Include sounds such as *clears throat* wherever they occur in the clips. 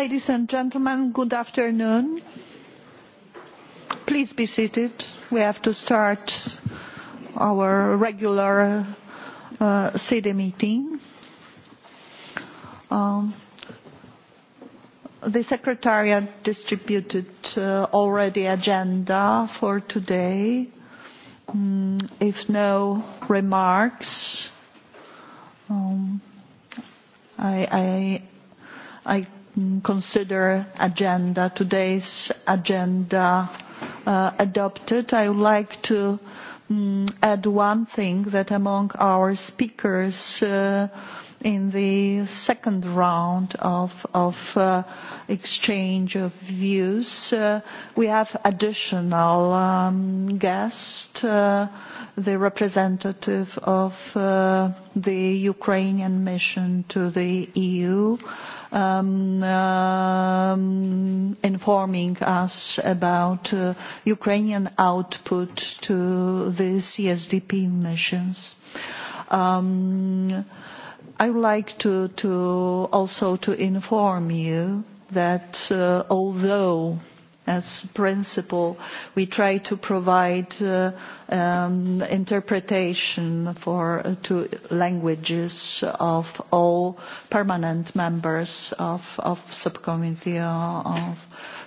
Ladies and gentlemen, good afternoon. Please be seated. We have to start our regular uh, city meeting. Um, the secretariat distributed uh, already agenda for today. Mm, if no remarks, um, I, I, I Mm, consider agenda, today's agenda uh, adopted. I would like to um, add one thing that among our speakers uh, in the second round of, of uh, exchange of views. Uh, we have additional um, guest, uh, the representative of uh, the Ukrainian mission to the EU, uh, um, um, informing us about uh, Ukrainian output to the CSDP missions. Um, I would like to, to also to inform you that uh, although as principle. We try to provide uh, um, interpretation for uh, to languages of all permanent members of, of subcommittee uh, of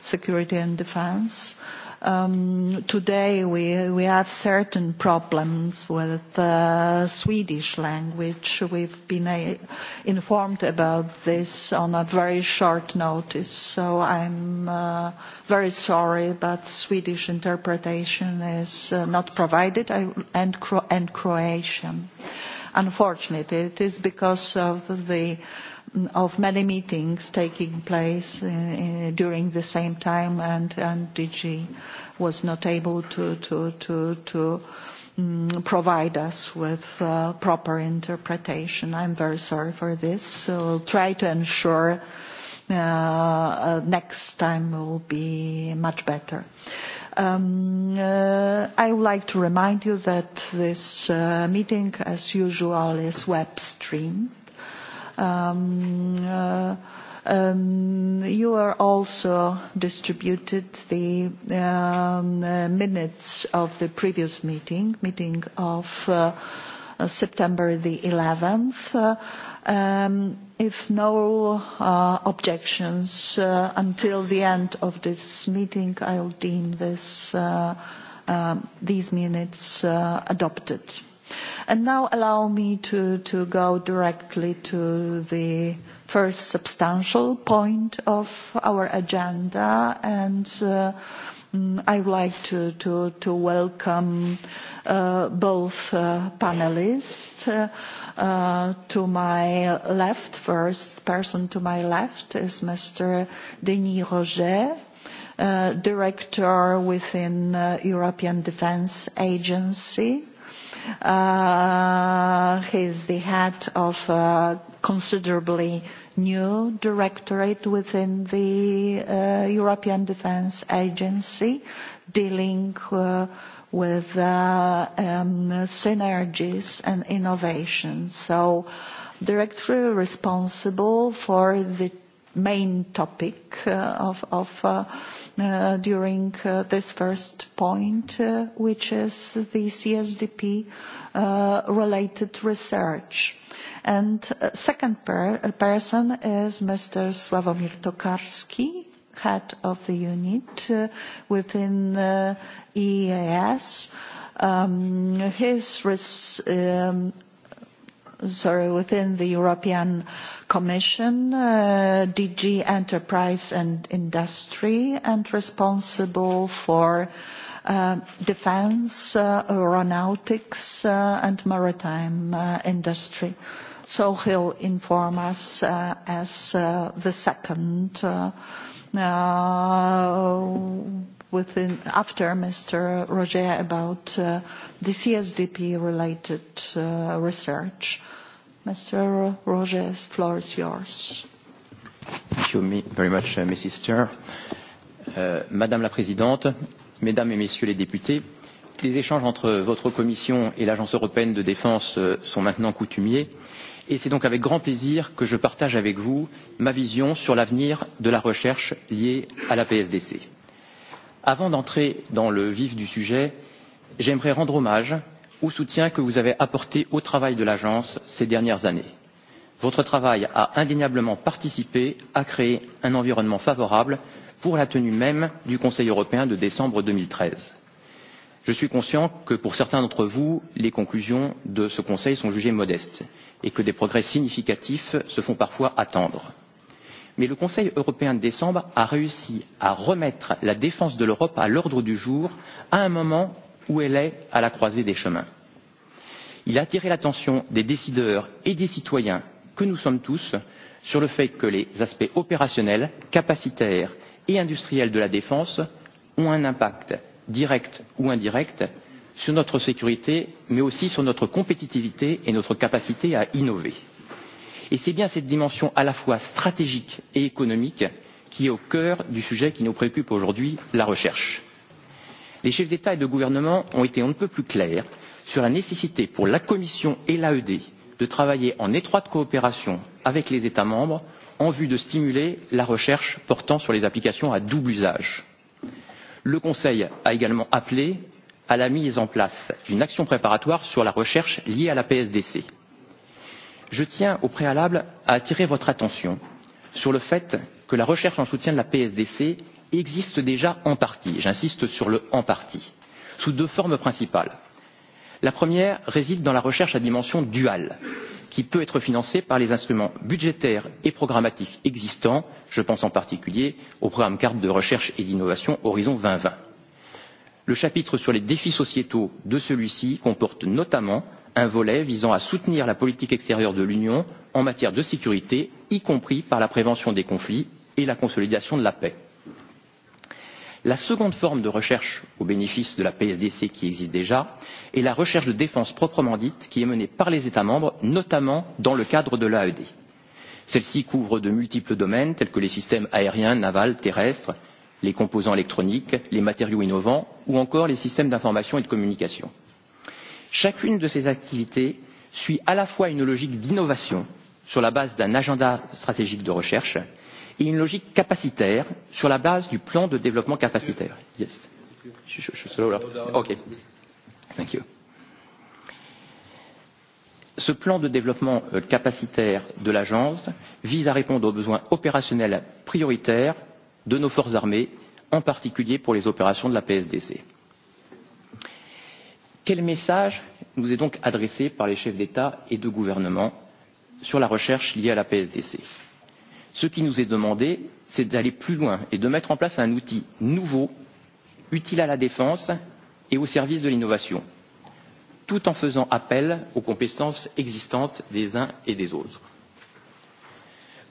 security and defense. Uh, um, today we, we have certain problems with the uh, Swedish language. We've been a- informed about this on a very short notice, so I'm uh, very sorry, but Swedish interpretation is uh, not provided, I, and, Cro- and Croatian. Unfortunately, it is because of the uh, of many meetings taking place uh, uh, during the same time, and, and DG was not able to, to, to, to um, provide us with uh, proper interpretation. I'm very sorry for this. So we'll try to ensure uh, uh, next time will be much better. Um, uh, I would like to remind you that this uh, meeting, as usual, is web streamed Um, uh, um, you are also distributed the um, uh, minutes of the previous meeting, meeting of uh, uh, September the 11th. Uh, um, if no uh, objections uh, until the end of this meeting, I'll deem this, uh, um, uh, these minutes uh, adopted. And now allow me to, to go directly to the first substantial point of our agenda, and uh, mm, I would like to, to, to welcome uh, both uh, panelists. Uh, to my left, first person to my left is Mr. Denis Roget, uh, Director within uh, European Defence Agency Uh, he's the head of a considerably new directorate within the uh, European Defence Agency dealing uh, with uh, um, synergies and innovation. So directly responsible for the main topic uh, of, of uh, uh, during uh, this first point, uh, which is the CSDP uh, related research. And uh, second per uh, person is Mr. Sławomir Tokarski, head of the unit uh, within uh, EAS. Um, his res, um, sorry, within the European Commission, uh, DG Enterprise and Industry, and responsible for uh, defense, uh, aeronautics, uh, and maritime uh, industry. So he'll inform us uh, as uh, the second uh, uh, within after Mr. Roger about uh, the CSDP related uh, research. Uh, Mr. Rogers, floor is yours. Thank you very much, uh, Mrs. Chair. Euh, Madame la Présidente, Mesdames et Messieurs les députés, les échanges entre votre Commission et l'Agence européenne de défense euh, sont maintenant coutumiers et c'est donc avec grand plaisir que je partage avec vous ma vision sur l'avenir de la recherche liée à la PSDC. Avant d'entrer dans le vif du sujet, j'aimerais rendre hommage au soutien que vous avez apporté au travail de l'agence ces dernières années. votre travail a indéniablement participé à créer un environnement favorable pour la tenue même du conseil européen de décembre. deux mille treize je suis conscient que pour certains d'entre vous les conclusions de ce conseil sont jugées modestes et que des progrès significatifs se font parfois attendre mais le conseil européen de décembre a réussi à remettre la défense de l'europe à l'ordre du jour à un moment où elle est à la croisée des chemins. Il a attiré l'attention des décideurs et des citoyens que nous sommes tous sur le fait que les aspects opérationnels, capacitaires et industriels de la défense ont un impact direct ou indirect sur notre sécurité, mais aussi sur notre compétitivité et notre capacité à innover. Et c'est bien cette dimension à la fois stratégique et économique qui est au cœur du sujet qui nous préoccupe aujourd'hui, la recherche les chefs d'état et de gouvernement ont été on ne peut plus clairs sur la nécessité pour la commission et l'aed de travailler en étroite coopération avec les états membres en vue de stimuler la recherche portant sur les applications à double usage. le conseil a également appelé à la mise en place d'une action préparatoire sur la recherche liée à la psdc. je tiens au préalable à attirer votre attention sur le fait que la recherche en soutien de la psdc existe déjà en partie j'insiste sur le en partie sous deux formes principales. La première réside dans la recherche à dimension duale, qui peut être financée par les instruments budgétaires et programmatiques existants, je pense en particulier au programme cadre de recherche et d'innovation Horizon 2020. Le chapitre sur les défis sociétaux de celui-ci comporte notamment un volet visant à soutenir la politique extérieure de l'Union en matière de sécurité, y compris par la prévention des conflits et la consolidation de la paix. La seconde forme de recherche au bénéfice de la PSDC qui existe déjà est la recherche de défense proprement dite qui est menée par les États membres, notamment dans le cadre de l'AED. Celle-ci couvre de multiples domaines tels que les systèmes aériens, navals, terrestres, les composants électroniques, les matériaux innovants ou encore les systèmes d'information et de communication. Chacune de ces activités suit à la fois une logique d'innovation sur la base d'un agenda stratégique de recherche et une logique capacitaire sur la base du plan de développement capacitaire. Yes. Okay. Thank you. Ce plan de développement euh, capacitaire de l'agence vise à répondre aux besoins opérationnels prioritaires de nos forces armées, en particulier pour les opérations de la PSDC. Quel message nous est donc adressé par les chefs d'État et de gouvernement sur la recherche liée à la PSDC? ce qui nous est demandé c'est d'aller plus loin et de mettre en place un outil nouveau utile à la défense et au service de l'innovation tout en faisant appel aux compétences existantes des uns et des autres.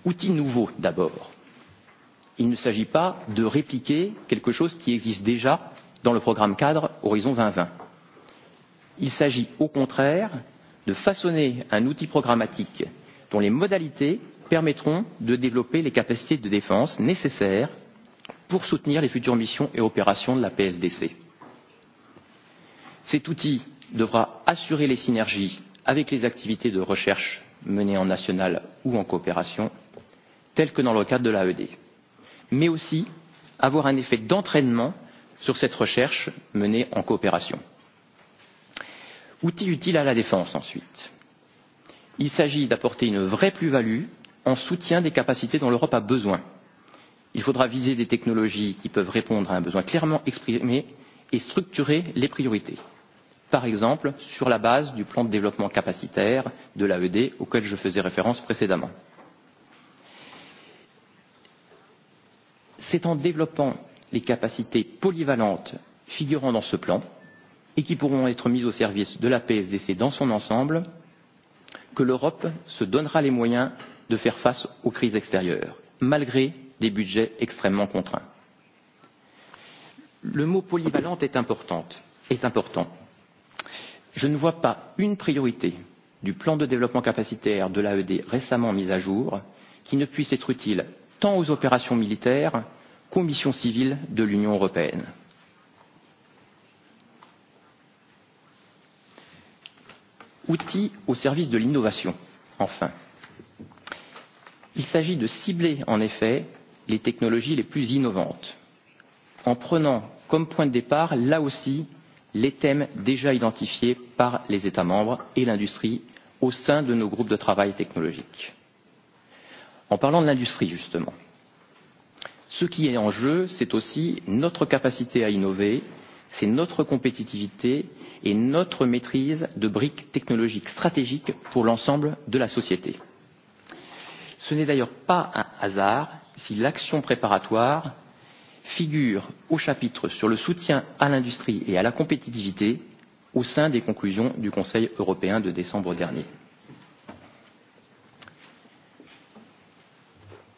Outil nouveau d'abord. Il ne s'agit pas de répliquer quelque chose qui existe déjà dans le programme cadre Horizon 2020. Il s'agit au contraire de façonner un outil programmatique dont les modalités permettront de développer les capacités de défense nécessaires pour soutenir les futures missions et opérations de la PSDC. Cet outil devra assurer les synergies avec les activités de recherche menées en national ou en coopération, telles que dans le cadre de l'AED, mais aussi avoir un effet d'entraînement sur cette recherche menée en coopération. Outil utile à la défense ensuite. Il s'agit d'apporter une vraie plus-value un soutien des capacités dont l'Europe a besoin. Il faudra viser des technologies qui peuvent répondre à un besoin clairement exprimé et structurer les priorités, par exemple sur la base du plan de développement capacitaire de l'AED auquel je faisais référence précédemment. C'est en développant les capacités polyvalentes figurant dans ce plan et qui pourront être mises au service de la PSDC dans son ensemble que l'Europe se donnera les moyens de faire face aux crises extérieures, malgré des budgets extrêmement contraints. Le mot polyvalente est, importante, est important. Je ne vois pas une priorité du plan de développement capacitaire de l'AED récemment mis à jour qui ne puisse être utile tant aux opérations militaires qu'aux missions civiles de l'Union européenne. Outils au service de l'innovation, enfin. Il s'agit de cibler en effet les technologies les plus innovantes en prenant comme point de départ, là aussi, les thèmes déjà identifiés par les États membres et l'industrie au sein de nos groupes de travail technologiques. En parlant de l'industrie, justement, ce qui est en jeu, c'est aussi notre capacité à innover, c'est notre compétitivité et notre maîtrise de briques technologiques stratégiques pour l'ensemble de la société ce n'est d'ailleurs pas un hasard si l'action préparatoire figure au chapitre sur le soutien à l'industrie et à la compétitivité au sein des conclusions du Conseil européen de décembre dernier.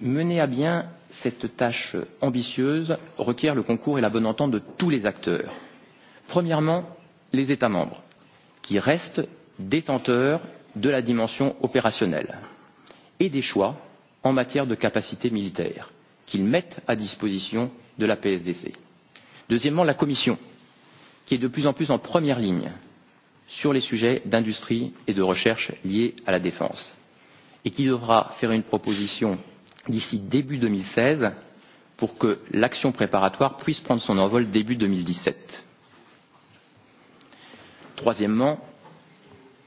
Mener à bien cette tâche ambitieuse requiert le concours et la bonne entente de tous les acteurs. Premièrement, les États membres, qui restent détenteurs de la dimension opérationnelle et des choix en matière de capacités militaires qu'ils mettent à disposition de la PSDC. Deuxièmement, la Commission, qui est de plus en plus en première ligne sur les sujets d'industrie et de recherche liés à la défense et qui devra faire une proposition d'ici début 2016 pour que l'action préparatoire puisse prendre son envol début 2017. Troisièmement,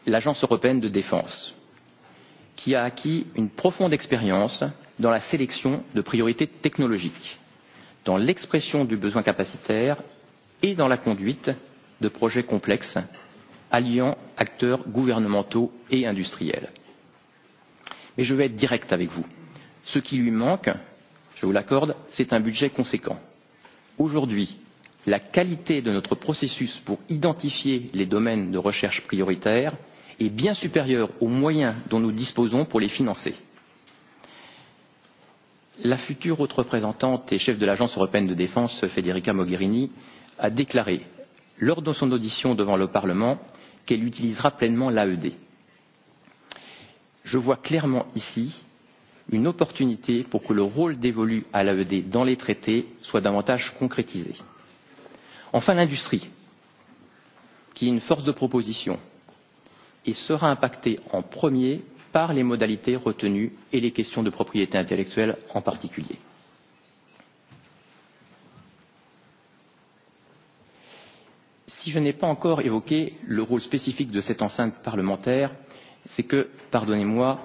l'Agence européenne de défense, qui a acquis une profonde expérience dans la sélection de priorités technologiques, dans l'expression du besoin capacitaire et dans la conduite de projets complexes alliant acteurs gouvernementaux et industriels. Mais je vais être direct avec vous. Ce qui lui manque, je vous l'accorde, c'est un budget conséquent. Aujourd'hui, la qualité de notre processus pour identifier les domaines de recherche prioritaires est bien supérieure aux moyens dont nous disposons pour les financer. La future haute représentante et chef de l'Agence européenne de défense, Federica Mogherini, a déclaré lors de son audition devant le Parlement qu'elle utilisera pleinement l'AED. Je vois clairement ici une opportunité pour que le rôle dévolu à l'AED dans les traités soit davantage concrétisé. Enfin, l'industrie, qui est une force de proposition, et sera impacté en premier par les modalités retenues et les questions de propriété intellectuelle en particulier. Si je n'ai pas encore évoqué le rôle spécifique de cette enceinte parlementaire, c'est que, pardonnez-moi,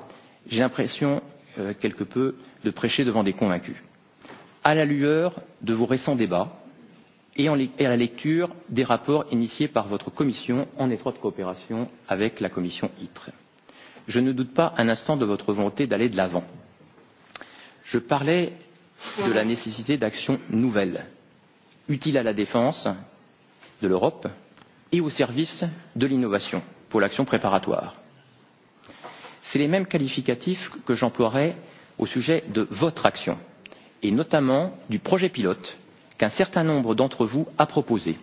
j'ai l'impression euh, quelque peu de prêcher devant des convaincus. À la lueur de vos récents débats, et à la lecture des rapports initiés par votre commission en étroite coopération avec la commission ITRE. Je ne doute pas un instant de votre volonté d'aller de l'avant. Je parlais de la nécessité d'actions nouvelles, utiles à la défense de l'Europe et au service de l'innovation pour l'action préparatoire. C'est les mêmes qualificatifs que j'emploierai au sujet de votre action et notamment du projet pilote qu'un certain nombre d'entre vous a proposé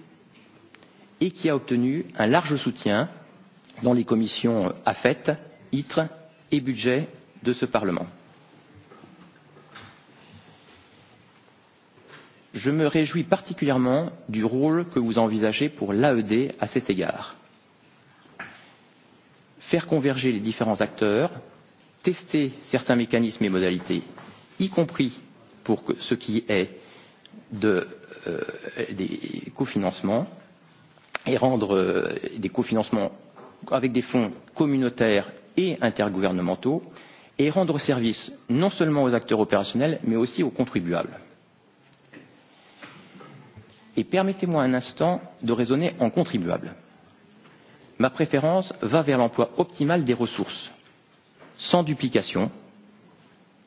et qui a obtenu un large soutien dans les commissions euh, AFET, ITRE et Budget de ce Parlement. Je me réjouis particulièrement du rôle que vous envisagez pour l'AED à cet égard. Faire converger les différents acteurs, tester certains mécanismes et modalités, y compris pour ce qui est de, euh, des cofinancements et rendre euh, des cofinancements avec des fonds communautaires et intergouvernementaux et rendre service non seulement aux acteurs opérationnels mais aussi aux contribuables. Et permettez-moi un instant de raisonner en contribuable. Ma préférence va vers l'emploi optimal des ressources, sans duplication,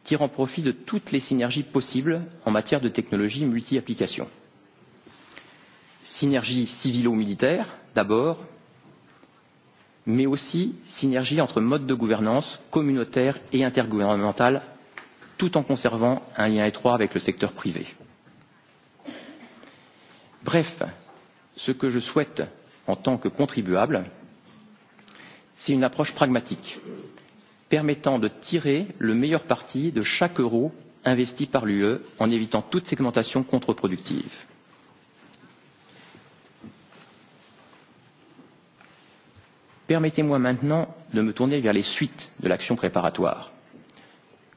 tirant profit de toutes les synergies possibles en matière de technologies multi-applications. Synergie civilo-militaire, d'abord, mais aussi synergie entre modes de gouvernance communautaire et intergouvernementale, tout en conservant un lien étroit avec le secteur privé. Bref, ce que je souhaite en tant que contribuable, c'est une approche pragmatique permettant de tirer le meilleur parti de chaque euro investi par l'UE en évitant toute segmentation contre-productive. Permettez-moi maintenant de me tourner vers les suites de l'action préparatoire.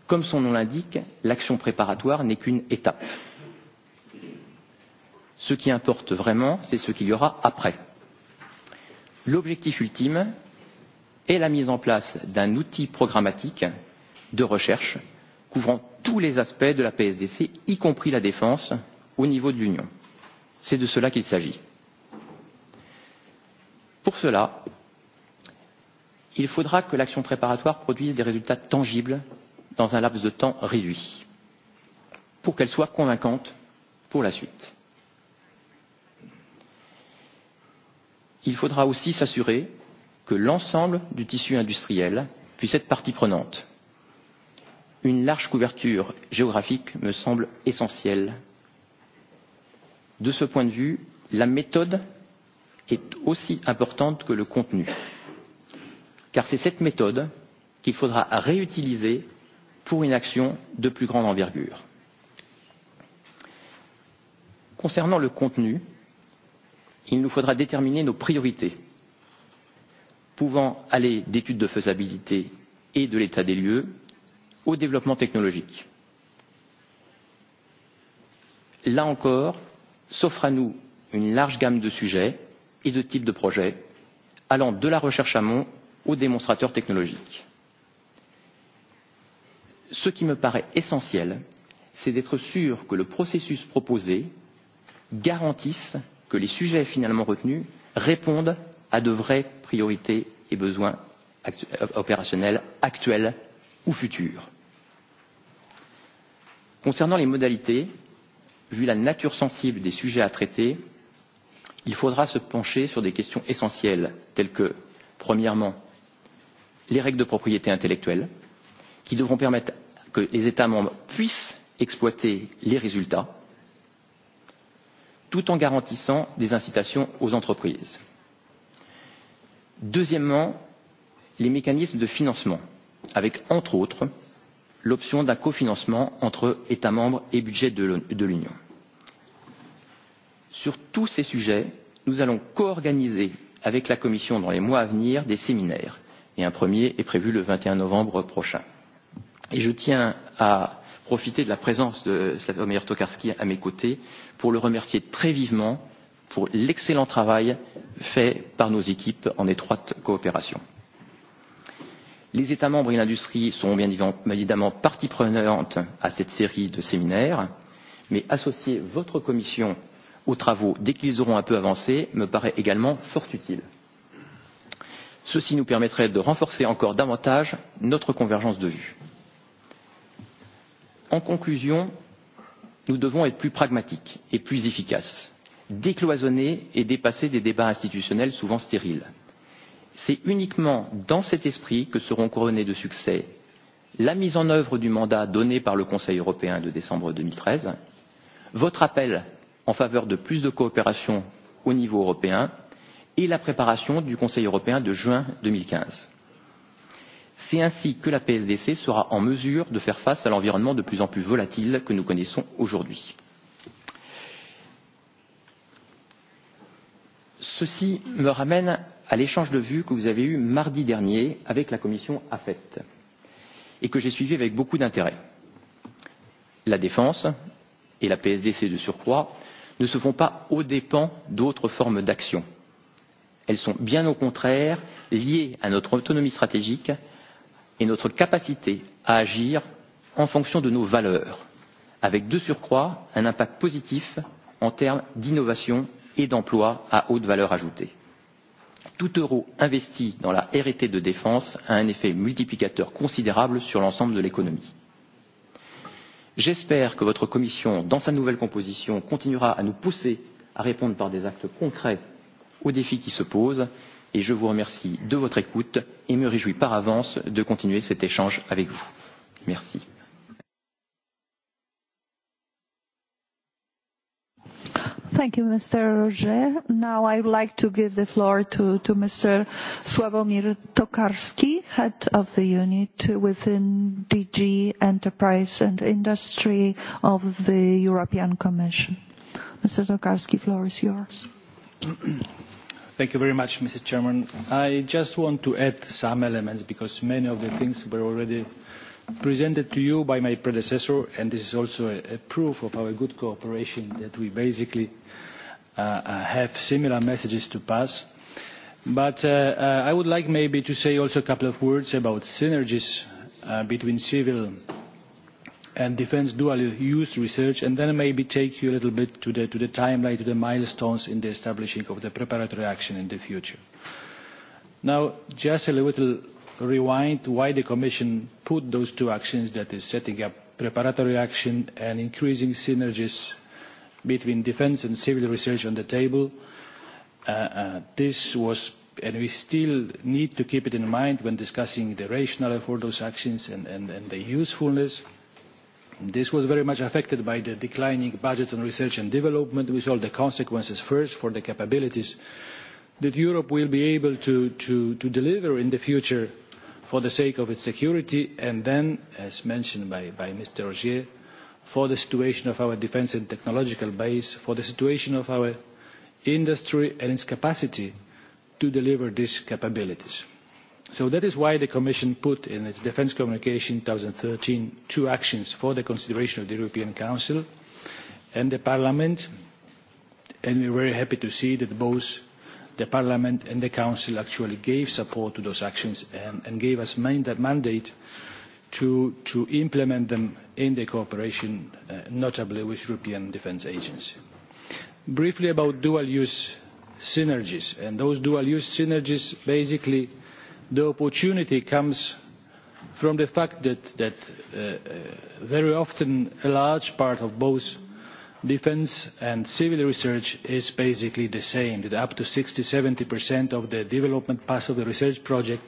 Comme son nom l'indique, l'action préparatoire n'est qu'une étape. Ce qui importe vraiment, c'est ce qu'il y aura après. L'objectif ultime, et la mise en place d'un outil programmatique de recherche couvrant tous les aspects de la PSDC, y compris la défense, au niveau de l'Union. C'est de cela qu'il s'agit. Pour cela, il faudra que l'action préparatoire produise des résultats tangibles dans un laps de temps réduit, pour qu'elle soit convaincante pour la suite. Il faudra aussi s'assurer que l'ensemble du tissu industriel puisse être partie prenante. Une large couverture géographique me semble essentielle. De ce point de vue, la méthode est aussi importante que le contenu, car c'est cette méthode qu'il faudra réutiliser pour une action de plus grande envergure. Concernant le contenu, il nous faudra déterminer nos priorités pouvant aller d'études de faisabilité et de l'état des lieux au développement technologique. Là encore, s'offre à nous une large gamme de sujets et de types de projets allant de la recherche amont aux démonstrateurs technologiques. Ce qui me paraît essentiel, c'est d'être sûr que le processus proposé garantisse que les sujets finalement retenus répondent à de vraies priorités et besoins actu euh, opérationnels actuels ou futurs. Concernant les modalités, vu la nature sensible des sujets à traiter, il faudra se pencher sur des questions essentielles telles que, premièrement, les règles de propriété intellectuelle, qui devront permettre que les États membres puissent exploiter les résultats, tout en garantissant des incitations aux entreprises. Deuxièmement, les mécanismes de financement, avec entre autres l'option d'un cofinancement entre États membres et budget de l'Union. Sur tous ces sujets, nous allons co-organiser avec la Commission dans les mois à venir des séminaires et un premier est prévu le 21 novembre prochain. Et je tiens à profiter de la présence de Slavomir Tokarski à mes côtés pour le remercier très vivement pour l'excellent travail fait par nos équipes en étroite coopération. Les États membres et l'industrie seront bien évidemment partie prenante à cette série de séminaires, mais associer votre commission aux travaux dès qu'ils auront un peu avancé me paraît également fort utile. Ceci nous permettrait de renforcer encore davantage notre convergence de vues. En conclusion, nous devons être plus pragmatiques et plus efficaces décloisonner et dépasser des débats institutionnels souvent stériles. C'est uniquement dans cet esprit que seront couronnées de succès la mise en œuvre du mandat donné par le Conseil européen de décembre 2013, votre appel en faveur de plus de coopération au niveau européen et la préparation du Conseil européen de juin 2015. C'est ainsi que la PSDC sera en mesure de faire face à l'environnement de plus en plus volatile que nous connaissons aujourd'hui. Ceci me ramène à l'échange de vues que vous avez eu mardi dernier avec la commission AFET et que j'ai suivi avec beaucoup d'intérêt. La défense et la PSDC de surcroît ne se font pas aux dépens d'autres formes d'action. Elles sont bien au contraire liées à notre autonomie stratégique et notre capacité à agir en fonction de nos valeurs, avec de surcroît un impact positif en termes d'innovation et d'emplois à haute valeur ajoutée. Tout euro investi dans la RT de défense a un effet multiplicateur considérable sur l'ensemble de l'économie. J'espère que votre commission, dans sa nouvelle composition, continuera à nous pousser à répondre par des actes concrets aux défis qui se posent et je vous remercie de votre écoute et me réjouis par avance de continuer cet échange avec vous. Merci. Thank you, Mr. Roger. Now I would like to give the floor to, to Mr. Sławomir Tokarski, head of the unit within DG Enterprise and Industry of the European Commission. Mr. Tokarski, floor is yours. Thank you very much, Mrs. Chairman. I just want to add some elements because many of the things were already presented to you by my predecessor, and this is also a, a proof of our good cooperation that we basically uh, uh, have similar messages to pass. But uh, uh, I would like maybe to say also a couple of words about synergies uh, between civil and defence dual use research, and then maybe take you a little bit to the, to the timeline, to the milestones in the establishing of the preparatory action in the future. Now, just a little rewind why the Commission put those two actions, that is setting up preparatory action and increasing synergies between defence and civil research on the table. Uh, uh, this was, and we still need to keep it in mind when discussing the rationale for those actions and, and, and the usefulness. This was very much affected by the declining budget on research and development, with all the consequences first for the capabilities that Europe will be able to, to, to deliver in the future for the sake of its security, and then, as mentioned by, by Mr. Rogier, for the situation of our defence and technological base, for the situation of our industry and its capacity to deliver these capabilities. So that is why the Commission put in its Defence Communication 2013 two actions for the consideration of the European Council and the Parliament, and we are very happy to see that both the Parliament and the Council actually gave support to those actions and, and gave us manda mandate to, to implement them in the cooperation, uh, notably with European Defence Agency. Briefly about dual-use synergies, and those dual-use synergies, basically, the opportunity comes from the fact that, that uh, uh, very often a large part of both defence and civil research is basically the same, that up to 60-70% of the development path of the research project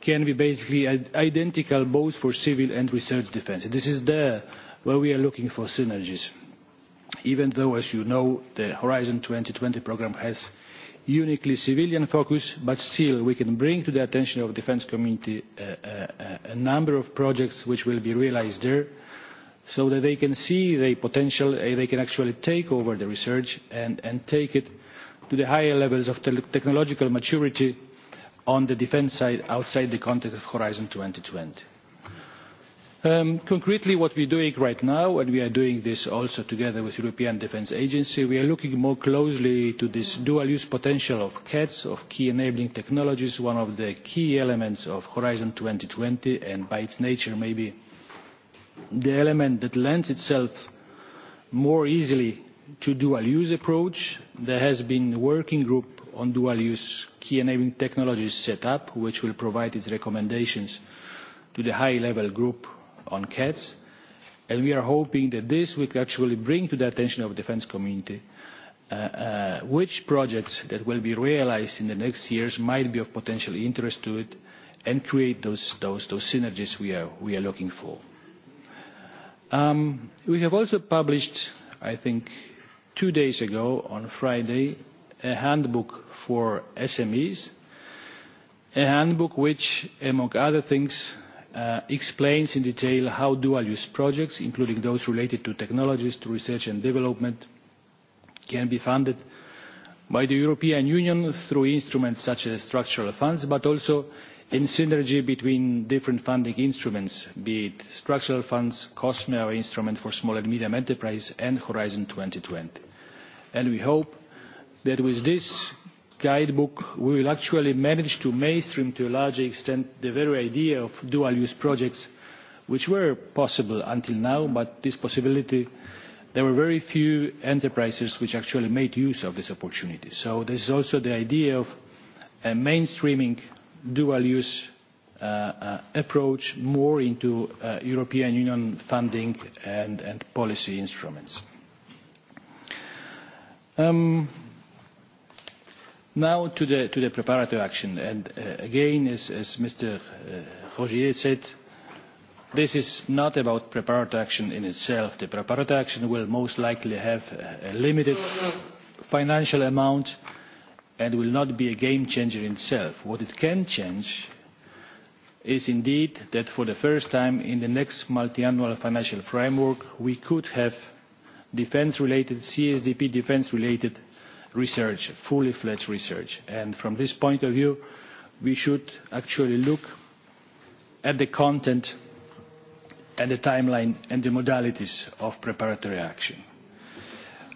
can be basically identical both for civil and research defence. This is there where we are looking for synergies, even though, as you know, the Horizon 2020 programme has uniquely civilian focus, but still we can bring to the attention of the defence community a, a, a number of projects which will be realised there so that they can see the potential, uh, they can actually take over the research and, and take it to the higher levels of te technological maturity on the defence side outside the context of Horizon 2020. Um, concretely, what we're doing right now, and we are doing this also together with European Defence Agency, we are looking more closely to this dual-use potential of CATS, of key enabling technologies, one of the key elements of Horizon 2020, and by its nature, maybe the element that lends itself more easily to dual use approach. There has been a working group on dual use key enabling technologies set up, which will provide its recommendations to the high level group on cats. And we are hoping that this will actually bring to the attention of the defense community uh, uh, which projects that will be realized in the next years might be of potential interest to it and create those, those, those synergies we are, we are looking for. Um, we have also published, I think, two days ago on Friday, a handbook for SMEs, a handbook which, among other things, uh, explains in detail how dual-use projects, including those related to technologies, to research and development, can be funded by the European Union through instruments such as structural funds, but also in synergy between different funding instruments, be it structural funds, COSME, our instrument for small and medium enterprise, and Horizon 2020. And we hope that with this guidebook, we will actually manage to mainstream to a larger extent the very idea of dual-use projects, which were possible until now, but this possibility, there were very few enterprises which actually made use of this opportunity. So this is also the idea of a uh, mainstreaming dual-use uh, uh, approach more into uh, European Union funding and, and policy instruments. Um, now to the, to the preparatory action. And uh, again, as, as Mr. Uh, Rogier said, this is not about preparatory action in itself. The preparatory action will most likely have a limited financial amount uh, and will not be a game changer in itself. What it can change is indeed that for the first time in the next multiannual financial framework we could have defence related CSDP defence related research, fully fledged research. And from this point of view we should actually look at the content and the timeline and the modalities of preparatory action.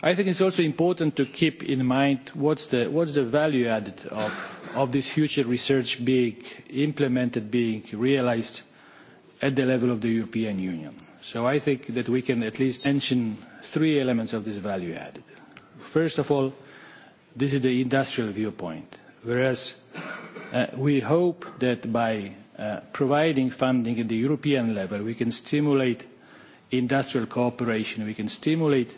I think it's also important to keep in mind what's the, what's the value added of, of this future research being implemented, being realized at the level of the European Union. So I think that we can at least mention three elements of this value added. First of all, this is the industrial viewpoint, whereas uh, we hope that by uh, providing funding at the European level, we can stimulate industrial cooperation, we can stimulate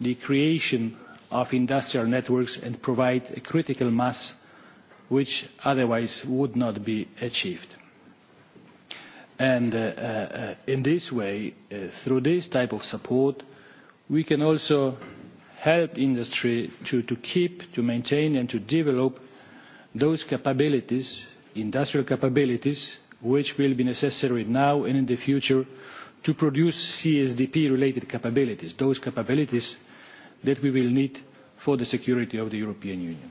the creation of industrial networks and provide a critical mass which otherwise would not be achieved. And uh, uh, in this way, uh, through this type of support, we can also help industry to, to keep, to maintain and to develop those capabilities, industrial capabilities, which will be necessary now and in the future to produce CSDP-related capabilities, those capabilities uh, that we will need for the security of the European Union.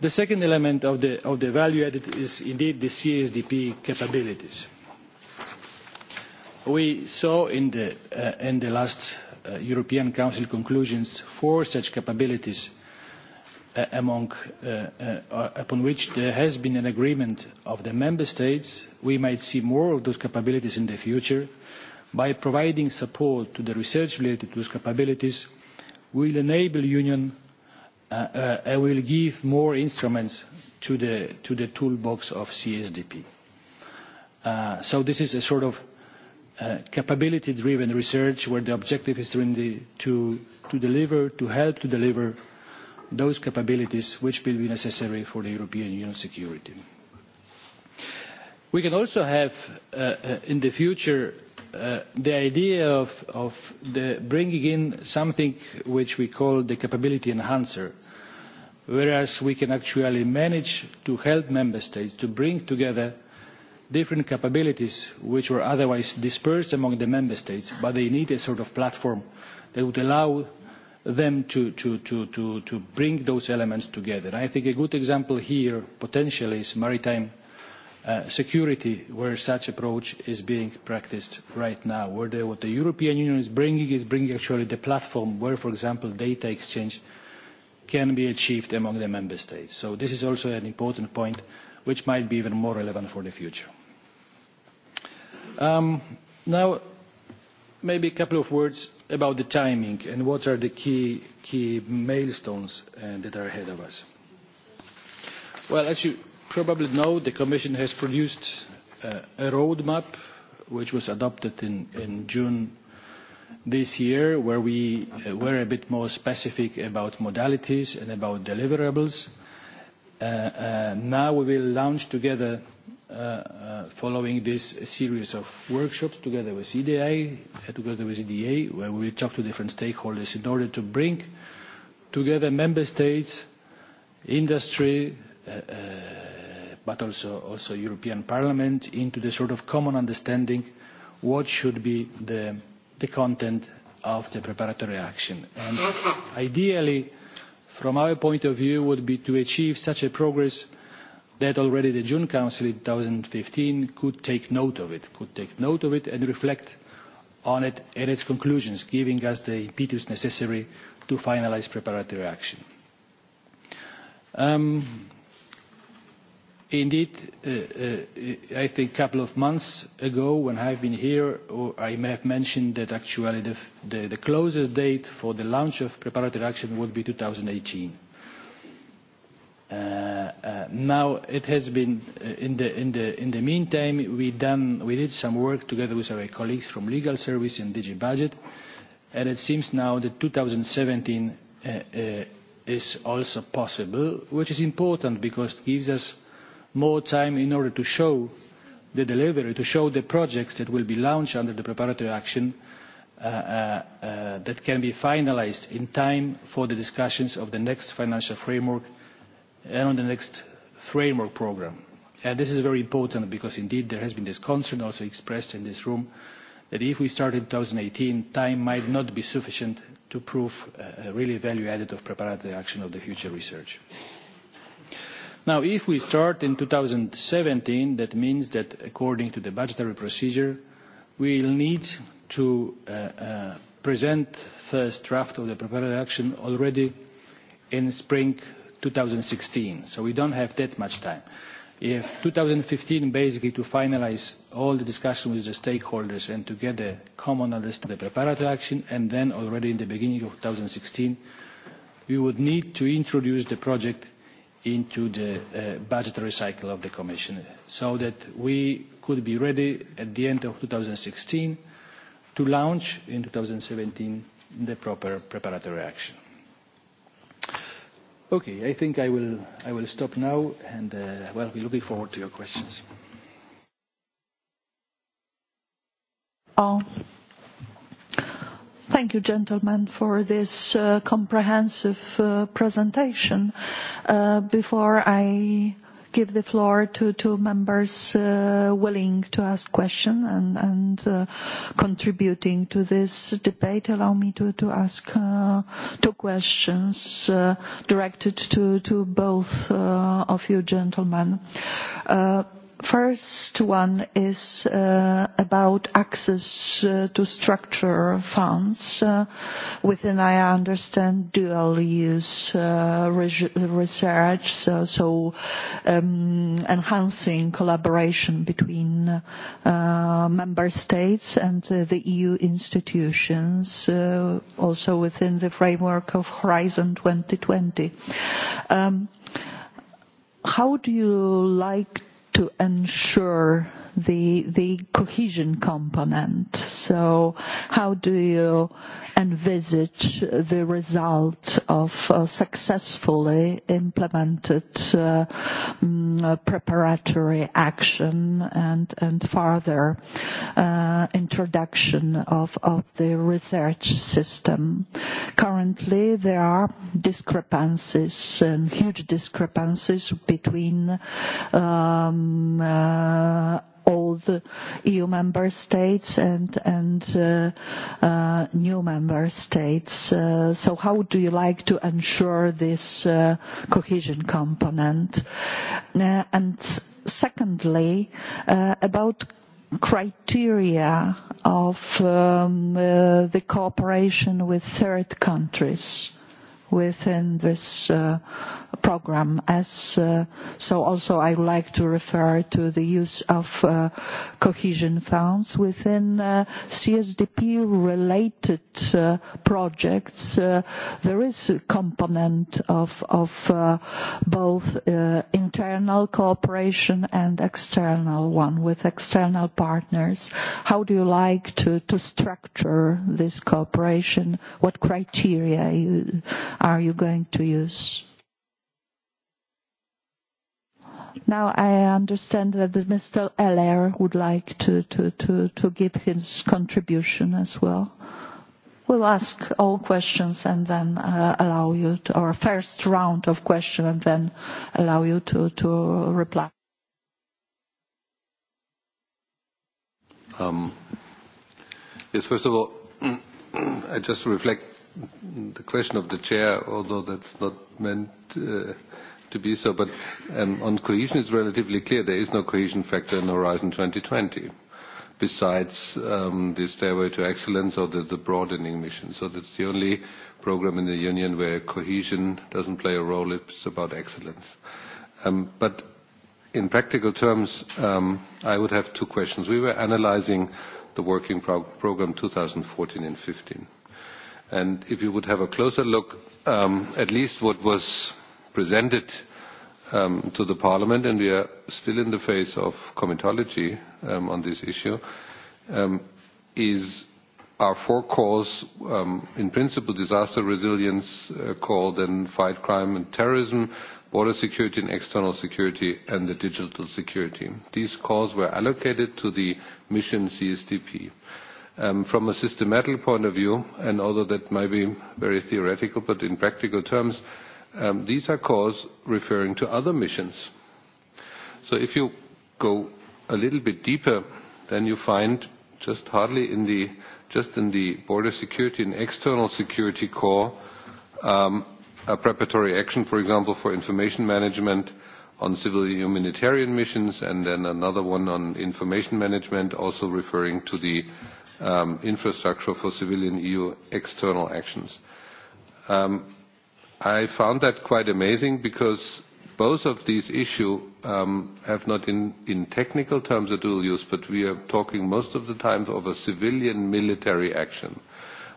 The second element of the, of the value added is indeed the CSDP capabilities. We saw in the, uh, in the last uh, European Council conclusions four such capabilities uh, among, uh, uh, upon which there has been an agreement of the Member States. We might see more of those capabilities in the future by providing support to the research related to those capabilities uh, will enable union uh, uh, and will give more instruments to the, to the toolbox of CSDP. Uh, so this is a sort of uh, capability-driven research where the objective is the, to, to deliver, to help to deliver those capabilities which will be necessary for the European Union security. We can also have uh, uh in the future uh, the idea of, of the bringing in something which we call the capability enhancer, whereas we can actually manage to help member states to bring together different capabilities which were otherwise dispersed among the member states, but they need a sort of platform that would allow them to, to, to, to, to bring those elements together. I think a good example here potentially is maritime uh, uh, security where such approach is being practiced right now, where the, what the European Union is bringing is bringing actually the platform where, for example, data exchange can be achieved among the member states. So this is also an important point which might be even more relevant for the future. Um, now, maybe a couple of words about the timing and what are the key, key milestones uh, that are ahead of us. Well, as you, probably know, the Commission has produced uh, a roadmap which was adopted in, in June this year, where we uh, were a bit more specific about modalities and about deliverables. Uh, uh, now we will launch together, uh, uh, following this series of workshops together with EDA, uh, together with EDA, where we will talk to different stakeholders in order to bring together member states, industry, uh, uh, but also, also European Parliament into the sort of common understanding what should be the, the content of the preparatory action. And ideally, from our point of view, would be to achieve such a progress that already the June Council in 2015 could take note of it, could take note of it and reflect on it and its conclusions, giving us the impetus necessary to finalize preparatory action. Um, Indeed, uh, uh, I think a couple of months ago when I've been here, I may have mentioned that actually the, the, the closest date for the launch of preparatory action would be 2018. Uh, uh, now it has been uh, in the in the in the meantime we done we did some work together with our colleagues from legal service and DG budget and it seems now that 2017 uh, uh, is also possible which is important because it gives us more time in order to show the delivery, to show the projects that will be launched under the preparatory action uh, uh, uh, that can be finalized in time for the discussions of the next financial framework and on the next framework program. And this is very important because indeed there has been this concern also expressed in this room that if we start in 2018, time might not be sufficient to prove uh, uh, really value added of preparatory action of the future research. Uh, Now, if we start in 2017, that means that according to the budgetary procedure, we'll need to uh, uh, present first draft of the preparatory action already in spring 2016. So we don't have that much time. If 2015, basically to finalize all the discussion with the stakeholders and to get a common understanding of the preparatory action, and then already in the beginning of 2016, we would need to introduce the project into the uh, budgetary cycle of the Commission so that we could be ready at the end of 2016 to launch in 2017 the proper preparatory action. Okay, I think I will, I will stop now and, uh, well, we're looking forward to your questions. Oh. Thank you, gentlemen, for this uh, comprehensive uh, presentation. Uh, before I give the floor to two members uh, willing to ask question and, and uh, contributing to this debate. Allow me to, to ask uh, two questions uh, directed to, to both uh, of you gentlemen. Uh, First one is uh, about access uh, to structure funds uh, within, I understand, dual use uh, research, so, so um, enhancing collaboration between uh, member states and uh, the EU institutions, also within the framework of Horizon 2020. Um, how do you like to ensure the, the cohesion component. So how do you envisage the result of uh, successfully implemented uh, um, preparatory action and, and further uh, introduction of, of the research system? Currently, there are discrepancies and huge discrepancies between um, uh, all the EU member states and, and uh, uh, new member states. Uh, so how do you like to ensure this uh, cohesion component? Uh, and secondly, uh, about criteria of um, uh, the cooperation with third countries within this uh, program. As uh, so, also I would like to refer to the use of uh, cohesion funds within uh, CSDP-related uh, projects. Uh, there is a component of of uh, both uh, internal cooperation and external one with external partners. How do you like to to structure this cooperation? What criteria you, are you going to use? Now I understand that Mr. Eller would like to, to, to, to give his contribution as well. We'll ask all questions and then uh, allow you to, or first round of question and then allow you to, to reply. Um, yes, first of all, *clears throat* I just reflect the question of the chair, although that's not meant uh, to be so, but um, on cohesion it's relatively clear there is no cohesion factor in Horizon 2020 besides um, the Stairway to Excellence or the, the broadening mission. So that's the only program in the Union where cohesion doesn't play a role, it's about excellence. Um, but in practical terms, um, I would have two questions. We were analyzing the working pro program 2014 and 15 And if you would have a closer look, um, at least what was presented um, to the Parliament, and we are still in the phase of comitology um, on this issue, um, is our four calls, um, in principle, disaster resilience uh, call, then fight crime and terrorism, border security and external security, and the digital security. These calls were allocated to the mission CSDP. Uh, Um, from a systematic point of view, and although that might be very theoretical, but in practical terms, um, these are calls referring to other missions. So if you go a little bit deeper, then you find just hardly in the just in the border security and external security core um, a preparatory action, for example, for information management on civil humanitarian missions, and then another one on information management, also referring to the um, infrastructure for civilian EU external actions. Um, I found that quite amazing because both of these issues um, have not in, in technical terms a dual use, but we are talking most of the time of a civilian military action.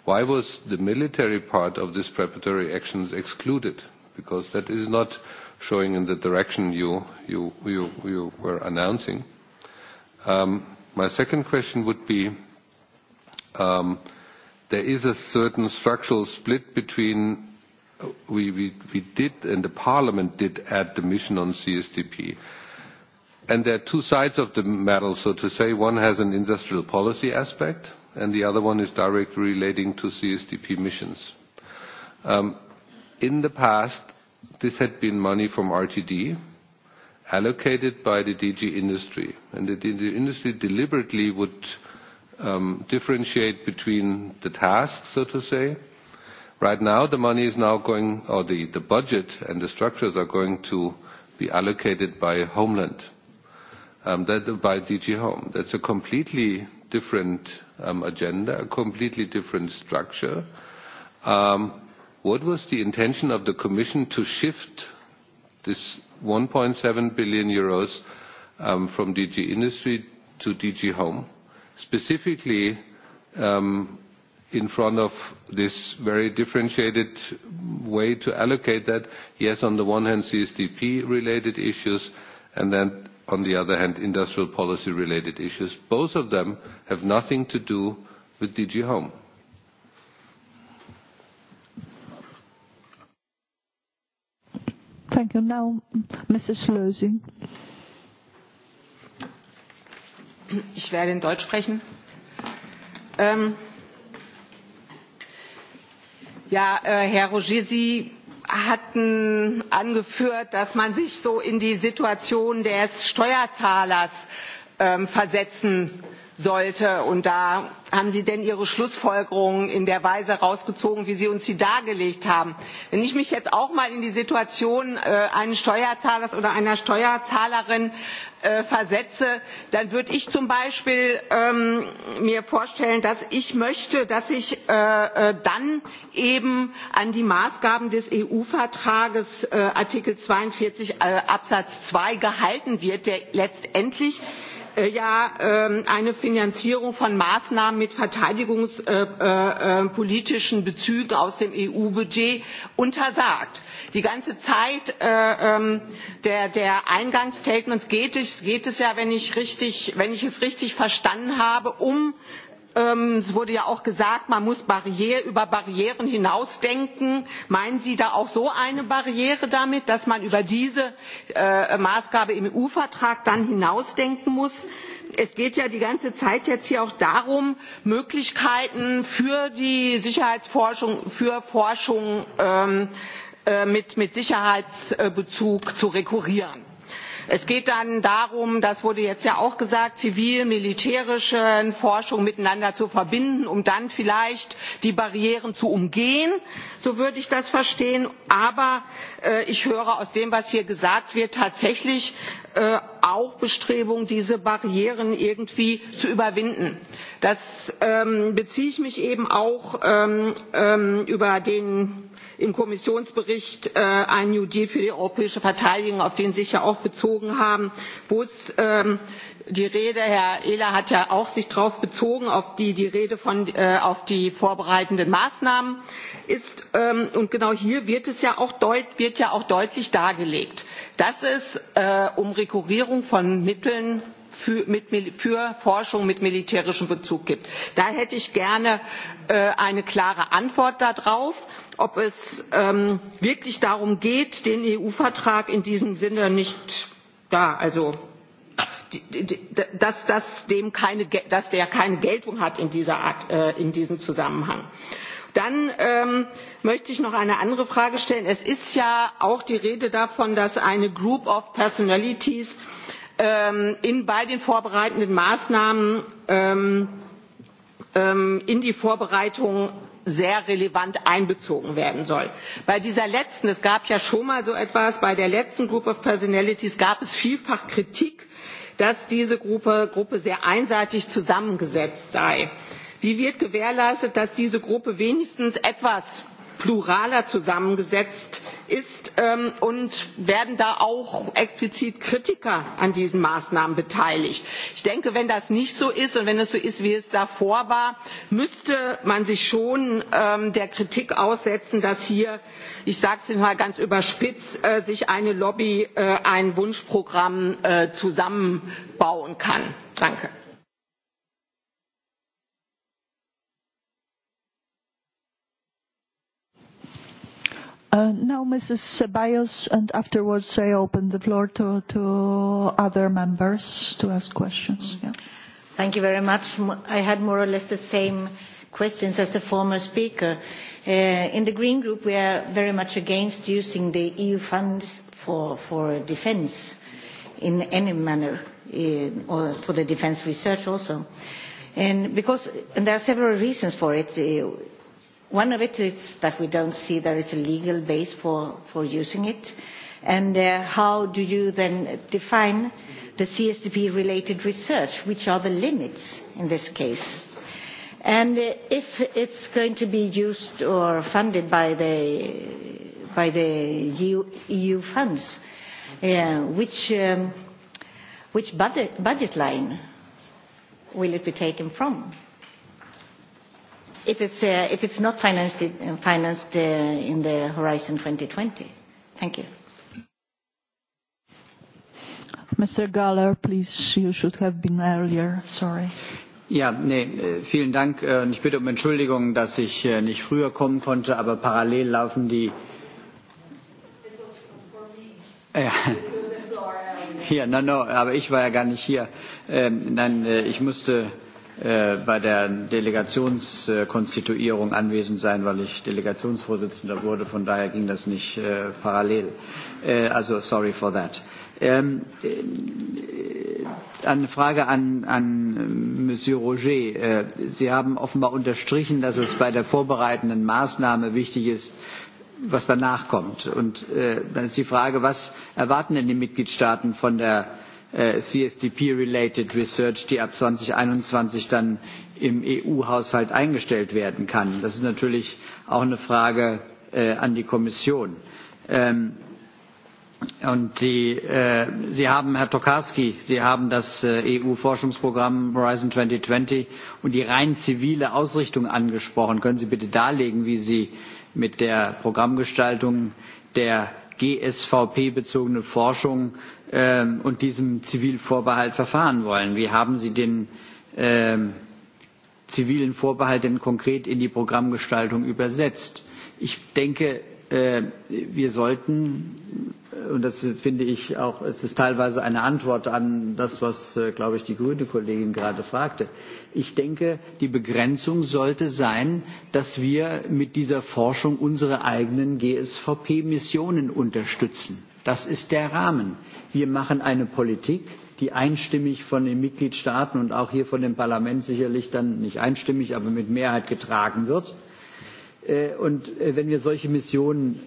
Why was the military part of this preparatory actions excluded? Because that is not showing in the direction you, you, you, you were announcing. Um, my second question would be um, there is a certain structural split between uh, we, we, we did and the parliament did add the mission on CSDP. And there are two sides of the medal, so to say. One has an industrial policy aspect, and the other one is directly relating to CSDP missions. Um, in the past, this had been money from RTD allocated by the DG Industry, and the DG Industry deliberately would uh, um, differentiate between the tasks, so to say. Right now, the money is now going, or the, the budget and the structures are going to be allocated by Homeland, um, that, by DG Home. That's a completely different um, agenda, a completely different structure. Um, what was the intention of the Commission to shift this 1.7 billion euros um, from DG Industry to DG Home? specifically um, in front of this very differentiated way to allocate that. Yes, on the one hand, CSDP-related issues, and then on the other hand, industrial policy-related issues. Both of them have nothing to do with DG Home. Thank you. Now, Mrs. Lösing. Ich werde in Deutsch sprechen. Ähm ja, äh, Herr Roger, Sie hatten angeführt, dass man sich so in die Situation des Steuerzahlers ähm, versetzen sollte. Und da haben Sie denn Ihre Schlussfolgerungen in der Weise rausgezogen, wie Sie uns sie dargelegt haben. Wenn ich mich jetzt auch mal in die Situation äh, eines Steuerzahlers oder einer Steuerzahlerin äh, versetze, dann würde ich zum Beispiel ähm, mir vorstellen, dass ich möchte, dass ich äh, äh, dann eben an die Maßgaben des EU-Vertrages äh, Artikel 42 äh, Absatz 2 gehalten wird, der letztendlich äh, Äh, ja ähm, eine finanzierung von maßnahmen mit verteidigungspolitischen bezügen aus dem eu budget untersagt. die ganze zeit äh, ähm, der eingangsstatements geht es ja wenn ich es richtig verstanden habe um Ähm, es wurde ja auch gesagt man muss über barrieren hinausdenken meinen sie da auch so eine barriere damit dass man über diese äh, maßgabe im eu vertrag dann hinausdenken muss? es geht ja die ganze zeit jetzt hier auch darum möglichkeiten für die sicherheitsforschung für forschung ähm, äh, mit sicherheitsbezug zu rekurrieren es geht dann darum das wurde jetzt ja auch gesagt zivil militärische forschung miteinander zu verbinden um dann vielleicht die barrieren zu umgehen so würde ich das verstehen aber äh, ich höre aus dem was hier gesagt wird tatsächlich äh, auch bestrebungen diese barrieren irgendwie zu überwinden. da ähm, beziehe ich mich eben auch auf ähm, ähm, den im kommissionsbericht äh, einen new deal für die europäische verteidigung auf den sie sich ja auch bezogen haben wo es ähm, die rede herr ehler hat sich ja auch darauf bezogen auf die rede äh, auf die vorbereitenden maßnahmen ist ähm, und genau hier wird ja auch deutlich dargelegt dass es äh, um rekurrierung von mitteln für forschung mit militärischem bezug geht. da hätte ich gerne eine klare antwort darauf ob es ähm, wirklich darum geht den eu vertrag in diesem sinne nicht ja, also, dass, dass, keine, dass der keine geltung hat in, dieser Art, äh, in diesem zusammenhang. dann ähm, möchte ich noch eine andere frage stellen es ist ja auch die rede davon dass eine group of personalities ähm, in, bei den vorbereitenden maßnahmen ähm, ähm, in die vorbereitung sehr relevant einbezogen werden soll. bei dieser letzten es gab ja schon mal so etwas bei der letzten group of personalities gab es vielfach kritik dass diese gruppe, gruppe sehr einseitig zusammengesetzt sei. wie wird gewährleistet dass diese gruppe wenigstens etwas pluraler zusammengesetzt ist ähm, und werden da auch explizit kritiker an diesen maßnahmen beteiligt. ich denke wenn das nicht so ist und wenn es so ist wie es davor war müsste man sich schon ähm, der kritik aussetzen dass hier ich sage es mal ganz überspitzt äh, sich eine lobby äh, ein wunschprogramm äh, zusammenbauen kann. danke. Uh, now, Mrs. Ceballos, and afterwards I open the floor to, to other members to ask questions. Yeah. Thank you very much. I had more or less the same questions as the former speaker. Uh, in the Green Group, we are very much against using the EU funds for, for defense in any manner, in, uh, or for the defense research also. And because and there are several reasons for it. Uh, One of it is that we don't see there is a legal base for, for using it. And uh, how do you then define the CSDP-related research? Which are the limits in this case? And uh, if it's going to be used or funded by the, by the EU, EU funds, uh, which, um, which budget, budget line will it be taken from? if it's, uh, if it's not financed, uh, financed uh, in the Horizon 2020? Thank you. Mr. Galler, please, you should have been earlier. Sorry. Ja, nee, äh, vielen Dank. Äh, ich bitte um Entschuldigung, dass ich äh, nicht früher kommen konnte, aber parallel laufen die. Ja. *laughs* Ja, no, no, aber ich war ja gar nicht hier. Ähm, nein, ich musste Äh, bei der Delegationskonstituierung anwesend sein, weil ich Delegationsvorsitzender wurde. Von daher ging das nicht äh, parallel. Äh, also sorry for that. Ähm, äh, eine Frage an, an Monsieur Roger. Äh, Sie haben offenbar unterstrichen, dass es bei der vorbereitenden Maßnahme wichtig ist, was danach kommt. Und äh, dann ist die Frage, was erwarten denn die Mitgliedstaaten von der äh, äh, CSDP-related Research, die ab 2021 dann im EU-Haushalt eingestellt werden kann. Das ist natürlich auch eine Frage äh, an die Kommission. Ähm, und die, äh, Sie haben, Herr Tokarski, Sie haben das äh, EU-Forschungsprogramm Horizon 2020 und die rein zivile Ausrichtung angesprochen. Können Sie bitte darlegen, wie Sie mit der Programmgestaltung der GSVP-bezogenen Forschung ähm, und diesem Zivilvorbehalt verfahren wollen. Wie haben Sie den ähm, zivilen Vorbehalt denn konkret in die Programmgestaltung übersetzt? Ich denke, äh, wir sollten, und das finde ich auch, es ist teilweise eine Antwort an das, was, äh, glaube ich, die grüne Kollegin gerade fragte, ich denke, die Begrenzung sollte sein, dass wir mit dieser Forschung unsere eigenen GSVP-Missionen unterstützen. Das ist der Rahmen. Wir machen eine Politik, die einstimmig von den Mitgliedstaaten und auch hier von dem Parlament sicherlich dann nicht einstimmig, aber mit Mehrheit getragen wird. Äh, und äh, wenn wir solche Missionen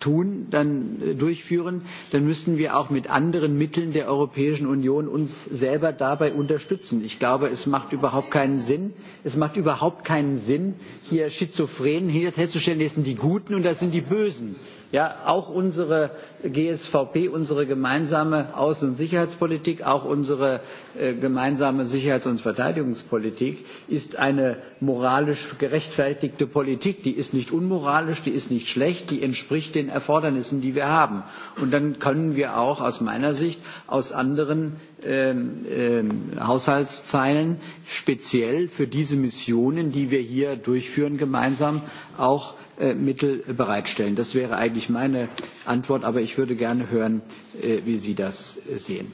tun, dann äh, durchführen, dann müssen wir auch mit anderen Mitteln der Europäischen Union uns selber dabei unterstützen. Ich glaube, es macht überhaupt keinen Sinn, es macht überhaupt keinen Sinn, hier Schizophrenen herzustellen, das sind die Guten und das sind die Bösen ja auch unsere gsvp unsere gemeinsame außen und sicherheitspolitik auch unsere äh, gemeinsame sicherheits und verteidigungspolitik ist eine moralisch gerechtfertigte politik die ist nicht unmoralisch die ist nicht schlecht die entspricht den erfordernissen die wir haben und dann können wir auch aus meiner sicht aus anderen ähm, ähm, haushaltszeilen speziell für diese missionen die wir hier durchführen gemeinsam auch Äh, Mittel bereitstellen. Das wäre eigentlich meine Antwort, aber ich würde gerne hören, äh, wie Sie das äh, sehen.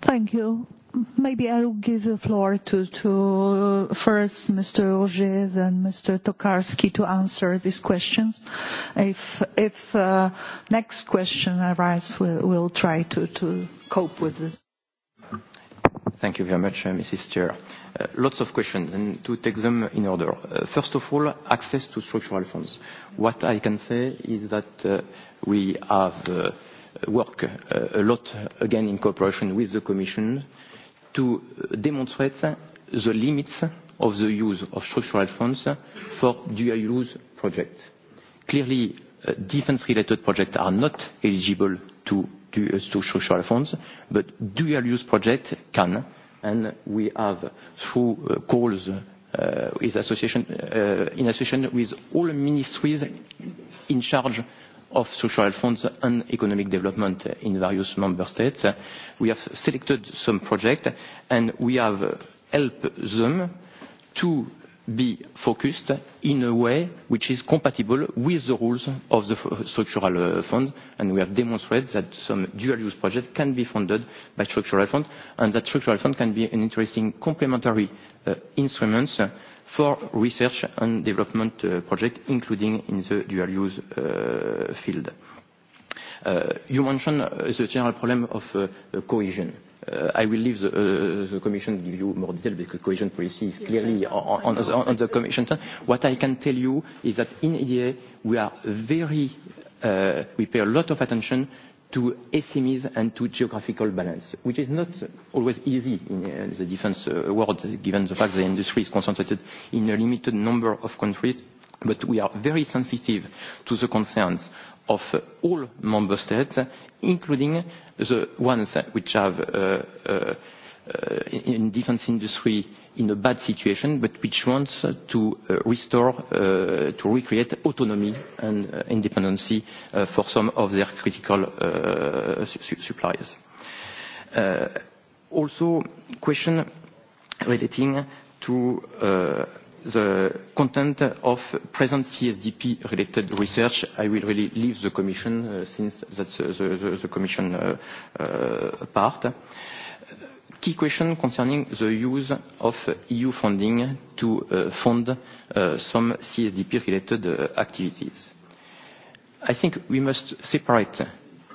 Thank you. Maybe I'll give the floor to, to uh, first Mr. Roger, then Mr. Tokarski to answer these questions. If, if uh, next question arrives, we'll, we'll try to, to cope with this. Thank you very much, uh, Mrs. Chair. Uh, lots of questions, and to take them in order. Uh, first of all, access to structural funds. What I can say is that uh, we have uh, worked uh, a lot, again, in cooperation with the Commission, to demonstrate the limits of the use of structural funds for dual-use projects. Clearly, uh, defense-related projects are not eligible to to uh, structural funds, but dual-use project can, and we have, through uh, calls with uh, association, in association with all ministries in charge of structural funds and economic development in various member states. We have selected some project, and we have helped them to be focused in a way which is compatible with the rules of the structural uh, fund, and we have demonstrated that some dual-use projects can be funded by structural fund, and that structural fund can be an interesting complementary uh, instrument uh, for research and development uh, project, including in the dual-use uh, field. Uh, you mentioned the general problem of cohesion Uh, I will leave the, uh, the Commission give you more detail because cohesion policy is clearly yes, on, on, on, on the Commission. What I can tell you is that in EDA we are very, uh, we pay a lot of attention to SMEs and to geographical balance, which is not always easy in uh, the defense uh, world, given the fact the industry is concentrated in a limited number of countries. But we are very sensitive to the concerns of all member states, including the ones which have uh, uh, uh, in defense industry in a bad situation, but which wants to uh, restore, uh, to recreate autonomy and uh, independency for some of their critical su suppliers. Also, question relating to the content of present CSDP-related research, I will really leave the Commission uh, since that's uh, the, the, the Commission uh, uh, part. Key question concerning the use of EU funding to uh, fund uh, some CSDP-related uh, activities. I think we must separate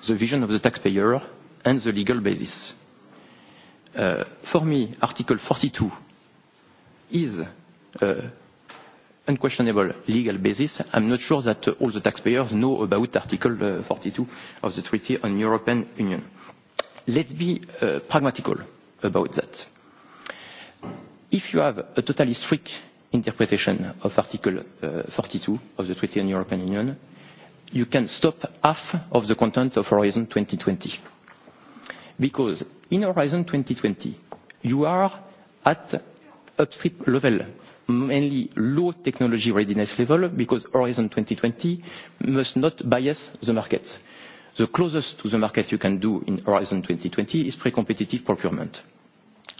the vision of the taxpayer and the legal basis. Uh, for me, Article 42 is uh, unquestionable legal basis. I'm not sure that uh, all the taxpayers know about Article uh, 42 of the Treaty on European Union. Let's be uh, pragmatical about that. If you have a totally strict interpretation of Article uh, 42 of the Treaty on European Union, you can stop half of the content of Horizon 2020. Because in Horizon 2020, you are at upstream level mainly low technology readiness level because Horizon 2020 must not bias the market. The closest to the market you can do in Horizon 2020 is pre-competitive procurement.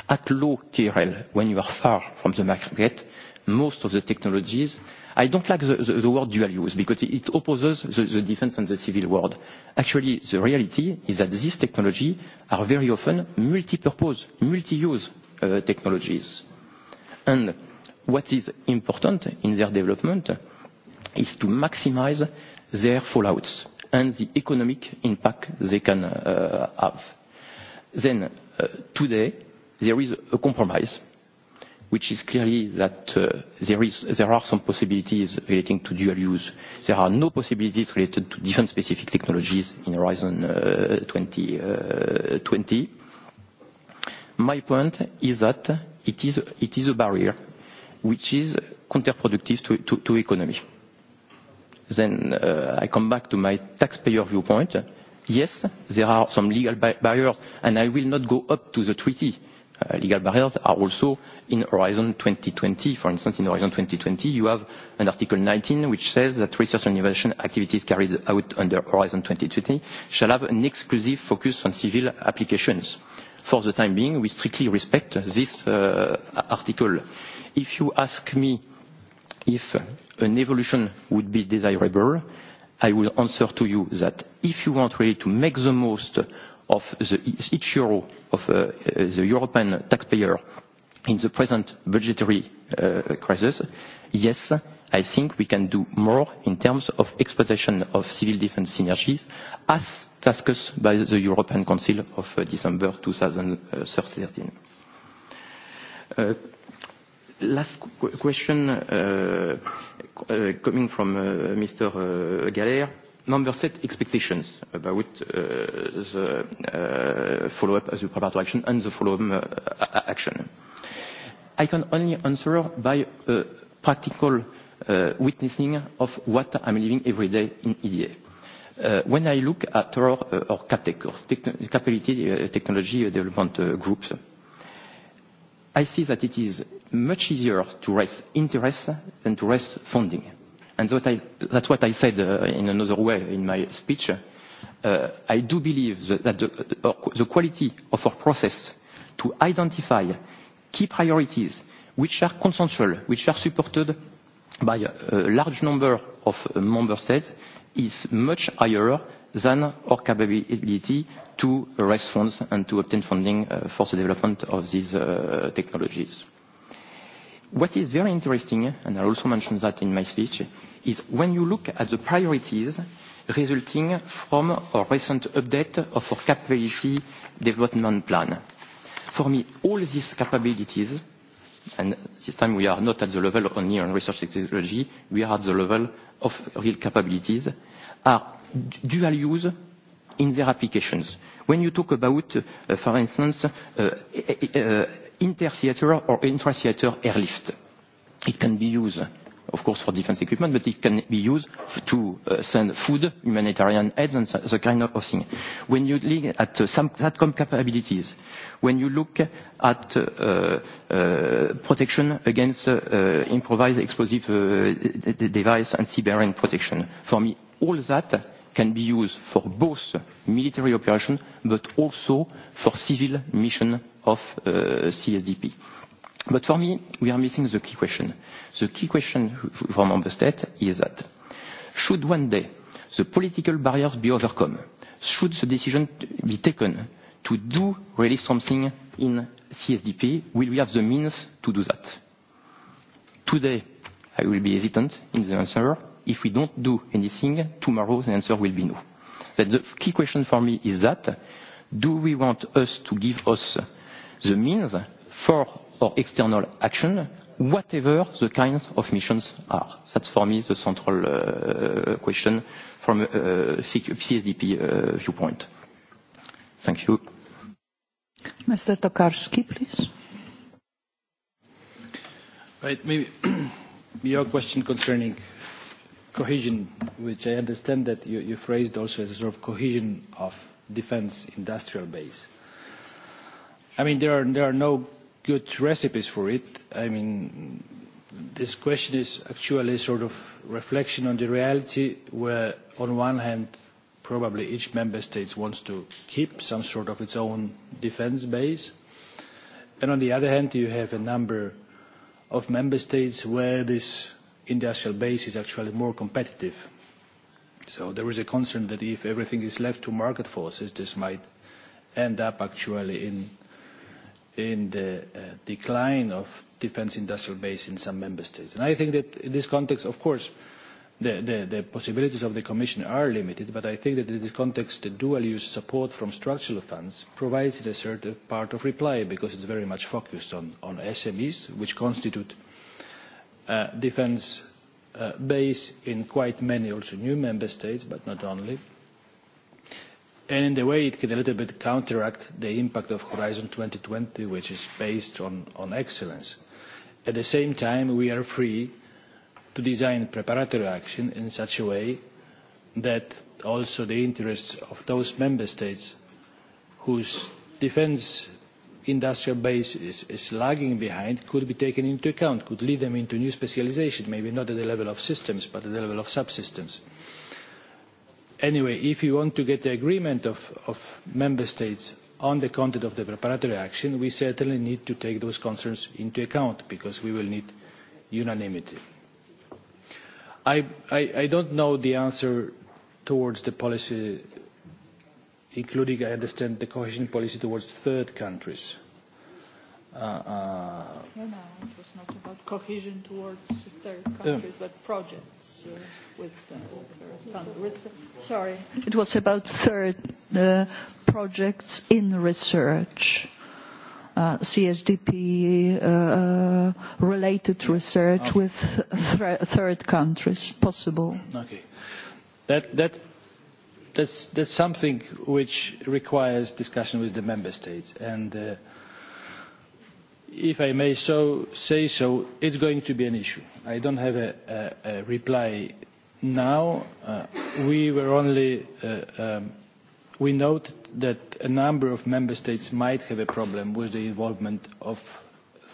At low TRL, when you are far from the market, most of the technologies. I don't like the, the, the word dual use because it opposes the, the defense and the civil world. Actually, the reality is that these technology are very often multi-purpose, multi-use uh, technologies. And what is important in their development is to maximize their fallouts and the economic impact they can uh, have. Then, uh, today, there is a compromise, which is clearly that uh, there, is, there are some possibilities relating to dual use. There are no possibilities related to defense-specific technologies in Horizon 2020. Uh, uh, My point is that it is, it is a barrier which is counterproductive to, to, to economy. Then uh, I come back to my taxpayer viewpoint. Yes, there are some legal barriers, and I will not go up to the treaty. Uh, legal barriers are also in Horizon 2020. For instance, in Horizon 2020, you have an Article 19 which says that research and innovation activities carried out under Horizon 2020 shall have an exclusive focus on civil applications. For the time being, we strictly respect this uh, article. Uh, if you ask me if an evolution would be desirable, I will answer to you that if you want really to make the most of the, e-, each euro of uh, uh, the European taxpayer in the present budgetary uh, crisis, yes, I think we can do more in terms of exploitation of civil defense synergies as tasked by the European Council of uh, December 2013. Last question uh, uh, coming from uh, Mr. Galler. Number set expectations about the follow-up as a preparatory action and the follow-up action. I can only answer by practical witnessing of what I'm living every day in EDF. Uh, when I look at our, uh, our CapTech, or Capability uh, Technology Development Groups, I see that it is much easier to raise interest than to raise funding. And that I, that's what I said uh, in another way in my speech. Uh, I do believe that, that the, uh, the quality of our process to identify key priorities which are consensual, which are supported by a large number of uh, member states is much higher than our capability to raise funds and to obtain funding uh, for the development of these uh, technologies. What is very interesting, and I also mentioned that in my speech, is when you look at the priorities resulting from our recent update of our CAP Veishi development plan. For me, all these capabilities, and this time we are not at the level only on research and technology, we are at the level of real capabilities, are dual use in their applications. When you talk about, uh, for instance, uh, e, e, e, uh, inter-theater or intra-theater airlift. It can be used, of course, for defense equipment, but it can be used to uh, send food, humanitarian aids, and so, the kind of thing. When you look at uh, some SATCOM capabilities, when you look at uh, uh, protection against uh, uh, improvised explosive uh, device and cyber protection, for me, all that can be used for both military operation but also for civil mission of uh, CSDP. But for me, we are missing the key question. The key question for member state is that should one day the political barriers be overcome, should the decision be taken to do really something in CSDP, will we have the means to do that? Today, I will be hesitant in the answer If we don't do anything, tomorrow the answer will be no. That the key question for me is that, do we want us to give us the means for our external action, whatever the kinds of missions are? That's for me the central uh, question from a uh, CSDP uh, viewpoint. Thank you. Mr. Tokarski, please. Right. Maybe *clears throat* your question concerning cohesion, which I understand that you, you phrased also as a sort of cohesion of defense industrial base. I mean, there are, there are no good recipes for it. I mean, this question is actually sort of reflection on the reality where, on one hand, probably each member state wants to keep some sort of its own defense base. And on the other hand, you have a number of member states where this industrial base is actually more competitive. So there is a concern that if everything is left to market forces, this might end up actually in, in the uh, decline of defense industrial base in some member states. And I think that in this context, of course, the, the, the possibilities of the Commission are limited, but I think that in this context, the dual-use support from structural funds provides a certain part of reply because it's very much focused on, on SMEs, which constitute uh, uh, defence uh, base in quite many also new member states, but not only. And in a way, it can a little bit counteract the impact of Horizon 2020, which is based on, on excellence. At the same time, we are free to design preparatory action in such a way that also the interests of those member states whose defence industrial base is, is lagging behind could be taken into account, could lead them into new specialization, maybe not at the level of systems, but at the level of subsystems. Anyway, if you want to get the agreement of, of member states on the content of the preparatory action, we certainly need to take those concerns into account because we will need unanimity. I, I, I don't know the answer towards the policy including, I understand, the cohesion policy towards third countries. Uh, uh, no, no, it was not about cohesion towards third countries, uh, but projects uh, with uh, third countries. Sorry, it was about third uh, projects in research. Uh, CSDP uh, uh, related research okay. with th third countries possible. Okay. That, that that's, that's something which requires discussion with the member states. And uh, if I may so, say so, it's going to be an issue. I don't have a, a, a reply now. Uh, we were only, uh, um, we note that a number of member states might have a problem with the involvement of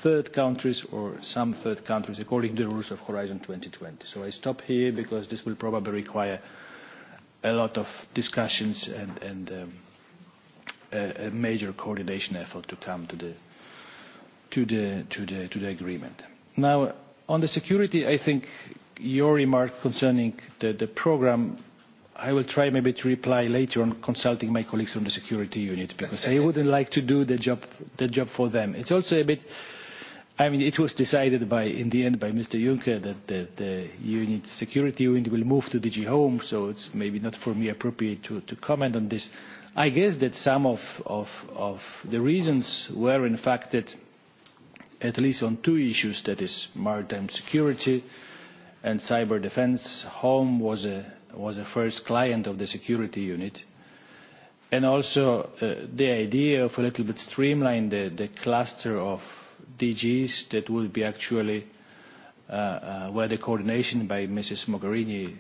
third countries or some third countries according to the rules of Horizon 2020. So I stop here because this will probably require uh, a lot of discussions and, and um, a, a major coordination effort to come to the, to, the, to, the, to the agreement. Now, on the security, I think your remark concerning the, the program, I will try maybe to reply later on consulting my colleagues from the security unit because I wouldn't like to do the job, the job for them. It's also a bit... Uh, I mean, it was decided by, in the end by Mr. Juncker that the, the unit, security unit will move to DG Home, so it's maybe not for me appropriate to, to comment on this. I guess that some of, of, of the reasons were in fact that at least on two issues, that is maritime security and cyber defense, Home was a, was a first client of the security unit and also uh, the idea of a little bit streamline the, the cluster of DGs that will be actually uh, uh, where the coordination by Mrs. Mogherini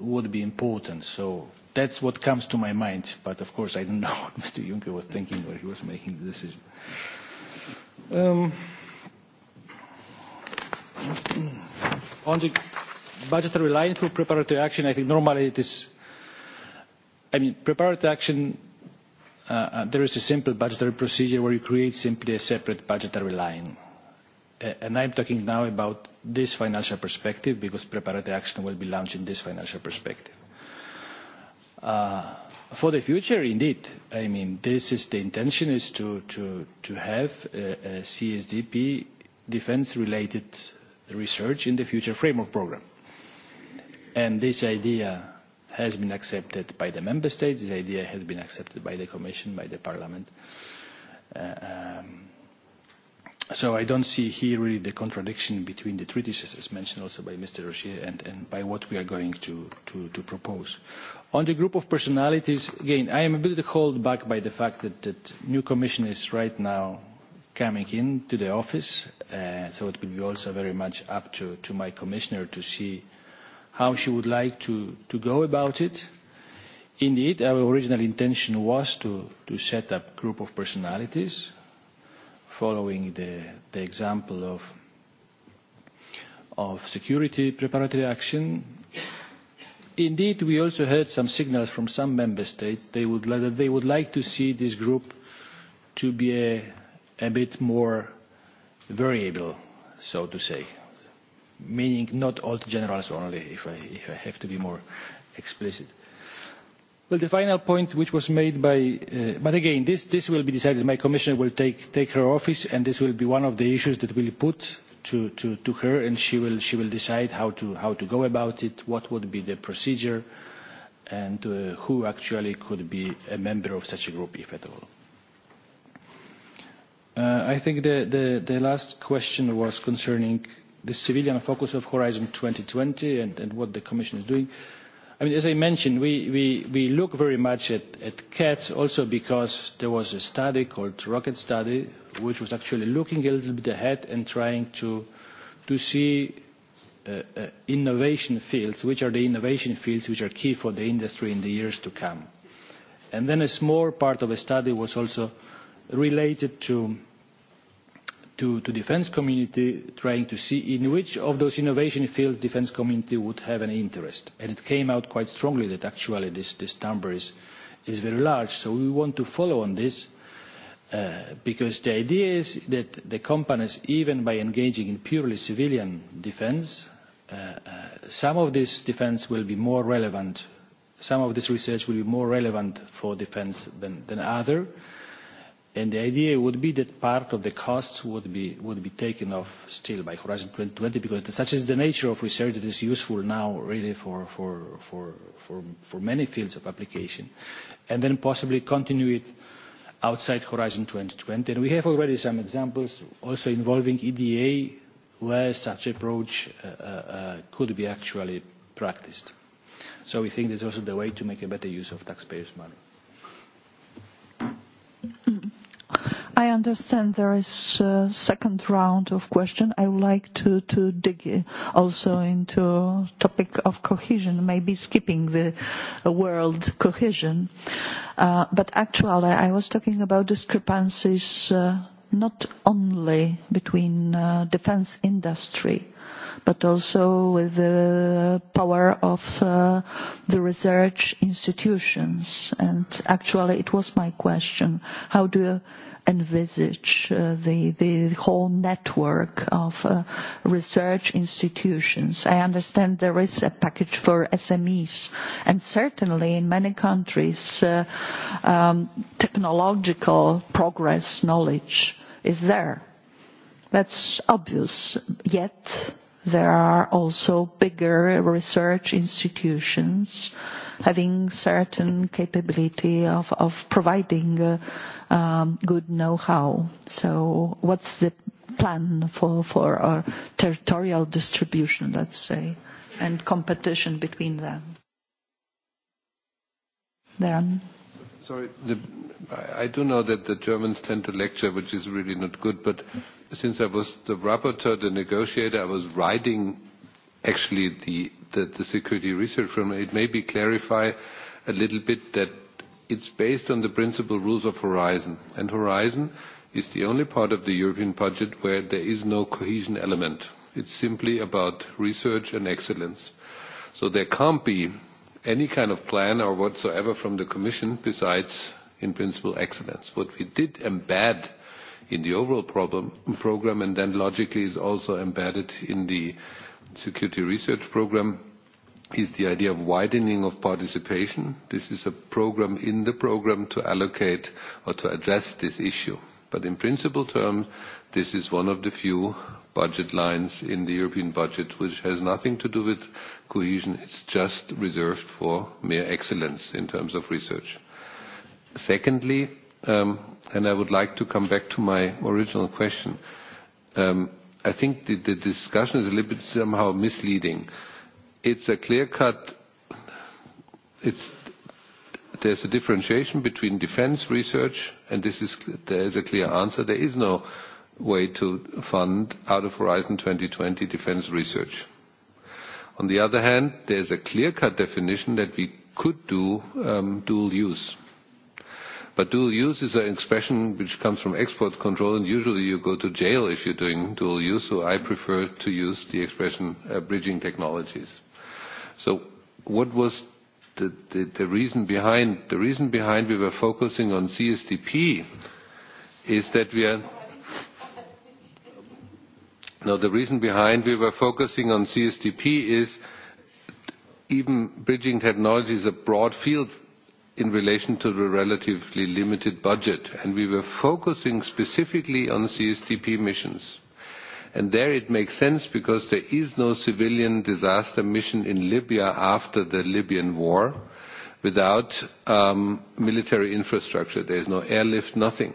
would be important. So that's what comes to my mind. But of course, I don't *laughs* know what Mr. Juncker was thinking when he was making the decision. Um, on the budgetary line for preparatory action, I think normally it is. I mean, preparatory action Uh, uh, there is a simple budgetary procedure where you create simply a separate budgetary line. Uh, and I'm talking now about this financial perspective because preparatory action will be launched in this financial perspective. Uh, for the future, indeed, I mean, this is the intention is to, to, to have a, a CSDP defense-related research in the future framework program. And this idea has been accepted by the member states. This idea has been accepted by the Commission, by the Parliament. Uh, um, so I don't see here really the contradiction between the treaties, as mentioned also by Mr. Rocher, and, and by what we are going to, to, to propose. On the group of personalities, again, I am a bit held back by the fact that the new Commission is right now coming into the office, uh, so it will be also very much up to, to my Commissioner to see uh, how she would like to, to go about it. Indeed, our original intention was to, to set up group of personalities following the, the example of, of security preparatory action. Indeed, we also heard some signals from some member states they would, that they would like to see this group to be a, a bit more variable, so to say meaning not all generals only, if I, if I have to be more explicit. Well, the final point which was made by, uh, but again, this, this will be decided. My commissioner will take, take her office and this will be one of the issues that will put to, to, to her and she will, she will decide how to, how to go about it, what would be the procedure and uh, who actually could be a member of such a group, if at all. Uh, I think the, the, the last question was concerning uh, the civilian focus of Horizon 2020 and, and what the Commission is doing. I mean, as I mentioned, we, we, we look very much at, at cats also because there was a study called Rocket Study, which was actually looking a little bit ahead and trying to, to see uh, uh, innovation fields, which are the innovation fields which are key for the industry in the years to come. And then a small part of a study was also related to to the defence community trying to see in which of those innovation fields the defence community would have an interest. And it came out quite strongly that actually this, this number is, is very large. So we want to follow on this uh, because the idea is that the companies, even by engaging in purely civilian defence, uh, uh, some of this defence will be more relevant, some of this research will be more relevant for defence than, than other. Uh, And the idea would be that part of the costs would be, would be taken off still by Horizon 2020 because such is the nature of research that is useful now really for, for, for, for, for many fields of application. And then possibly continue it outside Horizon 2020. And we have already some examples also involving EDA where such approach uh, uh, uh, could be actually practiced. So we think that's also the way to make a better use of taxpayers' money. I understand there is a second round of question. I would like to, to dig also into topic of cohesion, maybe skipping the uh, world cohesion. Uh, but actually, I was talking about discrepancies uh, not only between uh, defense industry, but also with the power of uh, the research institutions. And actually, it was my question: How do you envisage uh, the, the whole network of uh, research institutions. I understand there is a package for SMEs, and certainly in many countries, uh, um, technological progress knowledge is there. That's obvious. Yet there are also bigger research institutions uh, having certain capability of, of providing uh, um, good know-how. So what's the plan for, for our territorial distribution, let's say, and competition between them? Darren? Sorry, the, I, I do know that the Germans tend to lecture, which is really not good, but since I was the rapporteur, the negotiator, I was riding actually the that the security research firm, it may be clarify a little bit that it's based on the principal rules of Horizon. And Horizon is the only part of the European budget where there is no cohesion element. It's simply about research and excellence. So there can't be any kind of plan or whatsoever from the Commission besides, in principle, excellence. What we did embed in the overall problem, program and then logically is also embedded in the uh, security research program is the idea of widening of participation. This is a program in the program to allocate or to address this issue. But in principle terms, this is one of the few budget lines in the European budget which has nothing to do with cohesion. It's just reserved for mere excellence in terms of research. Secondly, um, and I would like to come back to my original question, um, I think the, the discussion is a little bit somehow misleading. It's a clear cut, it's, there's a differentiation between defense research, and this is, there is a clear answer. There is no way to fund out of Horizon 2020 defense research. On the other hand, there's a clear cut definition that we could do um, dual use. But dual use is an expression which comes from export control, and usually you go to jail if you're doing dual use, so I prefer to use the expression uh, bridging technologies. So what was the, the, the reason behind? The reason behind we were focusing on CSDP is that we are No, the reason behind we were focusing on CSDP is even bridging technology is a broad field in relation to the relatively limited budget, and we were focusing specifically on CSDP missions. And there it makes sense because there is no civilian disaster mission in Libya after the Libyan war without um, military infrastructure. There is no airlift, nothing.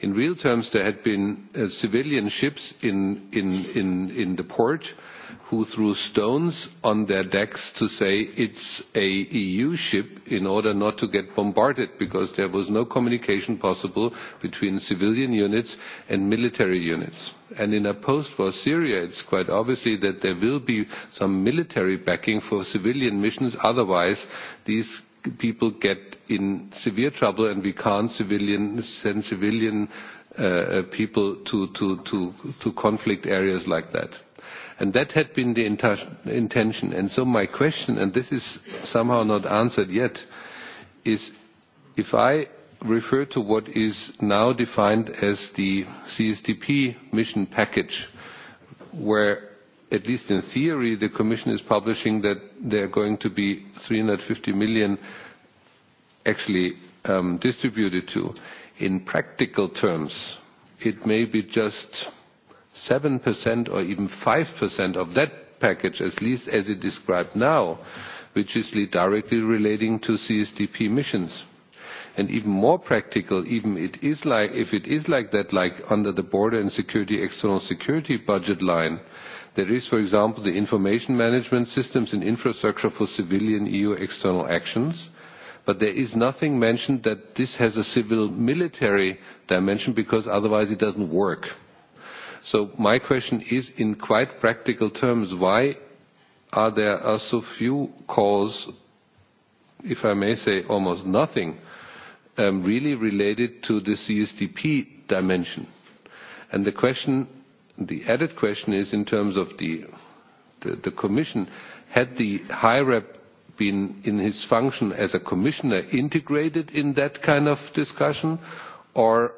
In real terms, there had been uh, civilian ships in, in, in, in the port, uh, who threw stones on their decks to say it's a EU ship in order not to get bombarded because there was no communication possible between civilian units and military units. And in a post-war Syria, it's quite obviously that there will be some military backing for civilian missions. Otherwise, these people get in severe trouble and we can't civilian, send civilian uh, uh people to, to, to, to conflict areas like that. And that had been the intention. And so my question, and this is somehow not answered yet, is if I refer to what is now defined as the CSDP mission package, where at least in theory, the Commission is publishing that there are going to be 350 million actually um, distributed to. In practical terms, it may be just 7% or even 5% of that package, at least as it described now, which is directly relating to CSDP missions. And even more practical, even it is like, if it is like that, like under the border and security, external security budget line, there is, for example, the information management systems and infrastructure for civilian EU external actions, but there is nothing mentioned that this has a civil military dimension because otherwise it doesn't work. So my question is, in quite practical terms, why are there are so few calls, if I may say almost nothing, um, really related to the CSDP dimension? And the question, the added question is in terms of the, the, the Commission, had the high rep been in his function as a commissioner integrated in that kind of discussion or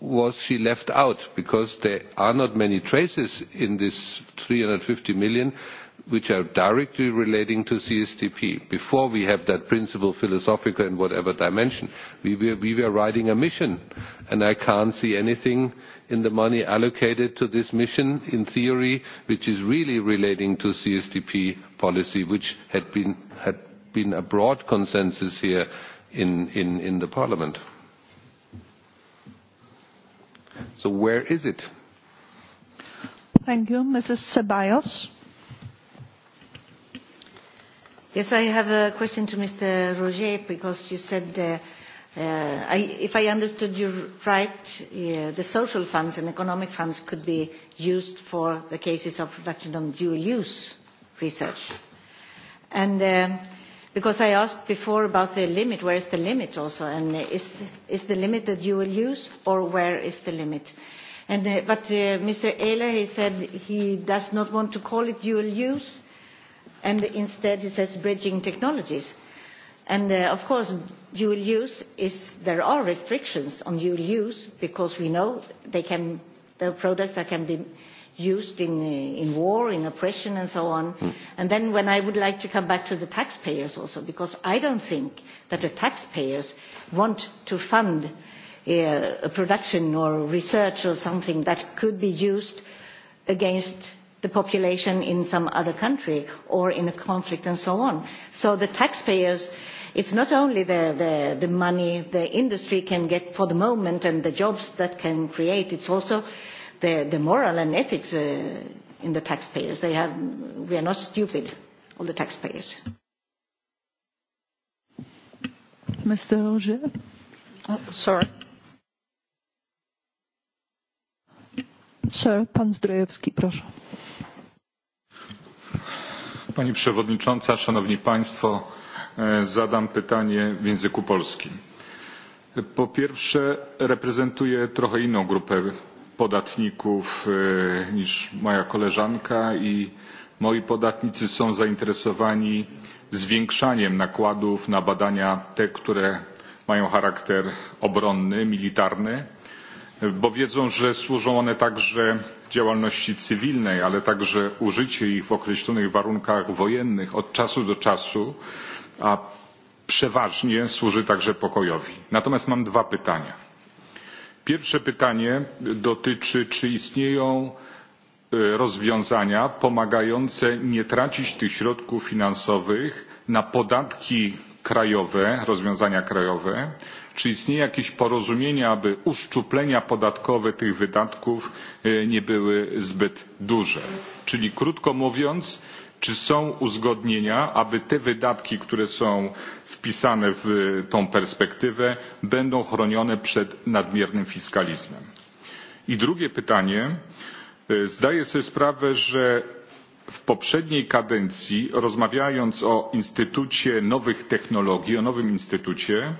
was she left out? Because there are not many traces in this 350 million which are directly relating to CSDP. Before we have that principle, philosophical in whatever dimension, we were, we were riding a mission, and I can't see anything in the money allocated to this mission, in theory, which is really relating to CSDP policy, which had been, had been a broad consensus here in, in, in the parliament. So where is it? Thank you. Mrs. Ceballos. Yes, I have a question to Mr. Roger because you said, uh, uh, I, if I understood you right, uh, the social funds and economic funds could be used for the cases of reduction on dual use research. And uh, because I asked before about the limit, where is the limit also, and uh, is, is the limit that you will use, or where is the limit? And, uh, but uh, Mr. Ehler, he said he does not want to call it dual use, and instead he says bridging technologies. And uh, of course, dual use is, there are restrictions on dual use because we know they can, there are products that can be used in, uh, in war, in oppression, and so on. Mm. And then when I would like to come back to the taxpayers also, because I don't think that the taxpayers want to fund uh, a production or research or something that could be used against the population in some other country or in a conflict and so on. So the taxpayers, it's not only the, the, the money the industry can get for the moment and the jobs that can create, it's also the, the moral and ethics uh, in the taxpayers. They have, we are not stupid, all the taxpayers. Mr. Roger? Oh, sorry. Sir, pan Zdrojewski, proszę. Pani Przewodnicząca, Szanowni Państwo, e, zadam pytanie w języku polskim. Po pierwsze, reprezentuję trochę inną grupę podatników e, niż moja koleżanka i moi podatnicy są zainteresowani zwiększaniem nakładów na badania te które mają charakter obronny militarny bo wiedzą że służą one także działalności cywilnej ale także użycie ich w określonych warunkach wojennych od czasu do czasu a przeważnie służy także pokojowi. natomiast mam dwa pytania. Pierwsze pytanie dotyczy, czy istnieją e, rozwiązania pomagające nie tracić tych środków finansowych na podatki krajowe, rozwiązania krajowe, czy istnieje jakieś porozumienie, aby uszczuplenia podatkowe tych wydatków e, nie były zbyt duże. Czyli krótko mówiąc, czy są uzgodnienia aby te wydatki które są wpisane w tę perspektywę będą chronione przed nadmiernym fiskalizmem? i drugie pytanie e, zdaję sobie sprawę że w poprzedniej kadencji rozmawiając o instytucie nowych technologii o nowym instytucie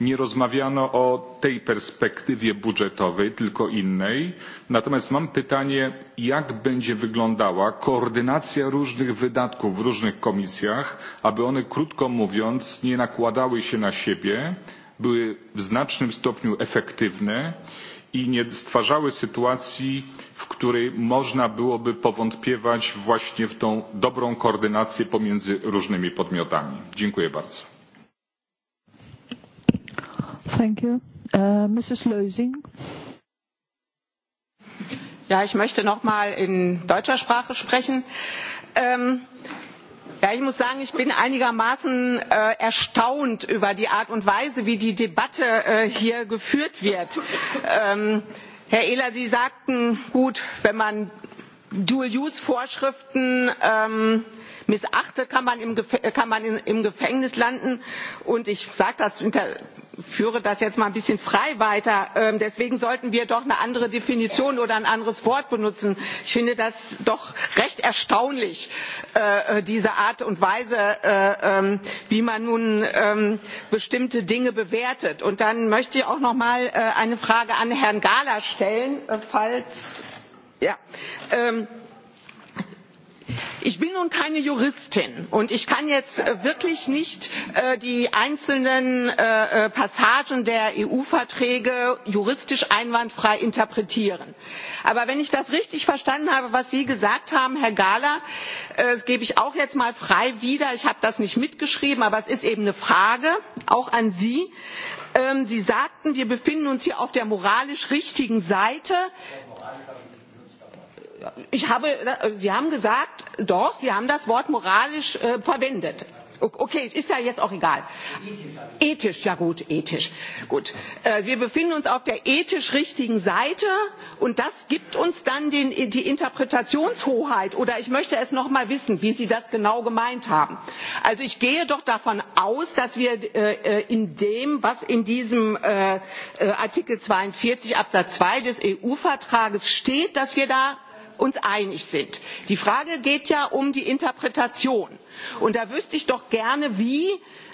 nie rozmawiano o tej perspektywie budżetowej tylko innej natomiast mam pytanie jak będzie wyglądała koordynacja różnych wydatków w różnych komisjach aby one krótko mówiąc nie nakładały się na siebie były w znacznym stopniu efektywne i nie stwarzały sytuacji w której można byłoby powątpiewać właśnie w tą dobrą koordynację pomiędzy różnymi podmiotami. dziękuję bardzo. Thank you. Uh, Mrs. Lösing. Ja, ich möchte noch mal in deutscher Sprache sprechen. Ähm, ja, ich muss sagen, ich bin einigermaßen äh, erstaunt über die Art und Weise, wie die Debatte äh, hier geführt wird. Ähm, Herr Ehler, Sie sagten, gut, wenn man dual use vorschriften ähm, missachtet kann man, im, kann man in, im gefängnis landen und ich sage das unter führe das jetzt mal ein bisschen frei weiter. Ähm, deswegen sollten wir doch eine andere definition oder ein anderes wort benutzen. ich finde das doch recht erstaunlich äh, äh, diese art und weise äh, ähm, wie man nun ähm, bestimmte dinge bewertet. und dann möchte ich auch noch mal äh, eine frage an herrn gahler stellen äh, falls Ja. Ähm, ich bin nun keine juristin und ich kann jetzt äh, wirklich nicht äh, die einzelnen äh, äh passagen der eu verträge juristisch einwandfrei interpretieren. aber wenn ich das richtig verstanden habe was sie gesagt haben herr gahler äh, das gebe ich auch jetzt mal frei wieder ich habe das nicht mitgeschrieben aber es ist eben eine frage auch an sie ähm, sie sagten wir befinden uns hier auf der moralisch richtigen seite ich habe, äh, sie haben gesagt doch sie haben das wort moralisch äh, verwendet. Okay, ist ja jetzt auch egal. Ethisch, ja gut, ethisch. Gut. Äh, wir befinden uns auf der ethisch richtigen Seite und das gibt uns dann den, die Interpretationshoheit. Oder ich möchte es noch mal wissen, wie Sie das genau gemeint haben. Also ich gehe doch davon aus, dass wir äh, äh in dem, was in diesem äh, äh Artikel 42 Absatz 2 des EU-Vertrages steht, dass wir da uns einig sind. die frage geht ja um die interpretation und da wüsste ich doch gerne wie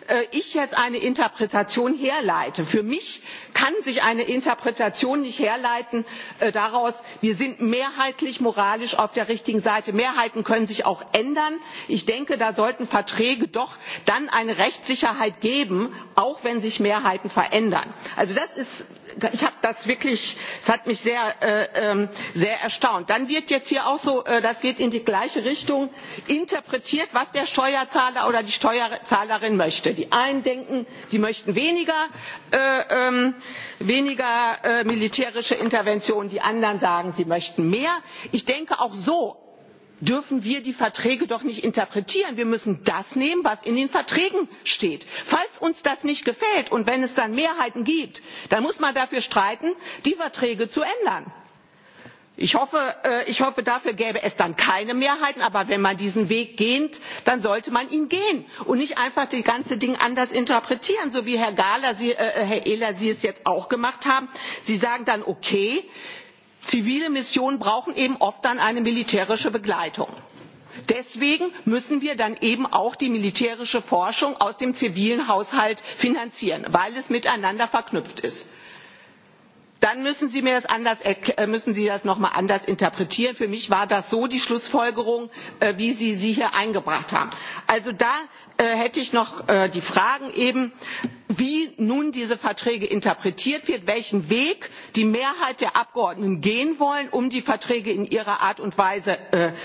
äh, ich jetzt eine interpretation herleite. für mich kann sich eine interpretation nicht herleiten äh, daraus wir sind mehrheitlich moralisch auf der richtigen seite. mehrheiten können sich auch ändern. ich denke da sollten verträge doch dann eine rechtssicherheit geben auch wenn sich mehrheiten verändern. also das ist ich habe das wirklich es hat mich sehr, äh, ähm, sehr erstaunt. dann wird jetzt hier auch so äh, das geht in die gleiche richtung interpretiert was der steuerzahler oder die steuerzahlerin möchte. die einen denken die möchten weniger, äh, ähm, äh, weniger militärische intervention die anderen sagen sie möchten mehr. ich denke auch so dürfen wir die verträge doch nicht interpretieren wir müssen das nehmen was in den verträgen steht. falls uns das nicht gefällt und wenn es dann mehrheiten gibt dann muss man dafür streiten die verträge zu ändern. ich hoffe äh, dafür gäbe es dann keine mehrheiten aber wenn man diesen weg geht dann sollte man ihn gehen und nicht einfach das ganze ding anders interpretieren so wie äh, äh, herr ehler sie es jetzt auch gemacht haben. sie sagen dann okay zivile missionen brauchen eben oft dann eine militärische begleitung. deswegen müssen wir dann eben auch die militärische forschung aus dem zivilen haushalt finanzieren weil es miteinander verknüpft ist dann müssen sie mir das anders äh, müssen sie das noch mal anders interpretieren für mich war das so die schlussfolgerung äh, wie sie sie hier eingebracht haben. also da äh, hätte ich noch die fragen eben wie nun diese verträge interpretiert werden welchen weg die mehrheit der abgeordneten gehen wollen um die verträge in ihrer art und weise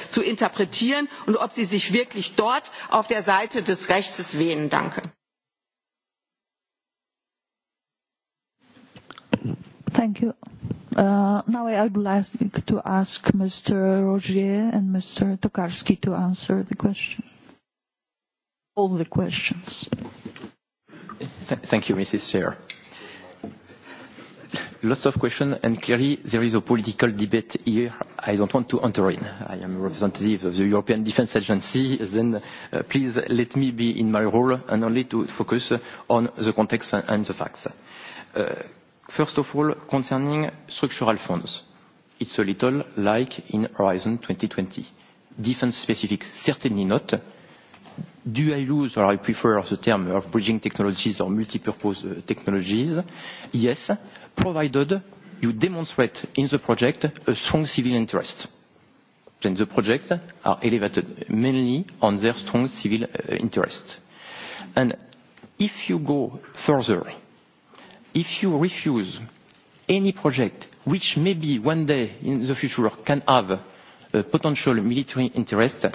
zu interpretieren und ob sie sich wirklich dort auf der seite des rechts wähnen. Thank you. Uh, now I would like to ask Mr. Rogier and Mr. Tokarski to answer the question. All the questions. Th thank you, Mrs. Chair. Lots of questions, and clearly there is a political debate here I don't want to enter in. I am a representative of the European Defence Agency, then uh, please let me be in my role and only to focus on the context and the facts. Uh, First of all, concerning structural funds, it's a little like in Horizon 2020. Defense specific, certainly not. Do I use, or I prefer the term of bridging technologies or multipurpose uh, technologies? Yes, provided you demonstrate in the project a strong civil interest. Then the projects are elevated mainly on their strong civil uh, interest. And if you go further if you refuse any project which maybe one day in the future can have a potential military interest,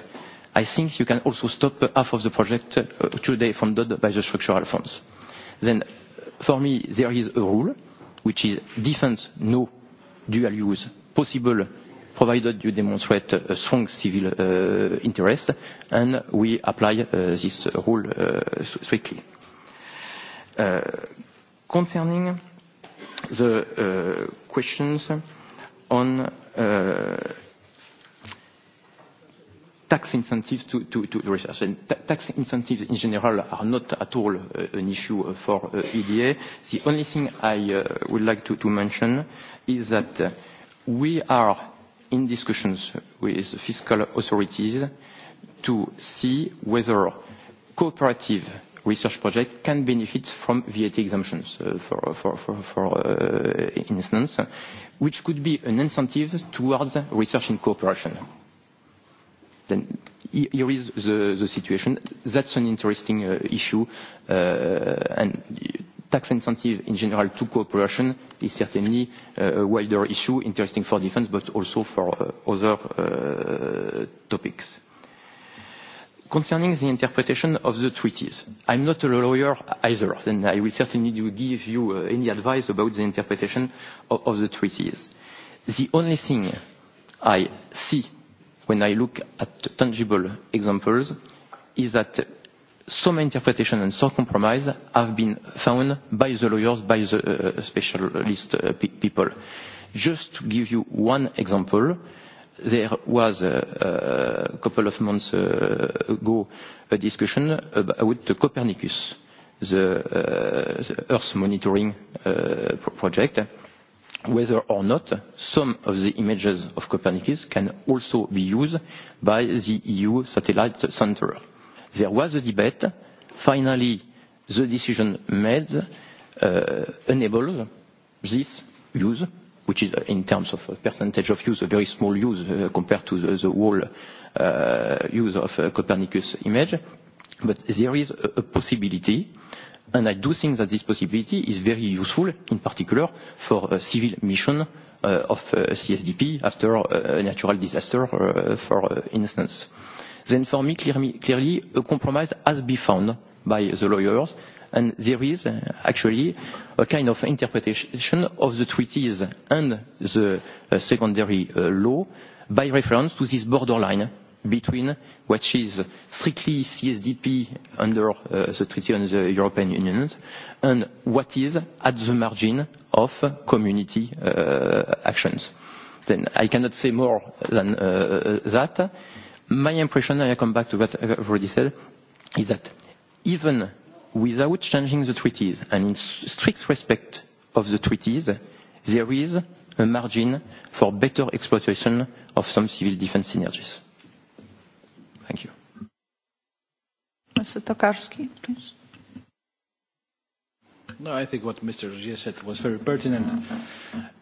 I think you can also stop half of the project uh, today funded by the structural funds. Then, for me, there is a rule, which is defense, no dual use possible, provided you demonstrate a strong civil uh, interest, and we apply uh, this rule uh, strictly. Uh, Concerning the uh, questions on uh, tax incentives to, to, to research. And ta tax incentives in general are not at all uh, an issue uh, for uh, EDA. The only thing I uh, would like to, to mention is that uh, we are in discussions with fiscal authorities to see whether cooperative research project can benefit from VAT exemptions, uh, for, for, for, for uh, instance, which could be an incentive towards research in cooperation. Then here is the, the situation. That's an interesting uh, issue, uh, and tax incentive in general to cooperation is certainly uh, a wider issue, interesting for defense, but also for uh, other uh, topics. Uh, Concerning the interpretation of the treaties, I'm not a lawyer either, and I will certainly give you uh, any advice about the interpretation of, of the treaties. The only thing I see when I look at tangible examples is that some interpretation and some compromise have been found by the lawyers, by the uh, specialist uh, pe people. Just to give you one example, uh, there was a couple of months uh, ago a discussion about the Copernicus, uh, the Earth monitoring uh, project, whether or not some of the images of Copernicus can also be used by the EU Satellite Center. There was a debate. Finally, the decision made enables this use which is uh, in terms of uh, percentage of use, a very small use uh, compared to the, the whole uh, use of uh, Copernicus image. But there is a, a possibility, and I do think that this possibility is very useful, in particular for a civil mission uh, of uh, CSDP after uh, a natural disaster, uh, for uh, instance. Then for me, clearly, clearly, a compromise has been found by the lawyers and there is uh, actually a kind of interpretation of the treaties and the uh, secondary uh, law by reference to this borderline between what is strictly CSDP under uh, the Treaty on the European Union and what is at the margin of community uh, actions. Then I cannot say more than uh, that. My impression, and I come back to what I've already said, is that even without changing the treaties and in strict respect of the treaties, there is a margin for better exploitation of some civil defense synergies. Thank you. Mr. Tokarski, please. No, I think what Mr. Rogier said was very pertinent.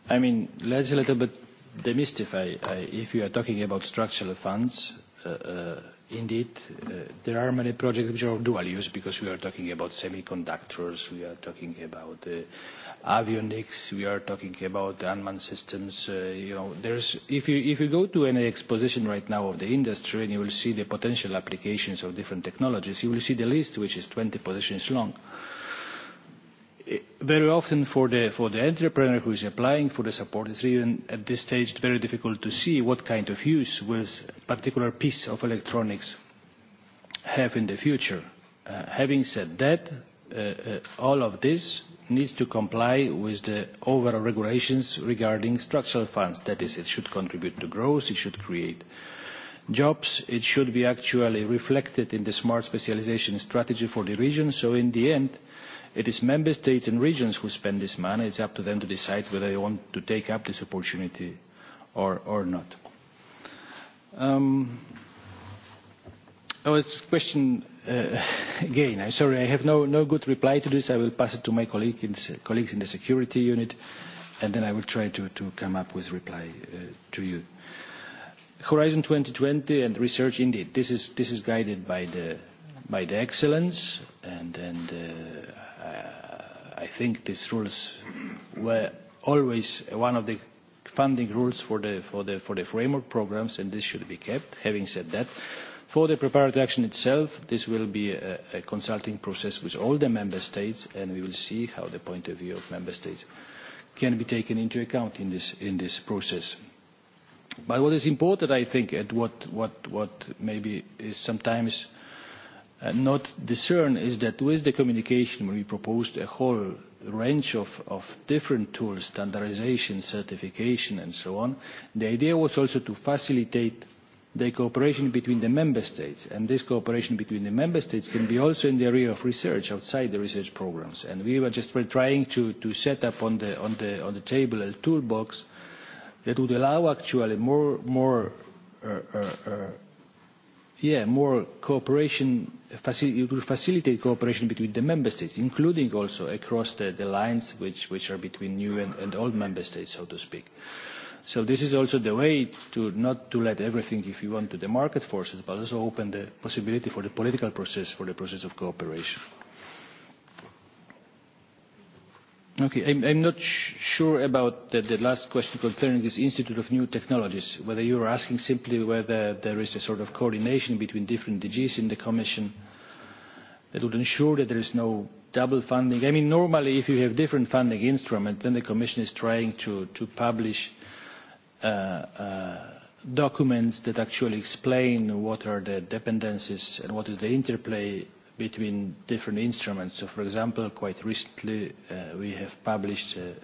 I mean, let's a little bit demystify. I, if you are talking about structural funds, uh, uh, indeed, uh, there are many projects which are dual use because we are talking about semiconductors, we are talking about uh, avionics, we are talking about unmanned systems. Uh, you know, there's, if, you, if you go to any exposition right now of the industry and you will see the potential applications of different technologies, you will see the list which is 20 positions long. Uh, very often for the, for the entrepreneur who is applying for the support, it's even at this stage very difficult to see what kind of use will a particular piece of electronics have in the future. Uh, having said that, uh, uh, all of this needs to comply with the overall regulations regarding structural funds. That is, it should contribute to growth, it should create jobs, it should be actually reflected in the smart specialization strategy for the region. So in the end, uh, It is member states and regions who spend this money. It's up to them to decide whether they want to take up this opportunity or, or not. Um, oh, it's question uh, *laughs* again. I'm sorry, I have no, no good reply to this. I will pass it to my colleague in, colleagues in the security unit, and then I will try to, to come up with reply uh, to you. Horizon 2020 and research, indeed, this is, this is guided by the, by the excellence, and, and uh, Uh, I think these rules were always one of the funding rules for the, for the, for the framework programs, and this should be kept. Having said that, for the preparatory action itself, this will be a, a consulting process with all the member states, and we will see how the point of view of member states can be taken into account in this, in this process. But what is important, I think, and what, what, what maybe is sometimes uh, Uh, not discern is that with the communication we proposed a whole range of, of different tools, standardization, certification and so on. The idea was also to facilitate the cooperation between the member states and this cooperation between the member states can be also in the area of research outside the research programs and we were just trying to, to set up on the, on, the, on the table a toolbox that would allow actually more, more, uh, uh, uh, yeah, more cooperation Facil it will facilitate cooperation between the member states, including also across the, the lines which, which are between new and, and old member states, so to speak. So this is also the way to not to let everything, if you want, to the market forces, but also open the possibility for the political process, for the process of cooperation. Uh, Okay, I'm, I'm not sh sure about the, the last question concerning this Institute of New Technologies, whether you're asking simply whether there is a sort of coordination between different DGs in the Commission that would ensure that there is no double funding. I mean, normally if you have different funding instruments, then the Commission is trying to, to publish uh, uh, documents that actually explain what are the dependencies and what is the interplay between different instruments. So, for example, quite recently uh, we have published a,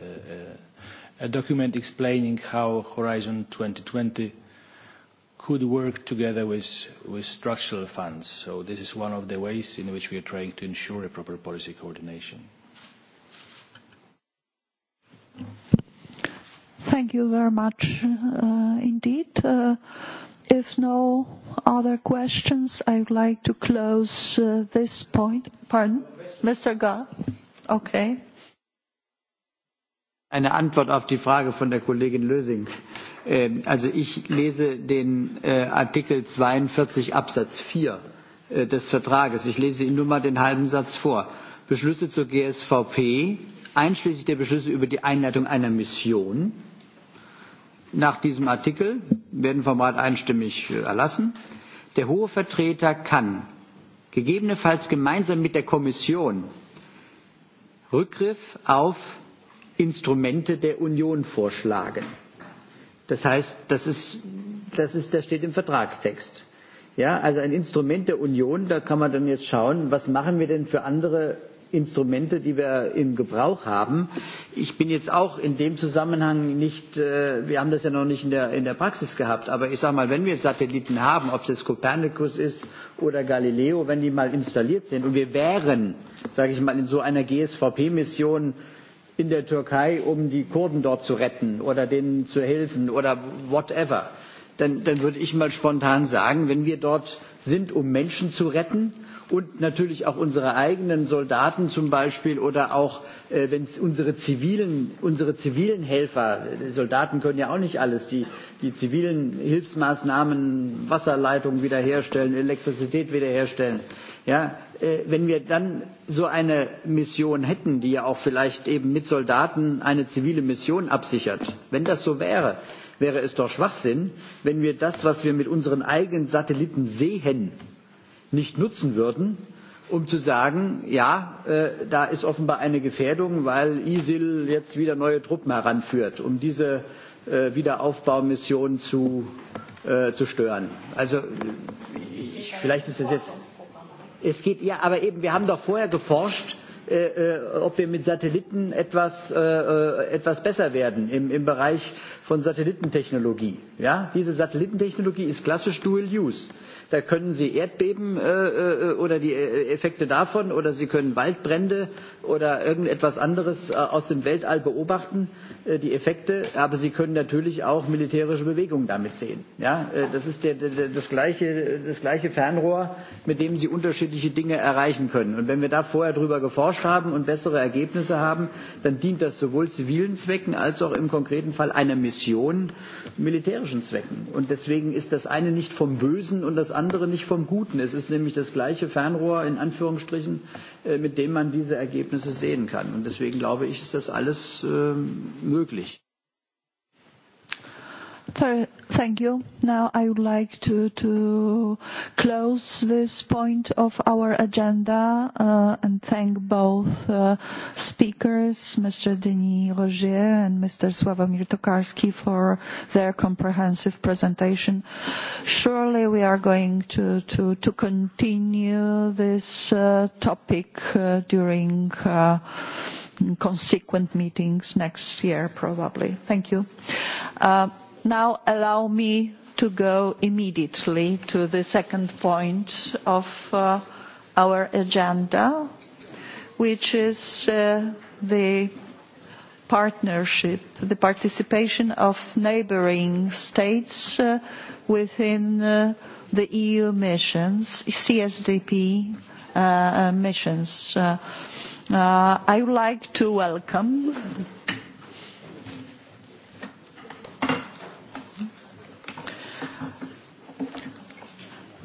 a, a document explaining how Horizon 2020 could work together with, with structural funds. So this is one of the ways in which we are trying to ensure a proper policy coordination. Thank you very much uh, indeed. Uh, If no other questions, I would like to close uh, this point. Pardon? Mr. Gall? Okay. Eine Antwort auf die Frage von der Kollegin Lösing. Ähm, also ich lese den äh, Artikel 42 Absatz 4 äh, des Vertrages. Ich lese Ihnen nur mal den halben Satz vor. Beschlüsse zur GSVP, einschließlich der Beschlüsse über die Einleitung einer Mission, nach diesem Artikel, werden vom Rat einstimmig äh, erlassen, der hohe Vertreter kann gegebenenfalls gemeinsam mit der Kommission Rückgriff auf Instrumente der Union vorschlagen. Das heißt, das, ist, das, ist, das steht im Vertragstext. Ja, also ein Instrument der Union, da kann man dann jetzt schauen, was machen wir denn für andere Instrumente, die wir im Gebrauch haben. Ich bin jetzt auch in dem Zusammenhang nicht, äh, wir haben das ja noch nicht in der, in der Praxis gehabt, aber ich sage mal, wenn wir Satelliten haben, ob es jetzt Copernicus ist oder Galileo, wenn die mal installiert sind und wir wären, sage ich mal, in so einer GSVP-Mission in der Türkei, um die Kurden dort zu retten oder denen zu helfen oder whatever, dann, dann würde ich mal spontan sagen, wenn wir dort sind, um Menschen zu retten, und natürlich auch unsere eigenen Soldaten zum Beispiel oder auch äh, wenn unsere zivilen, unsere zivilen Helfer, die äh, Soldaten können ja auch nicht alles, die, die zivilen Hilfsmaßnahmen, Wasserleitungen wiederherstellen, Elektrizität wiederherstellen. Ja, äh, wenn wir dann so eine Mission hätten, die ja auch vielleicht eben mit Soldaten eine zivile Mission absichert, wenn das so wäre, wäre es doch Schwachsinn, wenn wir das, was wir mit unseren eigenen Satelliten sehen, nicht nutzen würden, um zu sagen, ja, äh, da ist offenbar eine Gefährdung, weil ISIL jetzt wieder neue Truppen heranführt, um diese äh, Wiederaufbaumission zu, äh, zu stören. Also ich, vielleicht ist das jetzt. Es geht ja, aber eben, wir haben doch vorher geforscht, äh, äh ob wir mit Satelliten etwas, äh, äh, etwas besser werden im, im Bereich von Satellitentechnologie. Ja? Diese Satellitentechnologie ist klassisch Dual Use. Äh, da können Sie Erdbeben äh, äh oder die äh, Effekte davon oder Sie können Waldbrände oder irgendetwas anderes äh, aus dem Weltall beobachten, äh, die Effekte, aber Sie können natürlich auch militärische Bewegungen damit sehen. Ja? Äh, das ist der, der, das, gleiche, das gleiche Fernrohr, mit dem Sie unterschiedliche Dinge erreichen können. Und wenn wir da vorher drüber geforscht haben und bessere Ergebnisse haben, dann dient das sowohl zivilen Zwecken als auch im konkreten Fall einer Mission militärischen Zwecken. Und deswegen ist das eine nicht vom Bösen und das andere nicht vom Guten. Es ist nämlich das gleiche Fernrohr in Anführungsstrichen, äh, mit dem man diese Ergebnisse sehen kann. Und deswegen glaube ich, ist das alles ähm, möglich. Thank you. Now I would like to, to close this point of our agenda uh, and thank both uh, speakers, Mr. Denis Rogier and Mr. Sławomir Tokarski, for their comprehensive presentation. Surely we are going to, to, to continue this uh, topic uh, during uh, consequent meetings next year, probably. Thank you. Uh, Now allow me to go immediately to the second point of uh, our agenda, which is uh, the partnership, the participation of neighboring states uh, within uh, the EU missions, CSDP uh, uh, missions. Uh, uh, I would like to welcome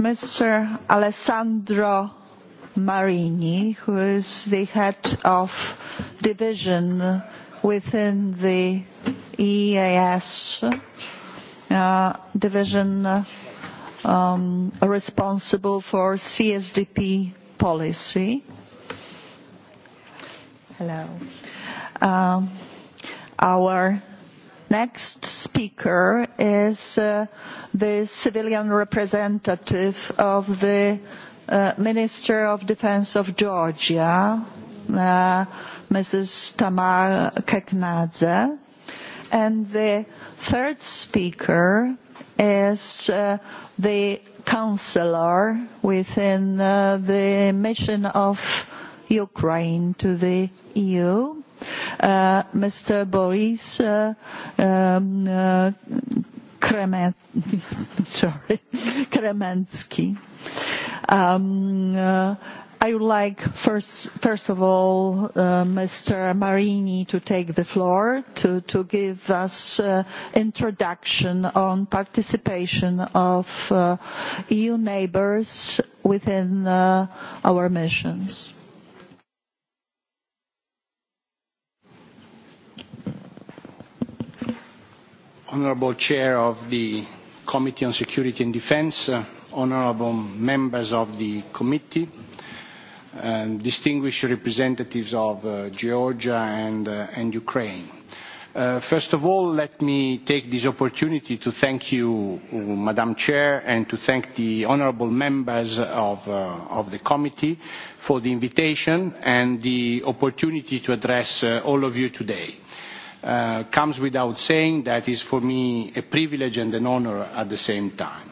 Mr. Alessandro Marini, who is the head of division within the EAS uh, division um, responsible for CSDP policy. Hello. Um, our next speaker is uh, the civilian representative of the uh, Minister of Defense of Georgia, uh, Mrs. Tamar Keknadze. And the third speaker is uh, the counselor within uh, the mission of Ukraine to the EU Uh, Mr. Boris uh, um, uh, Kremen, *laughs* sorry, Kremensky. Um, uh, I would like first, first of all, uh, Mr. Marini to take the floor to, to give us uh, introduction on participation of uh, EU neighbors within uh, our missions. honourable chair of the Committee on Security and Defence, uh, honourable members of the committee, um, distinguished representatives of uh, Georgia and, uh, and Ukraine. Uh, first of all, let me take this opportunity to thank you, Madam Chair, and to thank the honourable members of, uh, of the committee for the invitation and the opportunity to address uh, all of you today. Uh, uh, comes without saying. That is for me a privilege and an honor at the same time.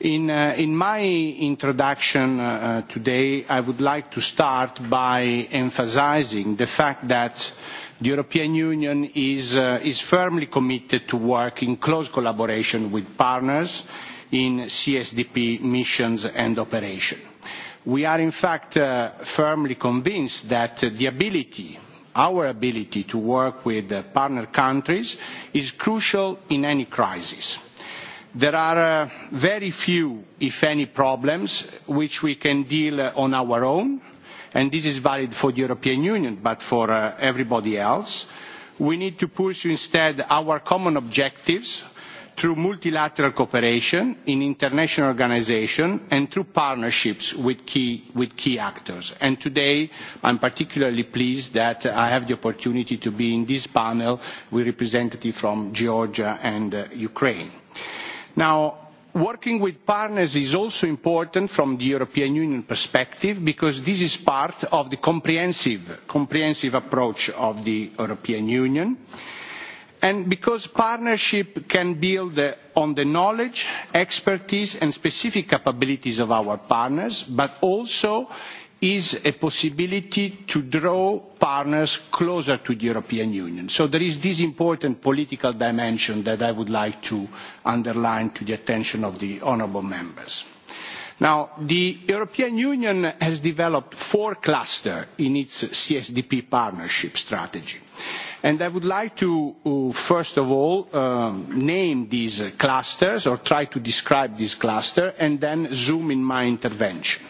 In, uh, in my introduction uh, uh, today, I would like to start by emphasizing the fact that the European Union is, uh, is firmly committed to work in close collaboration with partners in CSDP missions and operations. We are in fact uh, firmly convinced that the ability our ability to work with uh, partner countries is crucial in any crisis. There are uh, very few, if any, problems which we can deal uh, on our own, and this is valid for the European Union, but for uh, everybody else. We need to pursue instead our common objectives through multilateral cooperation in international organizations and through partnerships with key, with key actors. And today, I'm particularly pleased that I have the opportunity to be in this panel with representatives from Georgia and uh, Ukraine. Now, working with partners is also important from the European Union perspective because this is part of the comprehensive, comprehensive approach of the European Union. Uh, and because partnership can build uh, on the knowledge expertise and specific capabilities of our partners but also is a possibility to draw partners closer to the European Union. So there is this important political dimension that I would like to underline to the attention of the honourable members. Now, the European Union has developed four clusters in its CSDP partnership strategy. Uh, And I would like to, uh, first of all, um, name these clusters or try to describe this cluster and then zoom in my intervention.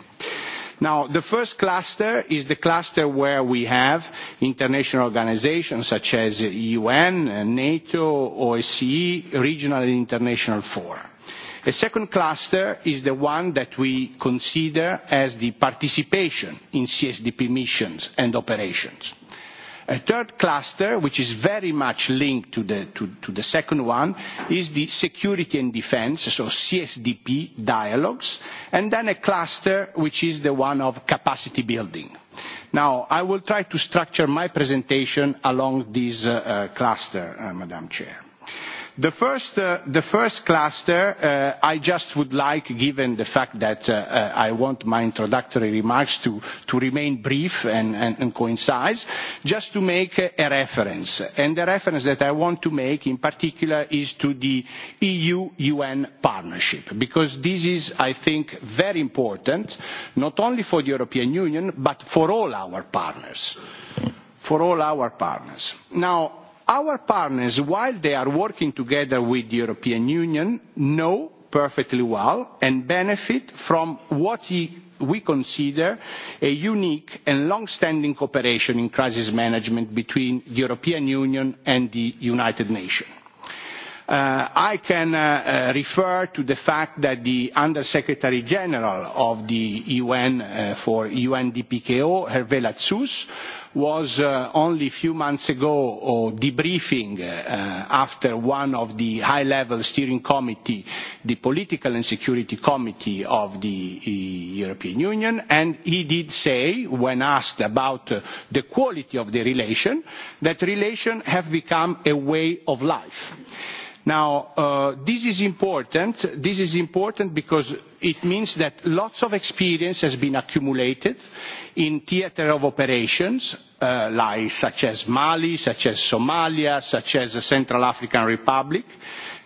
Now, the first cluster is the cluster where we have international organizations such as UN, NATO, OSCE, regional and international fora. A second cluster is the one that we consider as the participation in CSDP missions and operations. A third cluster, which is very much linked to the, to, to the second one, is the security and defense, so CSDP dialogues, and then a cluster which is the one of capacity building. Now, I will try to structure my presentation along this uh, uh, cluster, uh, Madam Chair. The first, uh, the first cluster, uh, I just would like, given the fact that uh, uh, I want my introductory remarks to, to remain brief and, and, and concise, just to make a reference. And the reference that I want to make in particular is to the EU-UN partnership, because this is, I think, very important, not only for the European Union, but for all our partners. For all our partners. Now, our partners, while they are working together with the European Union, know perfectly well and benefit from what we consider a unique and long-standing cooperation in crisis management between the European Union and the United Nations. Uh, I can uh, uh, refer to the fact that the Under Secretary General of the UN uh, for UNDPKO, Hervé Latsous, was uh, only a few months ago or debriefing uh, after one of the high level steering committee, the political and security committee of the uh, European Union, and he did say, when asked about uh, the quality of the relation, that relations have become a way of life. Now, uh, this is important. This is important because it means that lots of experience has been accumulated in theatre of operations, uh, like such as Mali, such as Somalia, such as the Central African Republic.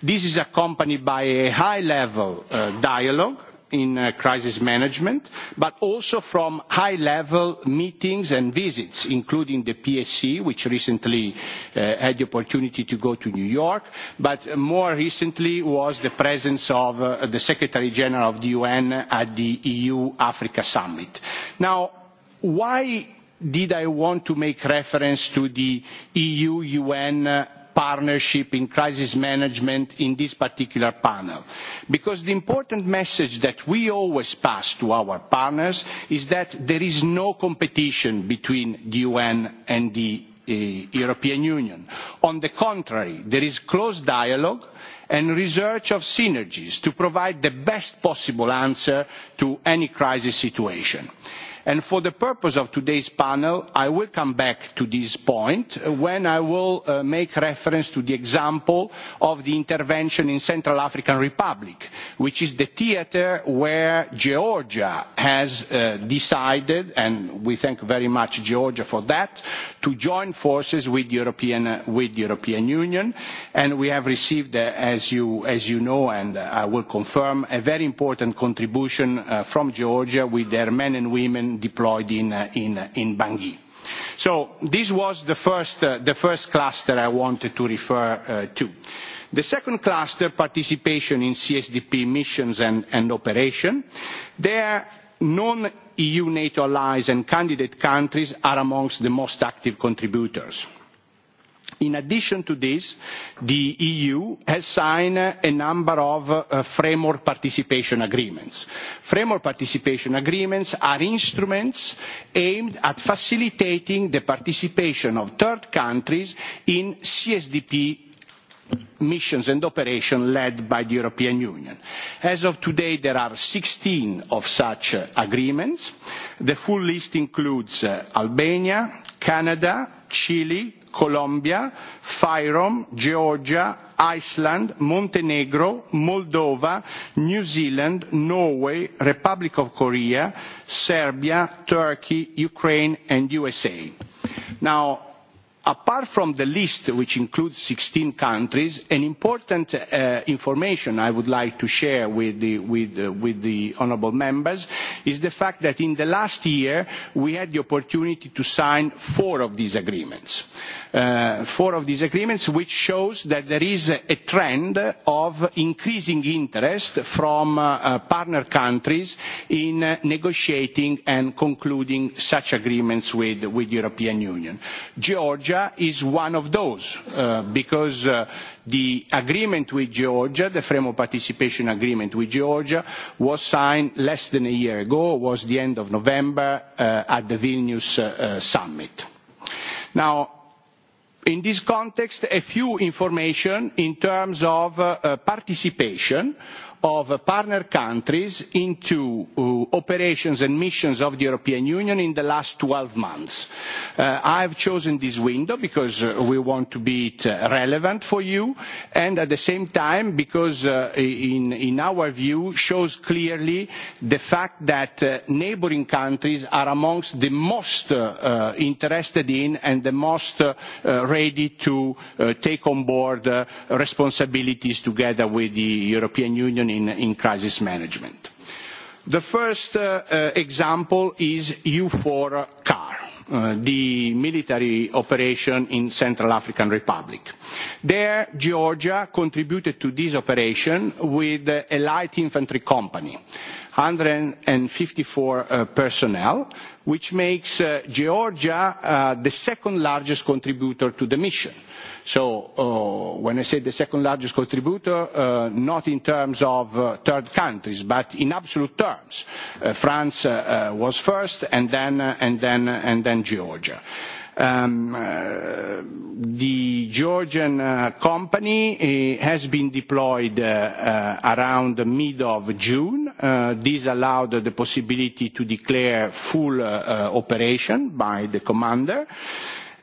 This is accompanied by a high-level uh, dialogue in uh, crisis management, but also from high-level meetings and visits, including the PSC, which recently uh, had the opportunity to go to New York, but more recently was the presence of uh, the Secretary General of the UN at the EU-Africa Summit. Now, why did I want to make reference to the EU-UN uh, partnership in crisis management in this particular panel. Because the important message that we always pass to our partners is that there is no competition between the UN and the uh, European Union. On the contrary, there is close dialogue and research of synergies to provide the best possible answer to any crisis situation. Uh, And for the purpose of today's panel, I will come back to this point uh, when I will uh, make reference to the example of the intervention in Central African Republic, which is the theater where Georgia has uh, decided, and we thank very much Georgia for that, to join forces with the European, uh, with the European Union. And we have received, uh, as, you, as you know, and uh, I will confirm, a very important contribution uh, from Georgia with their men and women and deployed uh, uh, in Bangui. So this was the first, uh, the first cluster I wanted to refer uh, to. The second cluster, participation in CSDP missions and, and operation. There, non-EU NATO allies and candidate countries are amongst the most active contributors In addition to this, the EU has signed a number of uh, framework participation agreements. Framework participation agreements are instruments aimed at facilitating the participation of third countries in CSDP missions and operations led by the European Union. As of today, there are 16 of such uh, agreements. The full list includes uh, Albania, Canada, Chile, Colombia, Fyrom, Georgia, Iceland, Montenegro, Moldova, New Zealand, Norway, Republic of Korea, Serbia, Turkey, Ukraine, and USA. Now, apart from the list which includes 16 countries an important uh, information i would like to share with the with uh, with the honorable members is the fact that in the last year we had the opportunity to sign four of these agreements uh, four of these agreements which shows that there is a trend of increasing interest from uh, uh, partner countries in uh, negotiating and concluding such agreements with with the european union georgia Georgia is one of those, uh, because uh, the agreement with Georgia, the framework participation agreement with Georgia, was signed less than a year ago, was the end of November uh, at the Vilnius uh, uh, summit. Now, in this context, a few information in terms of uh, uh, participation of uh, partner countries into uh, operations and missions of the European Union in the last 12 months. Uh, I've chosen this window because uh, we want to be it, uh, relevant for you and at the same time because uh, in, in our view shows clearly the fact that uh, neighboring countries are amongst the most uh, uh, interested in and the most uh, uh, ready to uh, take on board uh, responsibilities together with the European Union in, in crisis management. The first uh, uh, example is EUFOR CAR, uh, the military operation in Central African Republic. There, Georgia contributed to this operation with a light infantry company, 154 uh, personnel, which makes uh, Georgia uh, the second largest contributor to the mission. So uh, when I say the second largest contributor, uh, not in terms of uh, third countries, but in absolute terms. Uh, France uh, uh, was first and then, uh, and then, uh, and then Georgia. Uh, Um, uh, the Georgian uh, company uh, has been deployed uh, uh, around the mid of June. Uh, this allowed the possibility to declare full operation by the commander.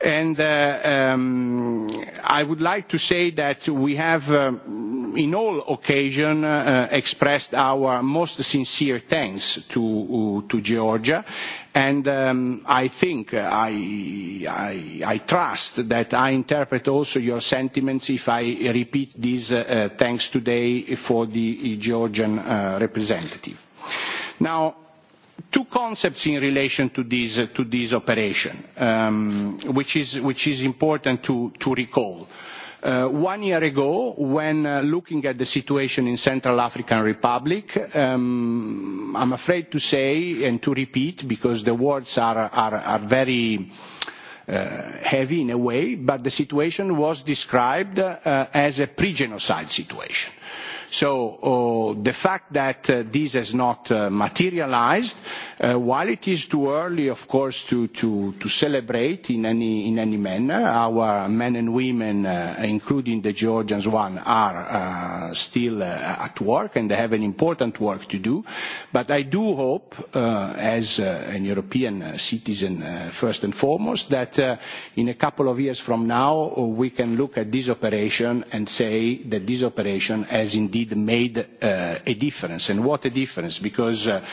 And, um, I would like to say that we have, um, in all occasion, expressed our most sincere thanks to, to Georgia, And um, I think, uh, I, I, I trust that I interpret also your sentiments if I repeat these uh, uh, thanks today for the Georgian uh, representative. Now, two concepts in relation to this, uh, to this operation, um, which, is, which is important to, to recall. Uh, Uh, one year ago, when uh, looking at the situation in Central African Republic, um, I'm afraid to say and to repeat because the words are, are, are very uh, heavy in a way, but the situation was described uh, as a pre-genocide situation So oh, the fact that uh, this has not uh, materialized, uh, while it is too early, of course, to, to, to celebrate in any, in any manner, our men and women, including the Georgians one, are still at work, and they have an important work to do. But I do hope, as an European citizen, first and foremost, that in a couple of years from now, we can look at this operation and say that this operation has indeed indeed made uh, a difference. And what a difference, because uh,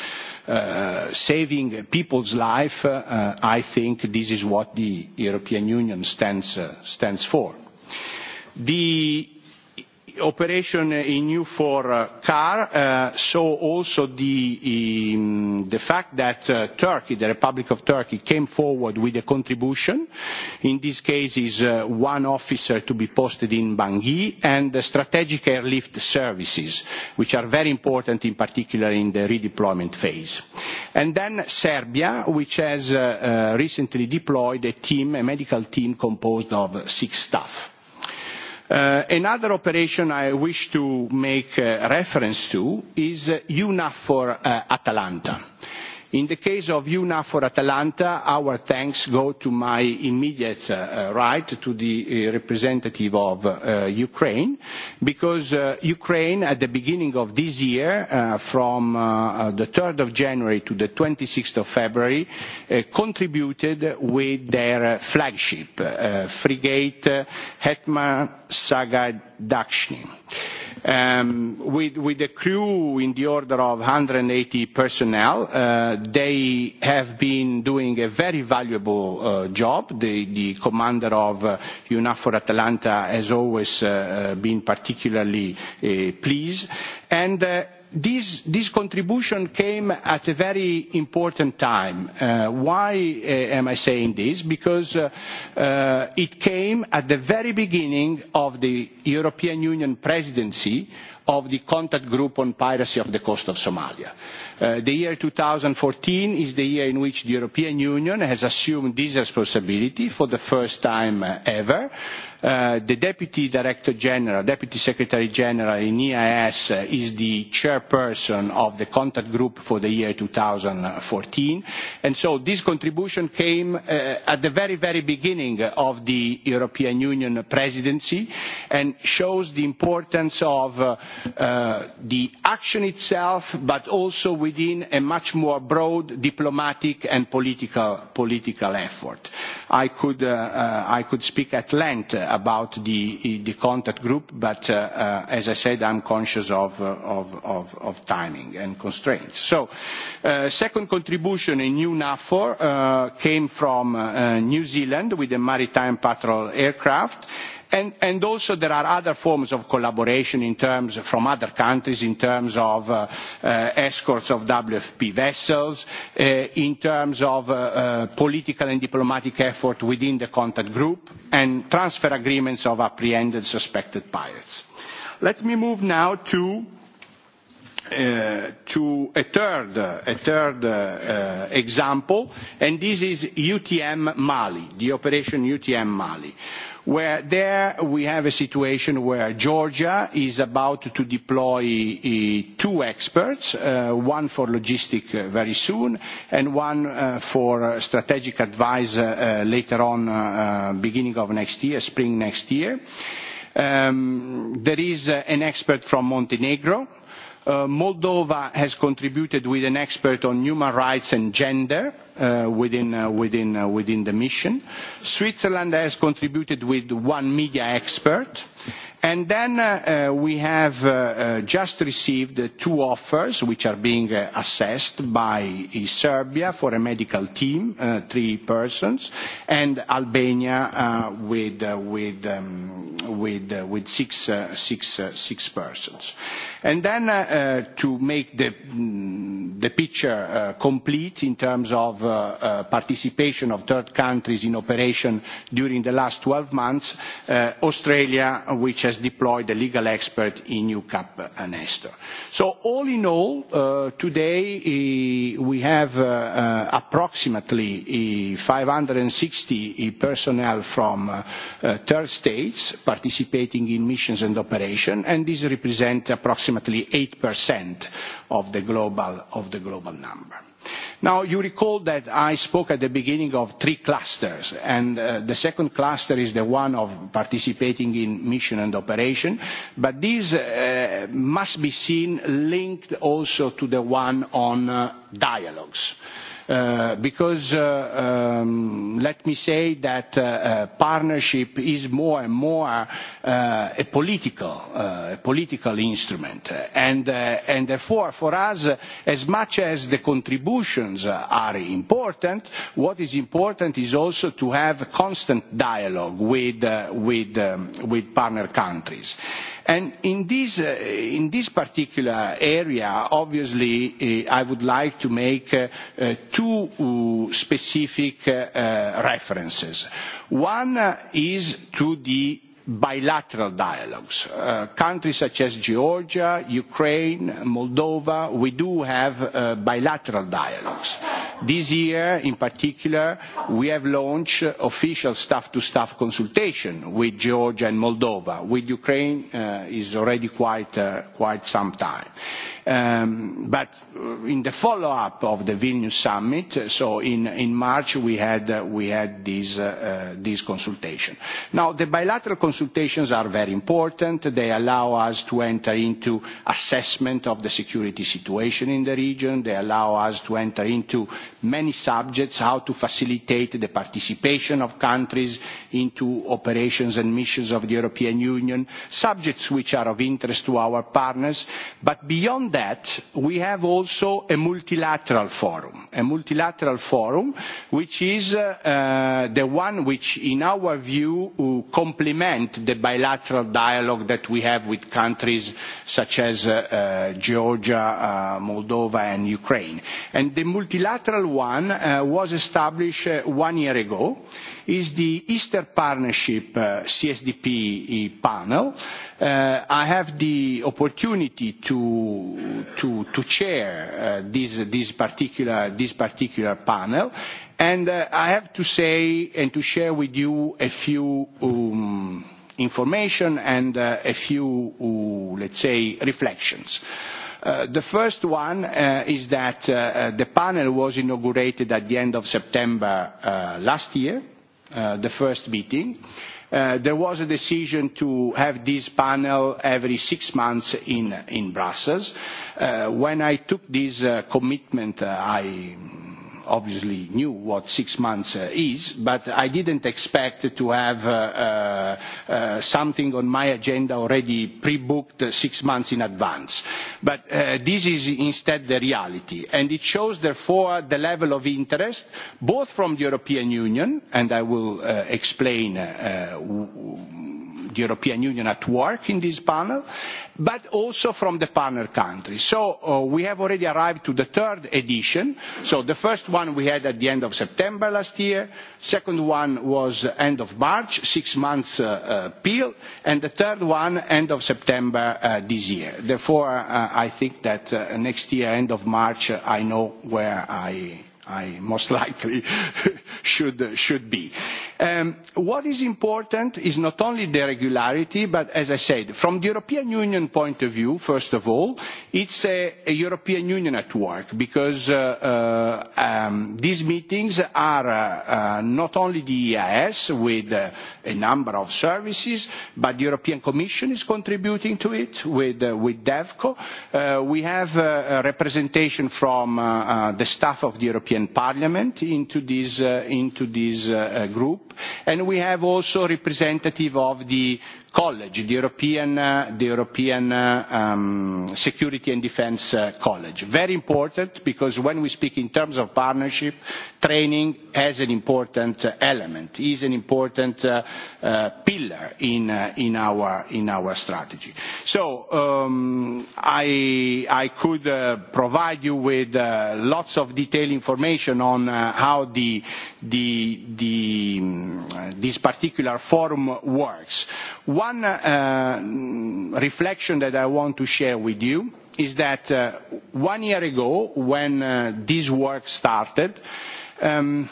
uh, saving people's life, uh, I think this is what the European Union stands, uh, stands for. The operation in EU4 uh, car, uh, so also the, um, the fact that uh, Turkey, the Republic of Turkey, came forward with a contribution. In this case is one officer to be posted in Bangui and the strategic airlift services, which are very important, in particular in the redeployment phase. And then Serbia, which has recently deployed a team, a medical team composed of six staff. Uh, another operation I wish to make uh, reference to is uh, EUNAVFOR uh, Atalanta. In the case of EUNAVFOR Atalanta, our thanks go to my immediate uh, uh, right, to the uh, representative of uh, Ukraine, because uh, Ukraine, at the beginning of this year, uh, from uh, uh the 3rd of January to the 26th of February, uh, contributed with their uh, flagship, uh, uh frigate uh, Hetman Saga Dakshnin um, with, with a crew in the order of 180 personnel. Uh, they have been doing a very valuable uh, job. The, the commander of uh, UNAFOR Atalanta has always uh, uh been particularly uh, pleased. And uh, this, this contribution came at a very important time. Uh, why uh, am I saying this? Because uh, uh, it came at the very beginning of the European Union presidency of the contact group on piracy of the coast of Somalia. Uh, the year 2014 is the year in which the European Union has assumed this responsibility for the first time uh, ever. Uh, Uh, the Deputy Director General, Deputy Secretary General in EIS uh, is the chairperson of the contact group for the year 2014. And so this contribution came uh, at the very, very beginning of the European Union presidency and shows the importance of uh, uh, the action itself, but also within a much more broad diplomatic and political, political effort. I could, uh, uh, I could speak at length uh, Uh, about the, the contact group, but uh, uh, as I said, I'm conscious of, of, of, of timing and constraints. So, second contribution in new NAVFOR came from New Zealand with the Maritime Patrol aircraft, And, and also there are other forms of collaboration in terms from other countries in terms of uh, uh, escorts of WFP vessels, uh, in terms of uh, uh, political and diplomatic effort within the contact group, and transfer agreements of apprehended suspected pirates. Let me move now to Uh, to a third, uh, a third uh, uh, example, and this is UTM Mali, the operation UTM Mali where there we have a situation where Georgia is about to deploy eh, two experts, uh, one for logistic uh, very soon and one uh, for strategic advice uh, uh, later on, uh, beginning of next year, spring next year. Um, there is uh, an expert from Montenegro Uh, Moldova has contributed with an expert on human rights and gender uh, within, uh, within, uh, within the mission. Switzerland has contributed with one media expert And then uh, uh, we have uh, uh, just received two offers, which are being uh, assessed by uh, Serbia for a medical team, three persons, and Albania with, with, um, with, with six, six, six persons. And then to make the the picture uh, complete in terms of uh, uh, participation of third countries in operation during the last 12 months, uh, Australia, which has deployed a legal expert in UCAP and Nestor. So all in all, uh, today uh, we have uh, uh, approximately uh, 560 uh, personnel from uh, uh, third states participating in missions and operation, and these represent approximately 8% of the global of of the global number. Now, you recall that I spoke at the beginning of three clusters, and uh, the second cluster is the one of participating in mission and operation, but these uh, must be seen linked also to the one on uh, dialogues. Uh, Uh, because, uh, um, let me say that uh, uh, partnership is more and more uh, a, political, uh, a political instrument. And, uh, and therefore, for us, uh, as much as the contributions uh, are important, what is important is also to have constant dialogue with, uh, with, um, with partner countries And in this, uh, in this particular area, obviously, uh, I would like to make uh, uh, two uh, specific uh, uh, references. One uh, is to the bilateral dialogues. Uh, countries such as Georgia, Ukraine, Moldova, we do have uh, bilateral dialogues. This year, in particular, we have launched official staff-to-staff -staff consultation with Georgia and Moldova. With Ukraine, uh, is already quite, uh, quite some time Um, but in the follow-up of the Vilnius summit, so in, in March, we had, uh, we had this, uh, uh, this consultation. Now, the bilateral consultations are very important. They allow us to enter into assessment of the security situation in the region. They allow us to enter into many subjects, how to facilitate the participation of countries into operations and missions of the European Union, subjects which are of interest to our partners. But beyond that, we have also a multilateral forum, a multilateral forum which is uh, uh, the one which, in our view, uh, complement the bilateral dialogue that we have with countries such as uh, uh, Georgia, uh, Moldova, and Ukraine. And the multilateral one uh, was established uh, one year ago is the Eastern Partnership uh, CSDP uh, panel. Uh, I have the opportunity to, to, to chair uh, this, this, particular, this particular panel, and uh, I have to say and to share with you a few um, information and uh, a few, uh, let's say, reflections. Uh, the first one uh, is that uh, uh the panel was inaugurated at the end of September uh, last year uh, the first meeting. Uh, there was a decision to have this panel every six months in, in Brussels. Uh, when I took this uh, commitment, uh, I obviously knew what six months uh, is, but I didn't expect to have uh, uh, uh something on my agenda already pre-booked uh, six months in advance. But uh, this is instead the reality, and it shows, therefore, the level of interest, both from the European Union, and I will uh, explain uh, uh the European Union at work in this panel, but also from the partner countries. So uh, we have already arrived to the third edition. So the first one we had at the end of September last year, second one was end of March, six months uh, uh, peel, and the third one end of September uh, this year. Therefore, uh, I think that uh, next year, end of March, uh, I know where I I most *laughs* likely should, should be. Um, what is important is not only the regularity, but as I said, from the European Union point of view, first of all, it's a, a European Union at work because uh, uh, um, these meetings are uh, uh, not only the EIS with uh, a number of services, but the European Commission is contributing to it with, uh, with DEVCO. Uh, we have uh, a representation from uh, uh, the staff of the European European Parliament into this, uh, into this uh, uh, group. And we have also representative of the college, the European, uh, the European uh, um, Security and Defense uh, College. Very important because when we speak in terms of partnership, training has an important uh, element, is an important uh, uh, pillar in, uh, in, our, in our strategy. So um, I, I could uh, provide you with uh, lots of detailed information on uh, how the, the, the, um, this particular forum works. Why one uh, mm, reflection that I want to share with you is that uh, one year ago, when uh, this work started, um,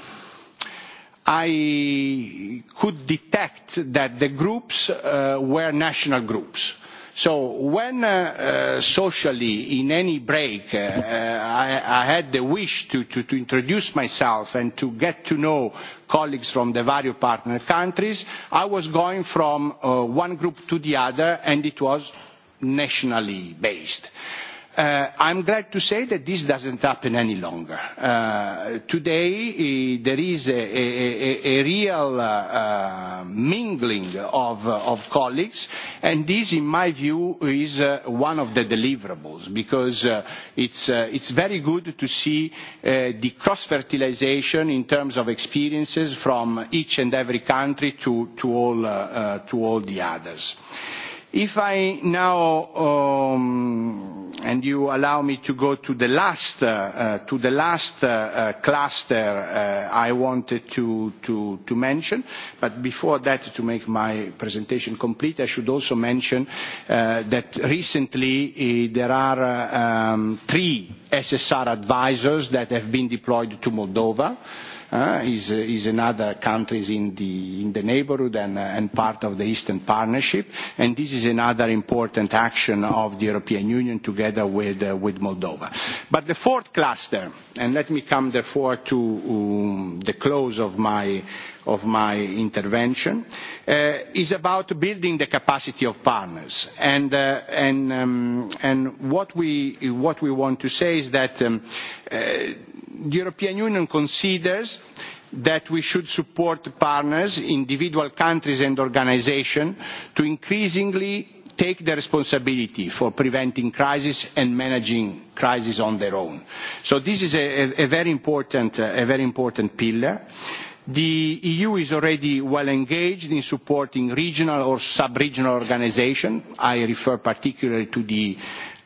I could detect that the groups uh, were national groups So when uh, uh, socially in any break uh, uh, I, I had the wish to, to, to introduce myself and to get to know colleagues from the various partner countries, I was going from uh, one group to the other and it was nationally based. Uh, Uh, I'm glad to say that this doesn't happen any longer. Uh, today, uh, there is a, a, a, a real uh, uh, mingling of, uh, of colleagues, and this, in my view, is uh, one of the deliverables, because uh, it's, uh, it's very good to see uh, the cross-fertilization in terms of experiences from each and every country to, to, all, uh, uh, to all the others. Uh, If I now, um, and you allow me to go to the last, uh, uh to the last uh, uh, cluster uh, I wanted to, to, to mention, but before that, to make my presentation complete, I should also mention uh, that recently eh, there are um, three SSR advisors that have been deployed to Moldova uh, is, is another countries in the, in the neighborhood and, uh, and part of the Eastern Partnership. And this is another important action of the European Union together with, uh, with Moldova. But the fourth cluster, and let me come therefore to um, the close of my, of my intervention, uh, uh, is about building the capacity of partners. And, uh, and, um, and what, we, what we want to say is that um, uh, the European Union considers that we should support partners, individual countries and organizations, to increasingly take the responsibility for preventing crisis and managing crisis on their own. So this is a, a, a very important, uh, a very important pillar. Uh, The EU is already well engaged in supporting regional or sub-regional organizations. I refer particularly to the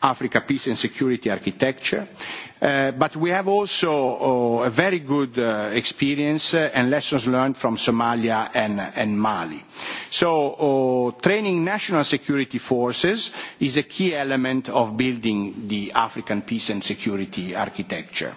Africa Peace and Security Architecture. Uh, but we have also oh, a very good uh, experience uh, and lessons learned from Somalia and, and Mali. So oh, training national security forces is a key element of building the African peace and security architecture.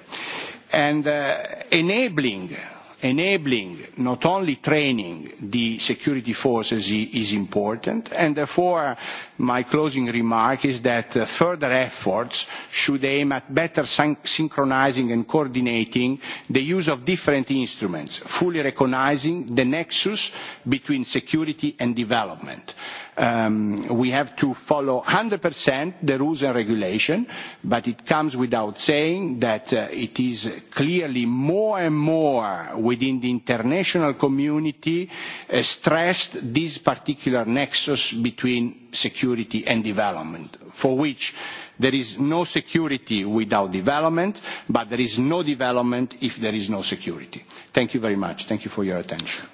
And uh, enabling enabling not only training the security forces is important and therefore my closing remark is that uh, further efforts should aim at better synchronizing and coordinating the use of different instruments fully recognizing the nexus between security and development um, we have to follow 100% the rules and regulation, but it comes without saying that uh, it is clearly more and more within the international community uh, stressed this particular nexus between security and development, for which there is no security without development, but there is no development if there is no security. Thank you very much. Thank you for your attention.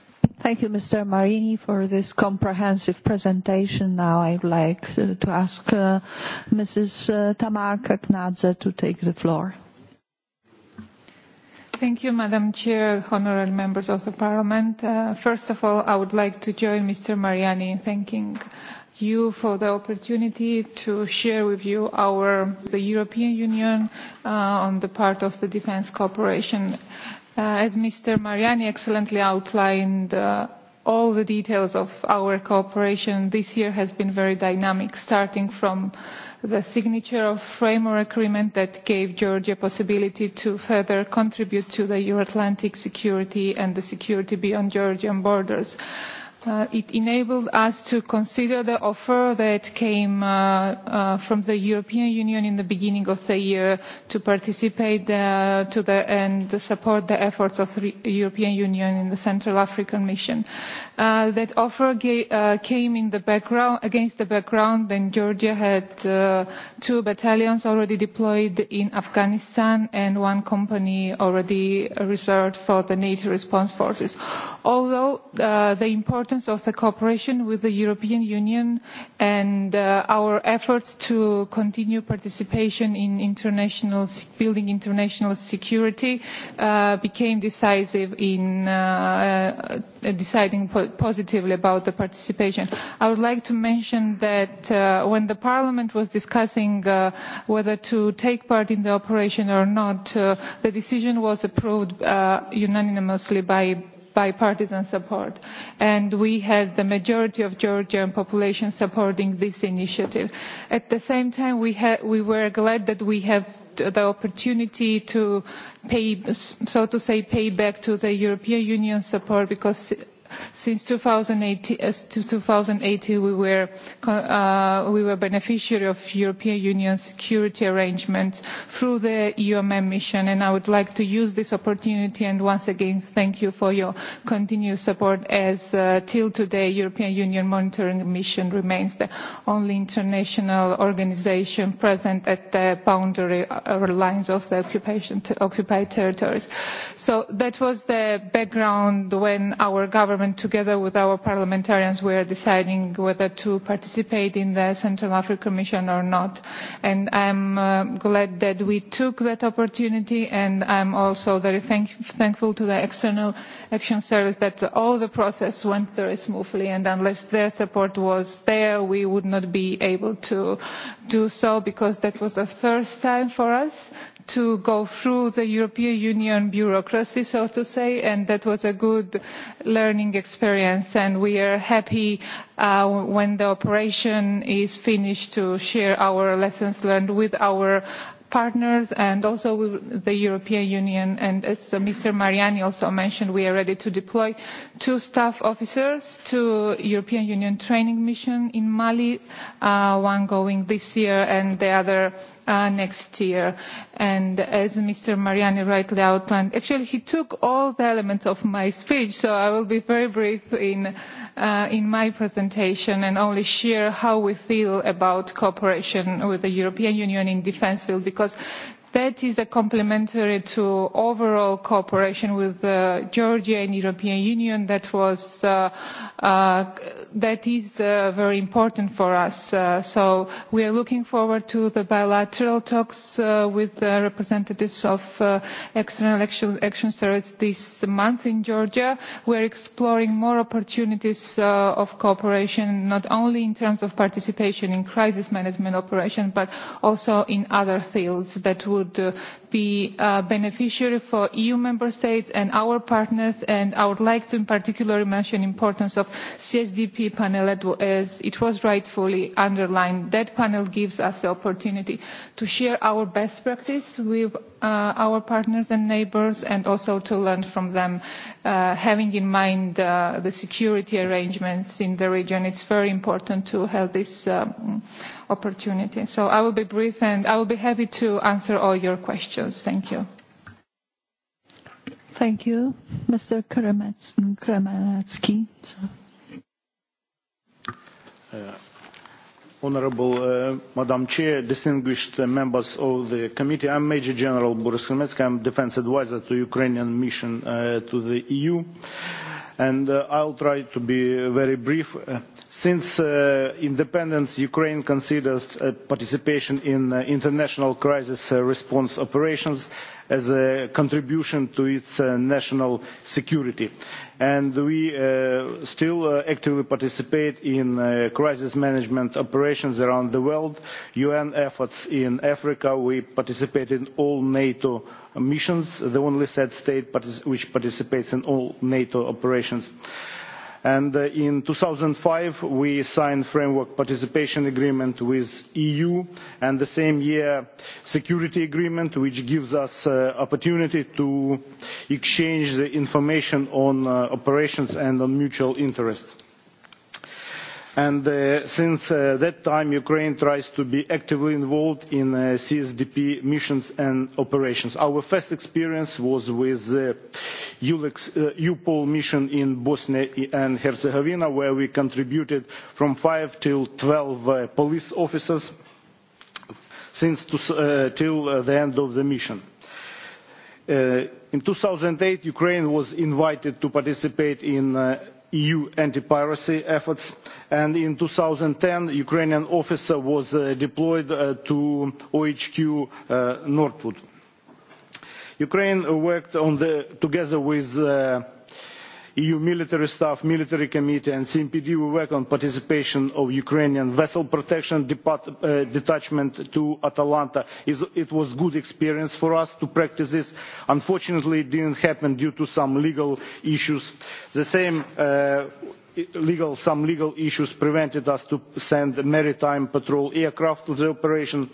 Thank you, Mr. Marini, for this comprehensive presentation. Now I would like to, uh, to ask uh, Mrs. Uh, Tamar Kaknadze to take the floor. Thank you, Madam Chair, honorable members of the Parliament. Uh, first of all, I would like to join Mr. Mariani in thanking you for the opportunity to share with you our, the European Union uh, on the part of the defense cooperation. Uh, Uh, as mr mariani excellently outlined uh, all the details of our cooperation this year has been very dynamic starting from the signature of the framework agreement that gave georgia the possibility to further contribute to euro atlantic security and the security beyond georgian borders to Uh, it enabled us to consider the offer that came uh, uh, from the European Union in the beginning of the year to participate uh, to the, and support the efforts of the European Union in the Central African Mission. Uh, that offer uh, came in the background against the background then Georgia had uh, two battalions already deployed in Afghanistan and one company already reserved for the NATO response forces. Although uh, the importance of the cooperation with the European Union and uh, our efforts to continue participation in international building international security uh, became decisive in uh, uh, deciding po positively about the participation. I would like to mention that uh, when the Parliament was discussing uh, whether to take part in the operation or not, uh, the decision was approved uh, unanimously by bipartisan support. And we had the majority of Georgian population supporting this initiative. At the same time, we, ha- we were glad that we have the opportunity to pay, so to say, pay back to the European Union support because since 2018, uh, 2018 we were uh, we were beneficiary of European Union security arrangements through the UMM mission, and I would like to use this opportunity and once again thank you for your continued support. As uh, till today, European Union monitoring mission remains the only international organization present at the boundary uh, lines of the occupation occupied territories. So that was the background when our government Parliament, together with our parliamentarians, we are deciding whether to participate in the Central African Mission or not. And I'm uh, glad that we took that opportunity, and I'm also very thank thankful to the External Action Service that all the process went very smoothly, and unless their support was there, we would not be able to do so, because that was the first time for us to go through the European Union bureaucracy, so to say, and that was a good learning experience. And we are happy uh, when the operation is finished to share our lessons learned with our partners and also with the European Union. And as Mr. Mariani also mentioned, we are ready to deploy two staff officers to European Union training mission in Mali, uh, one going this year and the other uh, next year. And as Mr. Mariani rightly outlined, actually he took all the elements of my speech, so I will be very brief in, uh, in my presentation and only share how we feel about cooperation with the European Union in defense field, because that is complementary to overall cooperation with uh, georgia and the european union that, was, uh, uh, that is uh, very important for us uh, so we are looking forward to the bilateral talks uh, with the representatives of the external action, action service this month in georgia. we are exploring more opportunities of cooperation not only in terms of participation in crisis management operations but also in other fields that would uh, be uh, beneficiary for EU member states and our partners. And I would like to in particular mention importance of CSDP panel as it was rightfully underlined. That panel gives us the opportunity to share our best practice with uh, our partners and neighbors and also to learn from them, uh, having in mind uh, the security arrangements in the region. It's very important to have this um, opportunity. So I will be brief and I will be happy to answer all your questions. Thank you. Thank you. Mr. Kremeneczki. Uh, Honorable uh, Madam Chair, distinguished uh, members of the committee, I'm Major General Boris Kremenetsky. I'm defense advisor to Ukrainian mission uh, to the EU. And uh, I'll try to be very brief. Uh, Since uh, independence, Ukraine considers uh, participation in uh, international crisis uh, response operations as a contribution to its uh, national security. And we uh, still uh, actively participate in uh, crisis management operations around the world, UN efforts in Africa. We participate in all NATO missions, the only said state partic which participates in all NATO operations. Uh, and uh, in two thousand and five we signed a framework participation agreement with the eu and the same year a security agreement which gives us the uh, opportunity to exchange information on uh, operations and on mutual interests and uh, since uh, that time ukraine tries to be actively involved in uh, csdp missions and operations. our first experience was with the uh, eupol uh, mission in bosnia and herzegovina where we contributed from five to twelve uh, police officers until the end of the mission. in two thousand and eight ukraine was invited to participate in eu anti piracy efforts and in two thousand and ten a ukrainian officer was uh, deployed uh, to ohq uh, nordput. ukraine worked the, together with uh, eu military staff military committee and cmpd will work on participation of ukrainian vessel protection Depart uh, detachment to atalanta. it was a good experience for us to practice this. unfortunately it did not happen due to some legal issues. the same uh, legal, some legal issues prevented us from sending maritime patrol aircraft to the operation.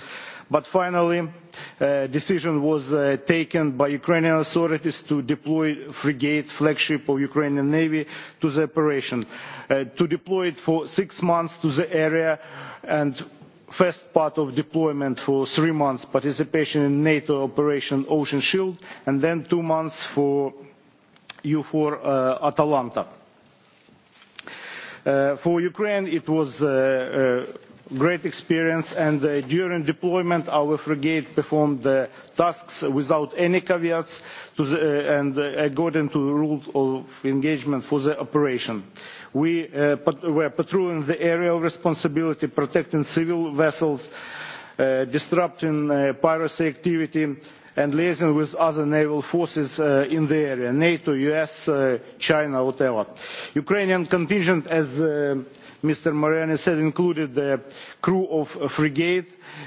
But finally, a uh, decision was uh, taken by Ukrainian authorities to deploy frigate flagship of Ukrainian Navy to the operation, uh, to deploy it for six months to the area and first part of deployment for three months participation in NATO operation Ocean Shield and then two months for EU4 uh, Atalanta. Uh, for Ukraine, it was uh, uh, great experience and uh, during deployment our frigate performed the tasks without any caveats to the, uh, and uh, according to the rules of engagement for the operation. We uh, pat were patrolling the area of responsibility, protecting civil vessels, uh, disrupting uh, piracy activity, and liaising with other naval forces uh, in the area, NATO, US, uh, China, whatever. Ukrainian contingent, as uh, Mr. Morenes said, included the crew of a frigate,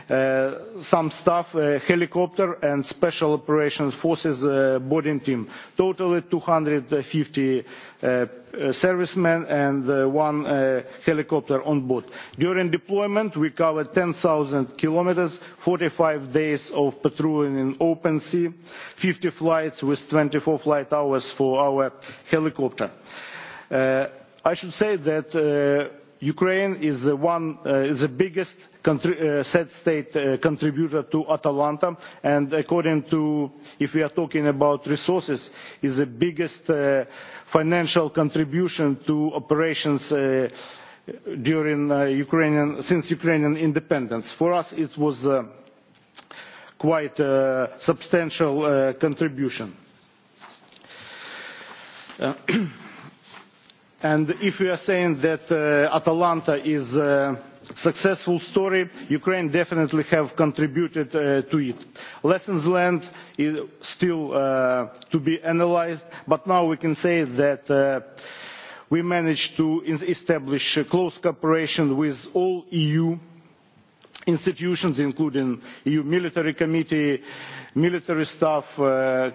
uh, some staff, uh, helicopter, and special operations forces uh, boarding team. Totally 250 uh, uh, servicemen and uh, one uh, helicopter on board. During deployment, we covered 10,000 kilometers, 45 days of patrolling in open sea, 50 flights with 24 flight hours for our helicopter. Uh, I should say that uh, ukraine is the, one, uh, the biggest uh, said state uh, contributor to atalanta and according to if we are talking about resources is the biggest uh, financial contribution to operations uh, during uh, ukrainian since ukrainian independence for us it was uh, quite a uh, substantial uh, contribution uh, *clears throat* and if you are saying that uh, Atalanta is a successful story, Ukraine definitely have contributed uh, to it. Lessons learned is still uh, to be analyzed, but now we can say that uh, we managed to establish close cooperation with all EU institutions, including EU military committee, military staff, uh,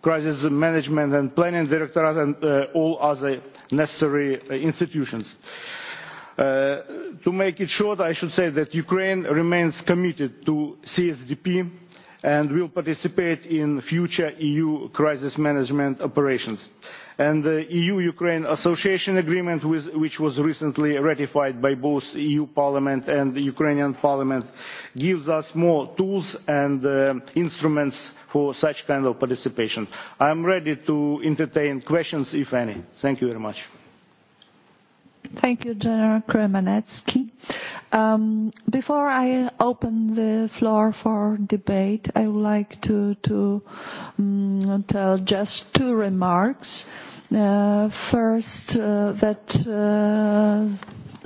crisis management and planning directorate, and uh, all other necessary uh, institutions. Uh, to make it short, I should say that Ukraine remains committed to CSDP and will participate in future EU crisis management operations. Uh, and the eu ukraine association agreement with, which was recently ratified by both the eu parliament and the ukrainian parliament gives us more tools and uh, instruments for such kind of participation. i am ready to entertain questions if any. thank you very much. thank you general kremenetsky. Um, before I open the floor for debate, I would like to, to um, tell just two remarks. Uh, first, uh, that uh,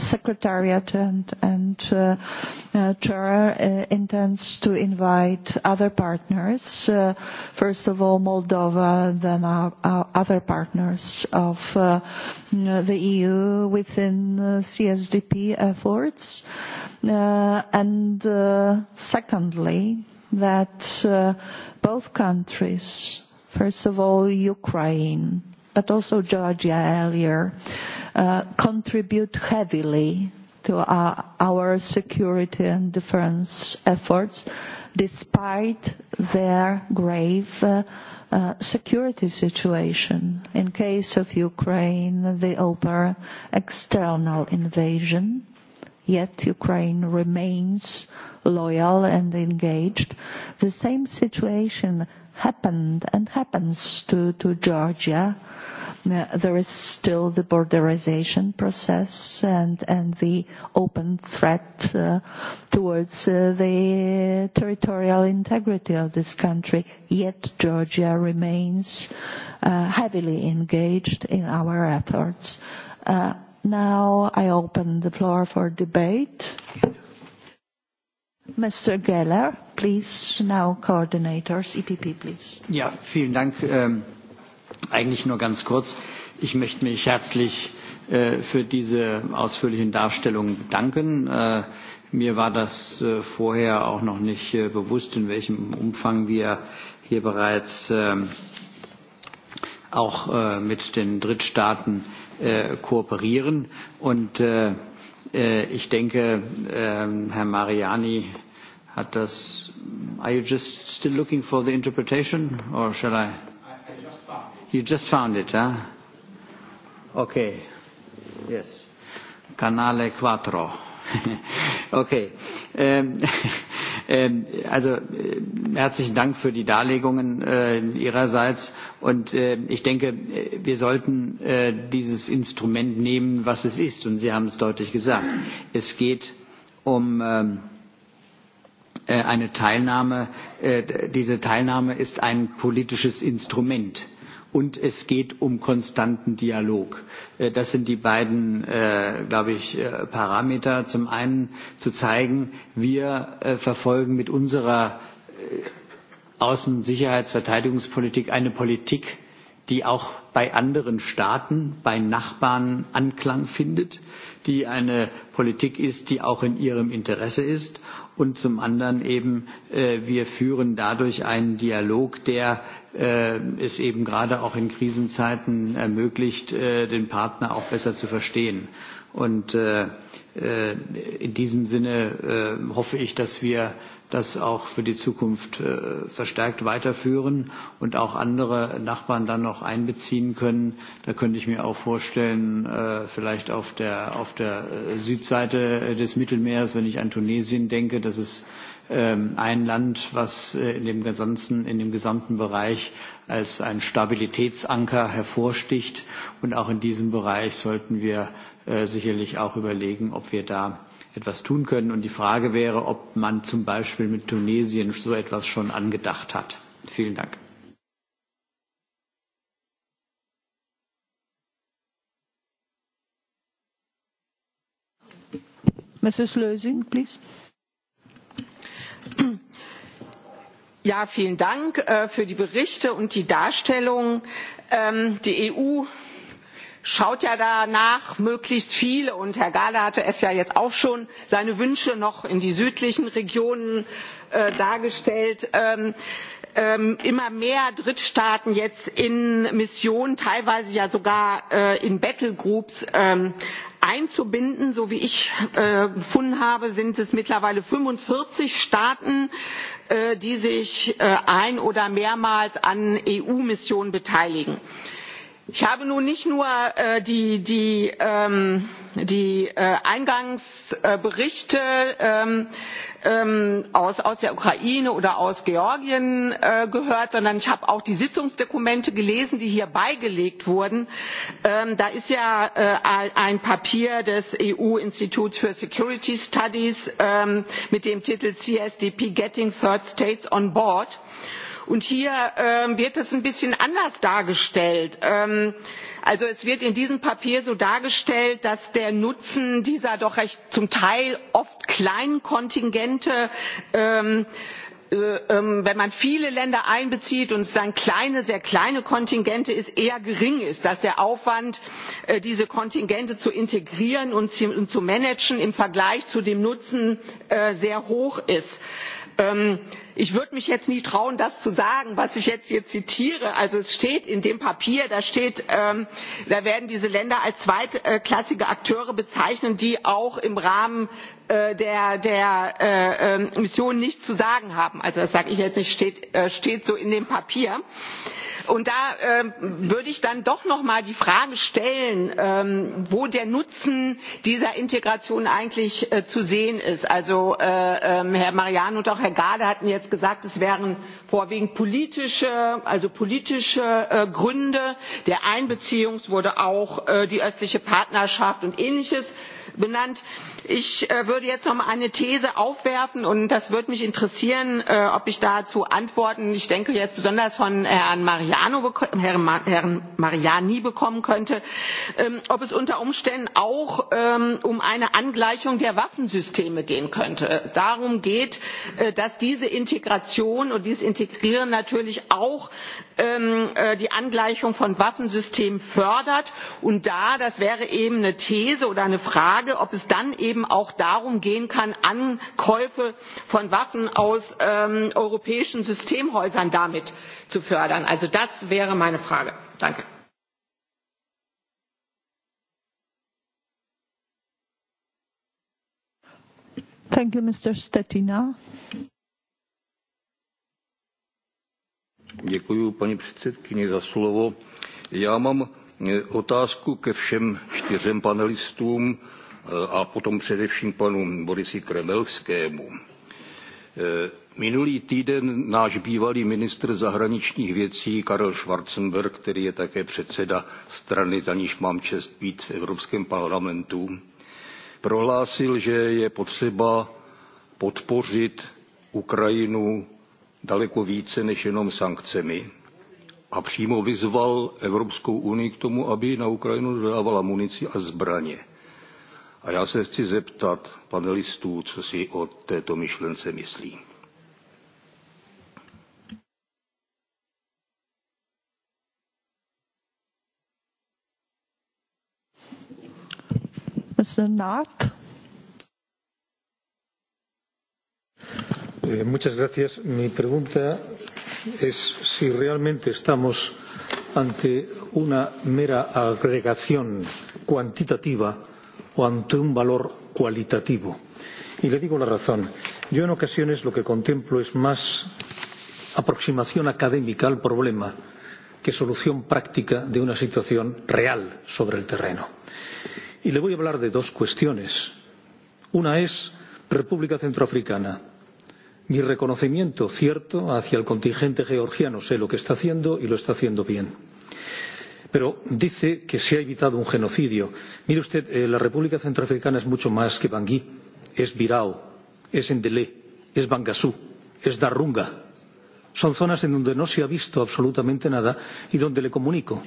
secretariat and, and uh, uh, chair uh, intends to invite other partners. Uh, first of all, Moldova, then our, our other partners of uh, the EU within uh, CSDP efforts. Uh, and uh, secondly, that uh, both countries, first of all, Ukraine, but also Georgia earlier, uh, Uh, contribute heavily to our, our security and defense efforts, despite their grave uh, uh, security situation. In case of Ukraine, the open external invasion, yet Ukraine remains loyal and engaged. The same situation happened and happens to, to Georgia. Uh, uh, there is still the borderization process and, and the open threat uh, towards uh, the territorial integrity of this country. Yet Georgia remains uh, heavily engaged in our efforts. Uh, now I open the floor for debate. Mr. Geller, please, now coordinators, EPP, please. Ja, vielen Dank. Ähm eigentlich nur ganz kurz. Ich möchte mich herzlich äh, für diese ausführlichen Darstellungen bedanken. Äh, mir war das äh, vorher auch noch nicht äh, bewusst, in welchem Umfang wir hier bereits äh, auch äh, mit den Drittstaaten äh, kooperieren. Und äh, äh, ich denke, äh, Herr Mariani hat das. Are you just still looking for the interpretation, or shall I? You just found it, huh? Okay. Yes. Kanale 4. *laughs* okay. Ähm, *laughs* ähm, also äh, herzlichen Dank für die Darlegungen äh, Ihrerseits. Und äh, ich denke, äh, wir sollten äh, dieses Instrument nehmen, was es ist. Und Sie haben es deutlich gesagt. Es geht um. Ähm, äh, eine Teilnahme, äh, diese Teilnahme ist ein politisches Instrument und es geht um konstanten Dialog. Äh, das sind die beiden, äh, glaube ich, äh, Parameter. Zum einen zu zeigen, wir äh, verfolgen mit unserer äh, Außen-, Sicherheits-, Verteidigungspolitik eine Politik, die auch bei anderen Staaten, bei Nachbarn Anklang findet, die eine Politik ist, die auch in ihrem Interesse ist und zum anderen eben, äh, wir führen dadurch einen Dialog, der äh, es eben gerade auch in Krisenzeiten ermöglicht, äh, den Partner auch besser zu verstehen. Und äh, äh in diesem Sinne äh, hoffe ich, dass wir das auch für die Zukunft äh, verstärkt weiterführen und auch andere Nachbarn dann noch einbeziehen können. Da könnte ich mir auch vorstellen, äh, vielleicht auf der, auf der äh, Südseite äh, des Mittelmeers, wenn ich an Tunesien denke, dass es ähm, ein Land, was äh, in dem, gesamten, in dem gesamten Bereich als ein Stabilitätsanker hervorsticht. Und auch in diesem Bereich sollten wir sicherlich auch überlegen, ob wir da etwas tun können. Und die Frage wäre, ob man zum Beispiel mit Tunesien so etwas schon angedacht hat. Vielen Dank. Mrs. Lösing, please. Ja, vielen Dank äh, für die Berichte und die Darstellung. Ähm, die EU schaut ja danach möglichst viele und herr gahler hatte es ja jetzt auch schon seine wünsche noch in die südlichen regionen äh, dargestellt ähm, ähm, immer mehr drittstaaten jetzt in missionen teilweise ja sogar äh, in battlegroups ähm, einzubinden. so wie ich äh, gefunden habe sind es mittlerweile fünfundvierzig staaten äh, die sich äh, ein oder mehrmals an eu missionen beteiligen ich habe nun nicht nur äh, die, die, ähm, die äh, eingangsberichte ähm, ähm, aus, aus der ukraine oder aus georgien äh, gehört sondern ich habe auch die sitzungsdokumente gelesen die hier beigelegt wurden. Ähm, da ist ja äh, ein papier des eu instituts for security studies ähm, mit dem titel csdp getting third states on board und hier ähm, wird es ein bisschen anders dargestellt. Ähm, also es wird in diesem papier so dargestellt dass der nutzen dieser doch recht zum teil oft kleinen kontingente ähm, äh, ähm wenn man viele länder einbezieht und es dann kleine sehr kleine kontingente sind eher gering ist dass der aufwand äh, diese kontingente zu integrieren und zu managen im vergleich zu dem nutzen äh, sehr hoch ist ähm, ich würde mich jetzt nie trauen das zu sagen was ich jetzt hier zitiere also es steht in dem papier da steht ähm, da werden diese länder als zweitklassige akteure bezeichnet die auch im rahmen äh, der, der äh, äh, mission nichts zu sagen haben also das sage ich jetzt nicht steht, äh, steht so in dem papier. und da ähm, würde ich dann doch noch mal die frage stellen ähm, wo der nutzen dieser integration eigentlich äh, zu sehen ist. also äh, ähm, herr mariano und auch herr gahler hatten jetzt jetzt gesagt es wären vorwiegend politische, also politische äh, gründe der einbeziehung es wurde auch äh, die östliche partnerschaft und ähnliches benannt ich äh, würde jetzt noch mal eine these aufwerfen und das würde mich interessieren äh, ob ich dazu antworten ich denke jetzt besonders von herrn mariani bekommen könnte ähm, ob es unter umständen auch ähm, um eine angleichung der waffensysteme gehen könnte. es darum geht äh, dass diese integration und dieses integrieren natürlich auch ähm, die angleichung von waffensystemen fördert und da das wäre eben eine these oder eine frage ob es dann eben auch darum gehen kann ankäufe von waffen aus ähm, europäischen systemhäusern damit zu fördern. also das wäre meine frage. danke. Thank you, Mr. Stetina. Děkuji, paní předsedkyně, za slovo. Já mám e, otázku ke všem čtyřem panelistům Eh, a potom především panu Borisi Kremelskému. Eh, minulý týden náš bývalý ministr zahraničních věcí Karel Schwarzenberg, který je také předseda strany, za níž mám čest být v Evropském parlamentu, prohlásil, že je potřeba podpořit Ukrajinu daleko více než jenom sankcemi a přímo vyzval Evropskou unii k tomu, aby na Ukrajinu dodávala munici a zbraně. A já se chci zeptat panelistů, co si o této myšlence myslí. Mr. Nart. Eh, muchas gracias. Mi pregunta es si realmente estamos ante una mera agregación cuantitativa o ante un valor cualitativo. Y le digo la razón. Yo en ocasiones lo que contemplo es más aproximación académica al problema que solución práctica de una situación real sobre el terreno. Y le voy a hablar de dos cuestiones. Una es República Centroafricana. Mi reconocimiento cierto hacia el contingente georgiano. Sé lo que está haciendo y lo está haciendo bien pero dice que se ha evitado un genocidio. Mire usted, eh, la República Centroafricana es mucho más que Bangui, es Birao, es Endelé, es Bangasú, es Darunga. Son zonas en donde no se ha visto absolutamente nada y donde le comunico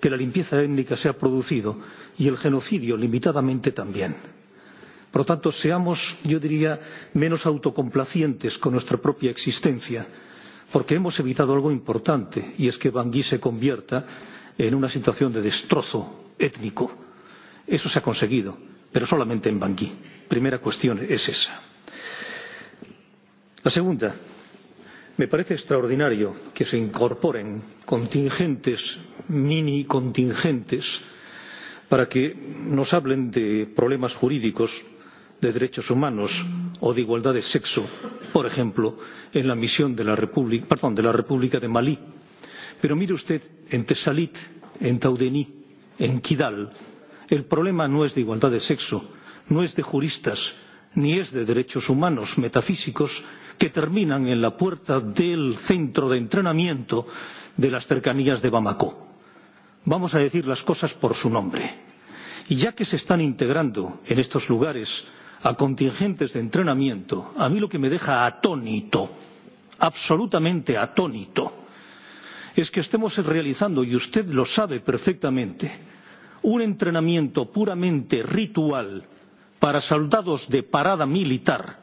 que la limpieza étnica se ha producido y el genocidio limitadamente también. Por lo tanto, seamos, yo diría, menos autocomplacientes con nuestra propia existencia, porque hemos evitado algo importante, y es que Bangui se convierta en una situación de destrozo étnico. Eso se ha conseguido, pero solamente en Bangui. Primera cuestión es esa. La segunda, me parece extraordinario que se incorporen contingentes, mini contingentes, para que nos hablen de problemas jurídicos, de derechos humanos o de igualdad de sexo, por ejemplo, en la misión de la República, perdón, de la República de Malí Pero mire usted, en Tesalit, en Taudení, en Kidal, el problema no es de igualdad de sexo, no es de juristas, ni es de derechos humanos metafísicos que terminan en la puerta del centro de entrenamiento de las cercanías de Bamako. Vamos a decir las cosas por su nombre. Y ya que se están integrando en estos lugares a contingentes de entrenamiento, a mí lo que me deja atónito, absolutamente atónito, es que estemos realizando y usted lo sabe perfectamente un entrenamiento puramente ritual para soldados de parada militar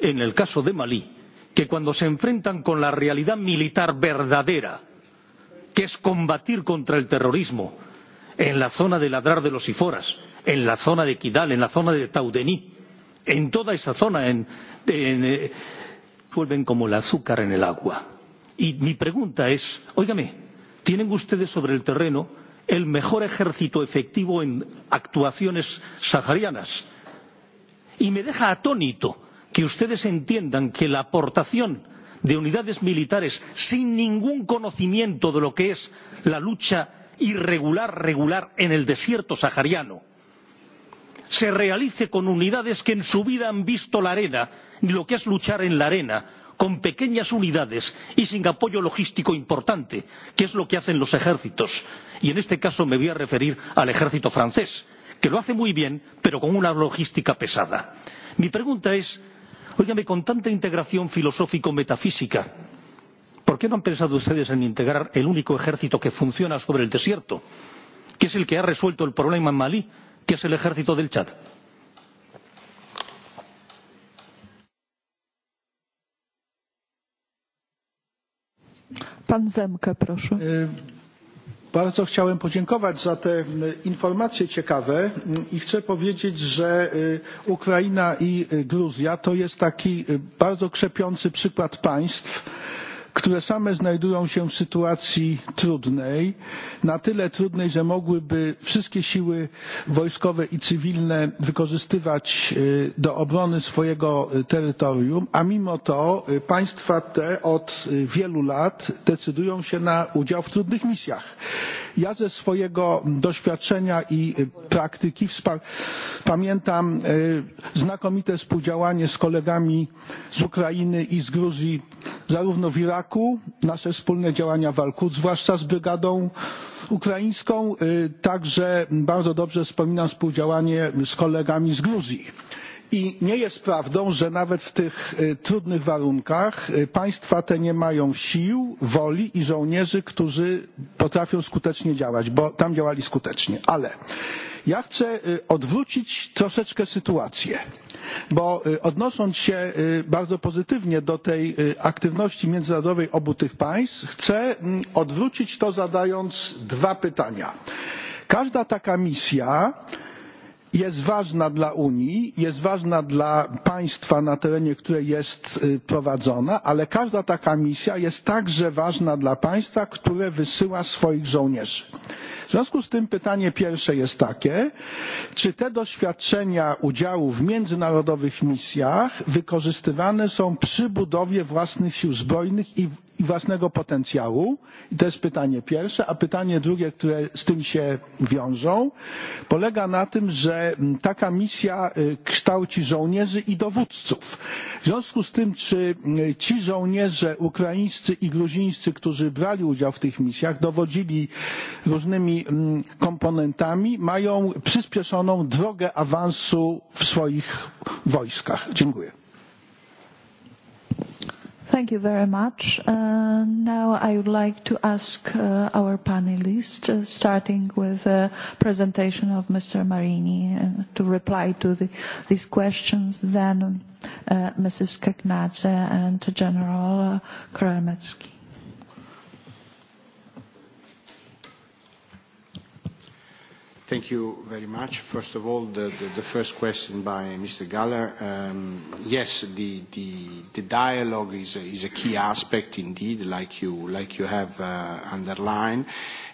en el caso de Malí que cuando se enfrentan con la realidad militar verdadera que es combatir contra el terrorismo en la zona del Adrar de los Iforas, en la zona de Kidal, en la zona de Taudení, en toda esa zona, en, en, eh, vuelven como el azúcar en el agua y mi pregunta es óigame tienen ustedes sobre el terreno el mejor ejército efectivo en actuaciones saharianas y me deja atónito que ustedes entiendan que la aportación de unidades militares sin ningún conocimiento de lo que es la lucha irregular regular en el desierto sahariano se realice con unidades que en su vida han visto la arena ni lo que es luchar en la arena con pequeñas unidades y sin apoyo logístico importante que es lo que hacen los ejércitos y en este caso me voy a referir al ejército francés que lo hace muy bien pero con una logística pesada. mi pregunta es óigame con tanta integración filosófico metafísica por qué no han pensado ustedes en integrar el único ejército que funciona sobre el desierto que es el que ha resuelto el problema en malí que es el ejército del chad? Pan Zemke, proszę. Bardzo chciałem podziękować za te informacje ciekawe i chcę powiedzieć, że Ukraina i Gruzja to jest taki bardzo krzepiący przykład państw, które same znajdują się w sytuacji trudnej na tyle trudnej że mogłyby wszystkie siły wojskowe i cywilne wykorzystywać do obrony swojego terytorium a mimo to państwa te od wielu lat decydują się na udział w trudnych misjach. Ja ze swojego doświadczenia i praktyki pamiętam znakomite współdziałanie z kolegami z Ukrainy i z Gruzji, zarówno w Iraku, nasze wspólne działania w Al-Quds, zwłaszcza z brygadą ukraińską, także bardzo dobrze wspominam współdziałanie z kolegami z Gruzji i nie jest prawdą że nawet w tych e, trudnych warunkach e, państwa te nie mają sił woli i żołnierzy którzy potrafią skutecznie działać bo tam działali skutecznie ale ja chcę e, odwrócić troszeczkę sytuację bo odnosząc się bardzo pozytywnie do tej aktywności międzynarodowej obu tych państw chcę odwrócić to zadając dwa pytania każda taka misja jest ważna dla Unii, jest ważna dla państwa, na terenie której jest prowadzona, ale każda taka misja jest także ważna dla państwa, które wysyła swoich żołnierzy. W związku z tym pytanie pierwsze jest takie, czy te doświadczenia udziału w międzynarodowych misjach wykorzystywane są przy budowie własnych sił zbrojnych i i własnego potencjału? I to jest pytanie pierwsze. A pytanie drugie, które z tym się wiążą, polega na tym, że taka misja kształci żołnierzy i dowódców. W związku z tym, czy ci żołnierze ukraińscy i gruzińscy, którzy brali udział w tych misjach, dowodzili różnymi komponentami, mają przyspieszoną drogę awansu w swoich wojskach? Dziękuję. Thank you very much. Uh, now I would like to ask uh, our panelists, uh, starting with a presentation of Mr. Marini, uh, to reply to the, these questions, then uh, Mrs. Keknacz and General uh, Kromecki. Thank you very much. First of all, the, the, the first question by Mr. Galler. Um, yes, the, the, the dialogue is a, is a key aspect indeed, like you, like you have uh, underlined.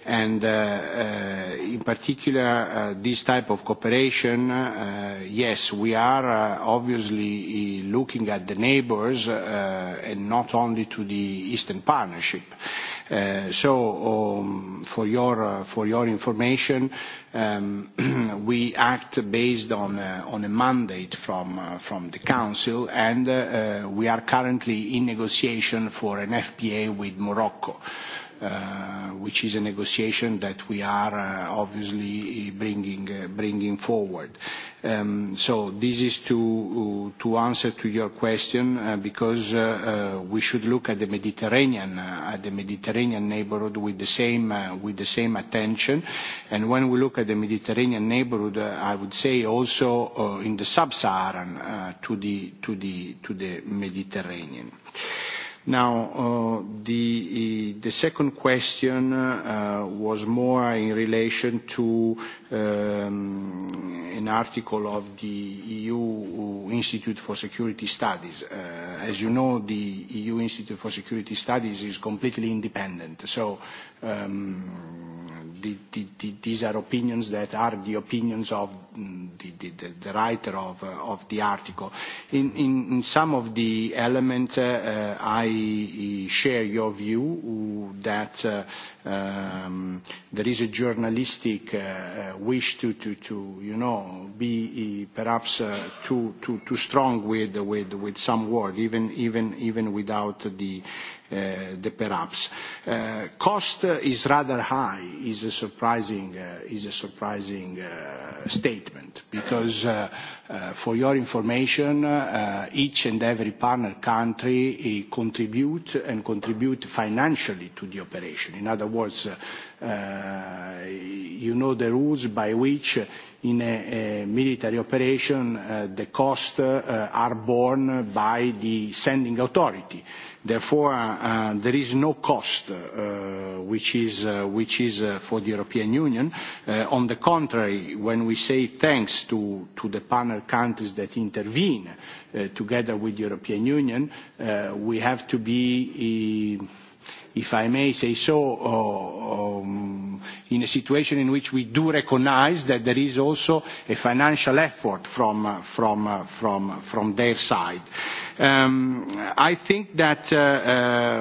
And uh, uh, in particular, uh, this type of cooperation, uh, yes, we are uh, obviously uh, looking at the neighbors uh, and not only to the Eastern Partnership. Uh, Uh, so, um, for, your, uh, for your information, um, *clears throat* we act based on, uh, on a mandate from, uh, from the council, and uh, uh, we are currently in negotiation for an FPA with Morocco uh, which is a negotiation that we are uh, obviously uh, bringing, uh, bringing forward. Um, so this is to, uh, to answer to your question, uh, because uh, uh, we should look at the Mediterranean, uh, at the Mediterranean neighborhood with the same, uh, with the same attention. And when we look at the Mediterranean neighborhood, uh, I would say also uh, in the sub-Saharan uh, to, the, to, the, to the Mediterranean. Uh, Now, uh, the, the second question uh, was more in relation to um, an article of the EU Institute for Security Studies. Uh, as you know, the EU Institute for Security Studies is completely independent, so um, the, the, the, these are opinions that are the opinions of the, the, the, the writer of, uh, of the article. In, in, in some of the elements, uh, uh, I share your view that uh, um, there is a journalistic uh, uh wish to, to, to you know, be uh, perhaps uh, too, too, too strong with, with, with some word, even, even, even without the Uh, the perhaps. Uh, cost is rather high, is a surprising, uh, is a surprising statement, because for your information, each and every partner country contribute and contribute financially to the operation. In other words, you know the rules by which in a, a military operation, uh, the costs uh, are borne by the sending authority. Uh, Therefore, uh, uh, there is no cost uh, which is, uh, which is uh, for the European Union. Uh, on the contrary, when we say thanks to, to the partner countries that intervene together with the European Union, we have to be if I may say so, um, in a situation in which we do recognize that there is also a financial effort from, from, from, from their side. Um, I think that uh,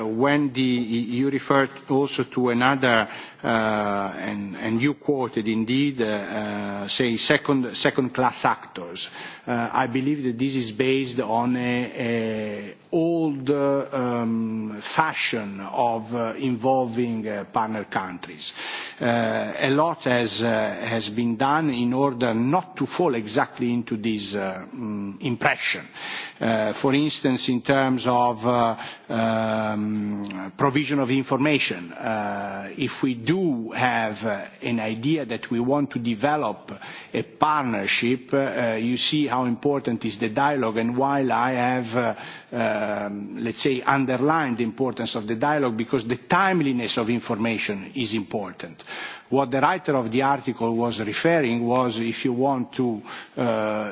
uh, when the, you referred also to another, uh, and, and you quoted indeed, uh, uh, say second, second class actors, uh, I believe that this is based on a, a old uh, um, fashion of uh, involving uh, partner countries. Uh, a lot has, uh, has been done in order not to fall exactly into this uh, um, impression. Uh, uh, for instance, in terms of uh, um, provision of information. Uh, if we do have uh, an idea that we want to develop a partnership, uh, you see how important is the dialogue and while I have uh, um, let's say, underline the importance of the dialogue because the timeliness of information is important. What the writer of the article was referring was, if you want to, uh,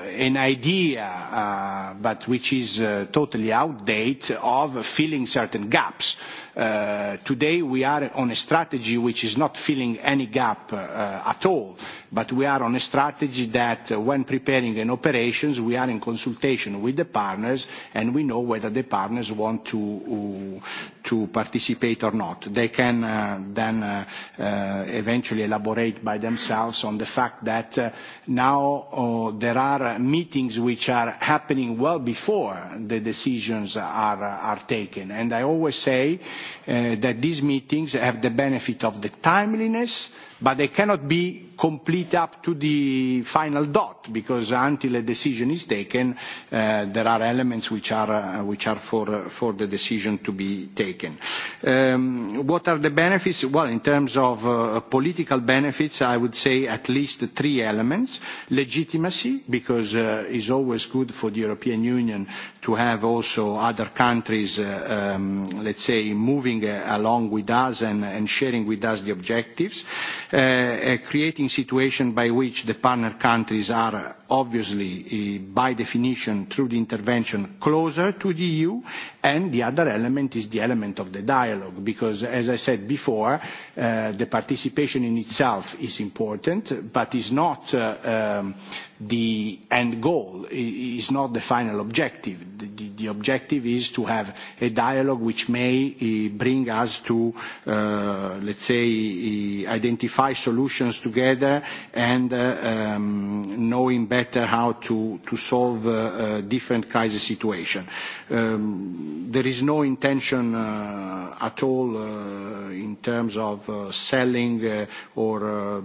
an idea, uh, but which is uh, totally outdated, of filling certain gaps. Uh, today we are on a strategy which is not filling any gap uh, at all, but we are on a strategy that uh, when preparing an operations, we are in consultation with the partners and we know whether the partners want to, uh, to participate or not. They can uh, then uh, uh, eventually elaborate by themselves on the fact that uh, now oh, there are meetings which are happening well before the decisions are, are taken. And I always say uh, that these meetings have the benefit of the timeliness, but they cannot be complete up to the final dot, because until a decision is taken, uh, there are elements which are, uh, which are for, uh, for the decision to be taken. Um, what are the benefits? Well, in terms of uh, political benefits, I would say at least three elements. Legitimacy, because uh, it's always good for the European Union to have also other countries, uh, um, let's say, moving uh, along with us and, and sharing with us the objectives. Uh, uh, creating situation by which the partner countries are uh, obviously, uh, by definition, through the intervention, closer to the EU, and the other element is the element of the dialogue, because, as I said before, uh, the participation in itself is important, but is not uh, um, the end goal is not the final objective. The, the, the objective is to have a dialogue which may eh, bring us to, uh, let's say, eh, identify solutions together and uh, um, knowing better how to, to solve uh, uh, different crisis situations. Um, there is no intention uh, at all uh, in terms of uh, selling uh, or uh,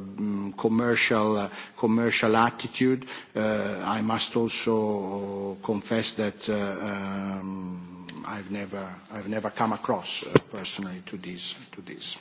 commercial, uh, commercial attitude period. Uh, I must also confess that uh, um, I've, never, I've never come across uh, personally to this. To this.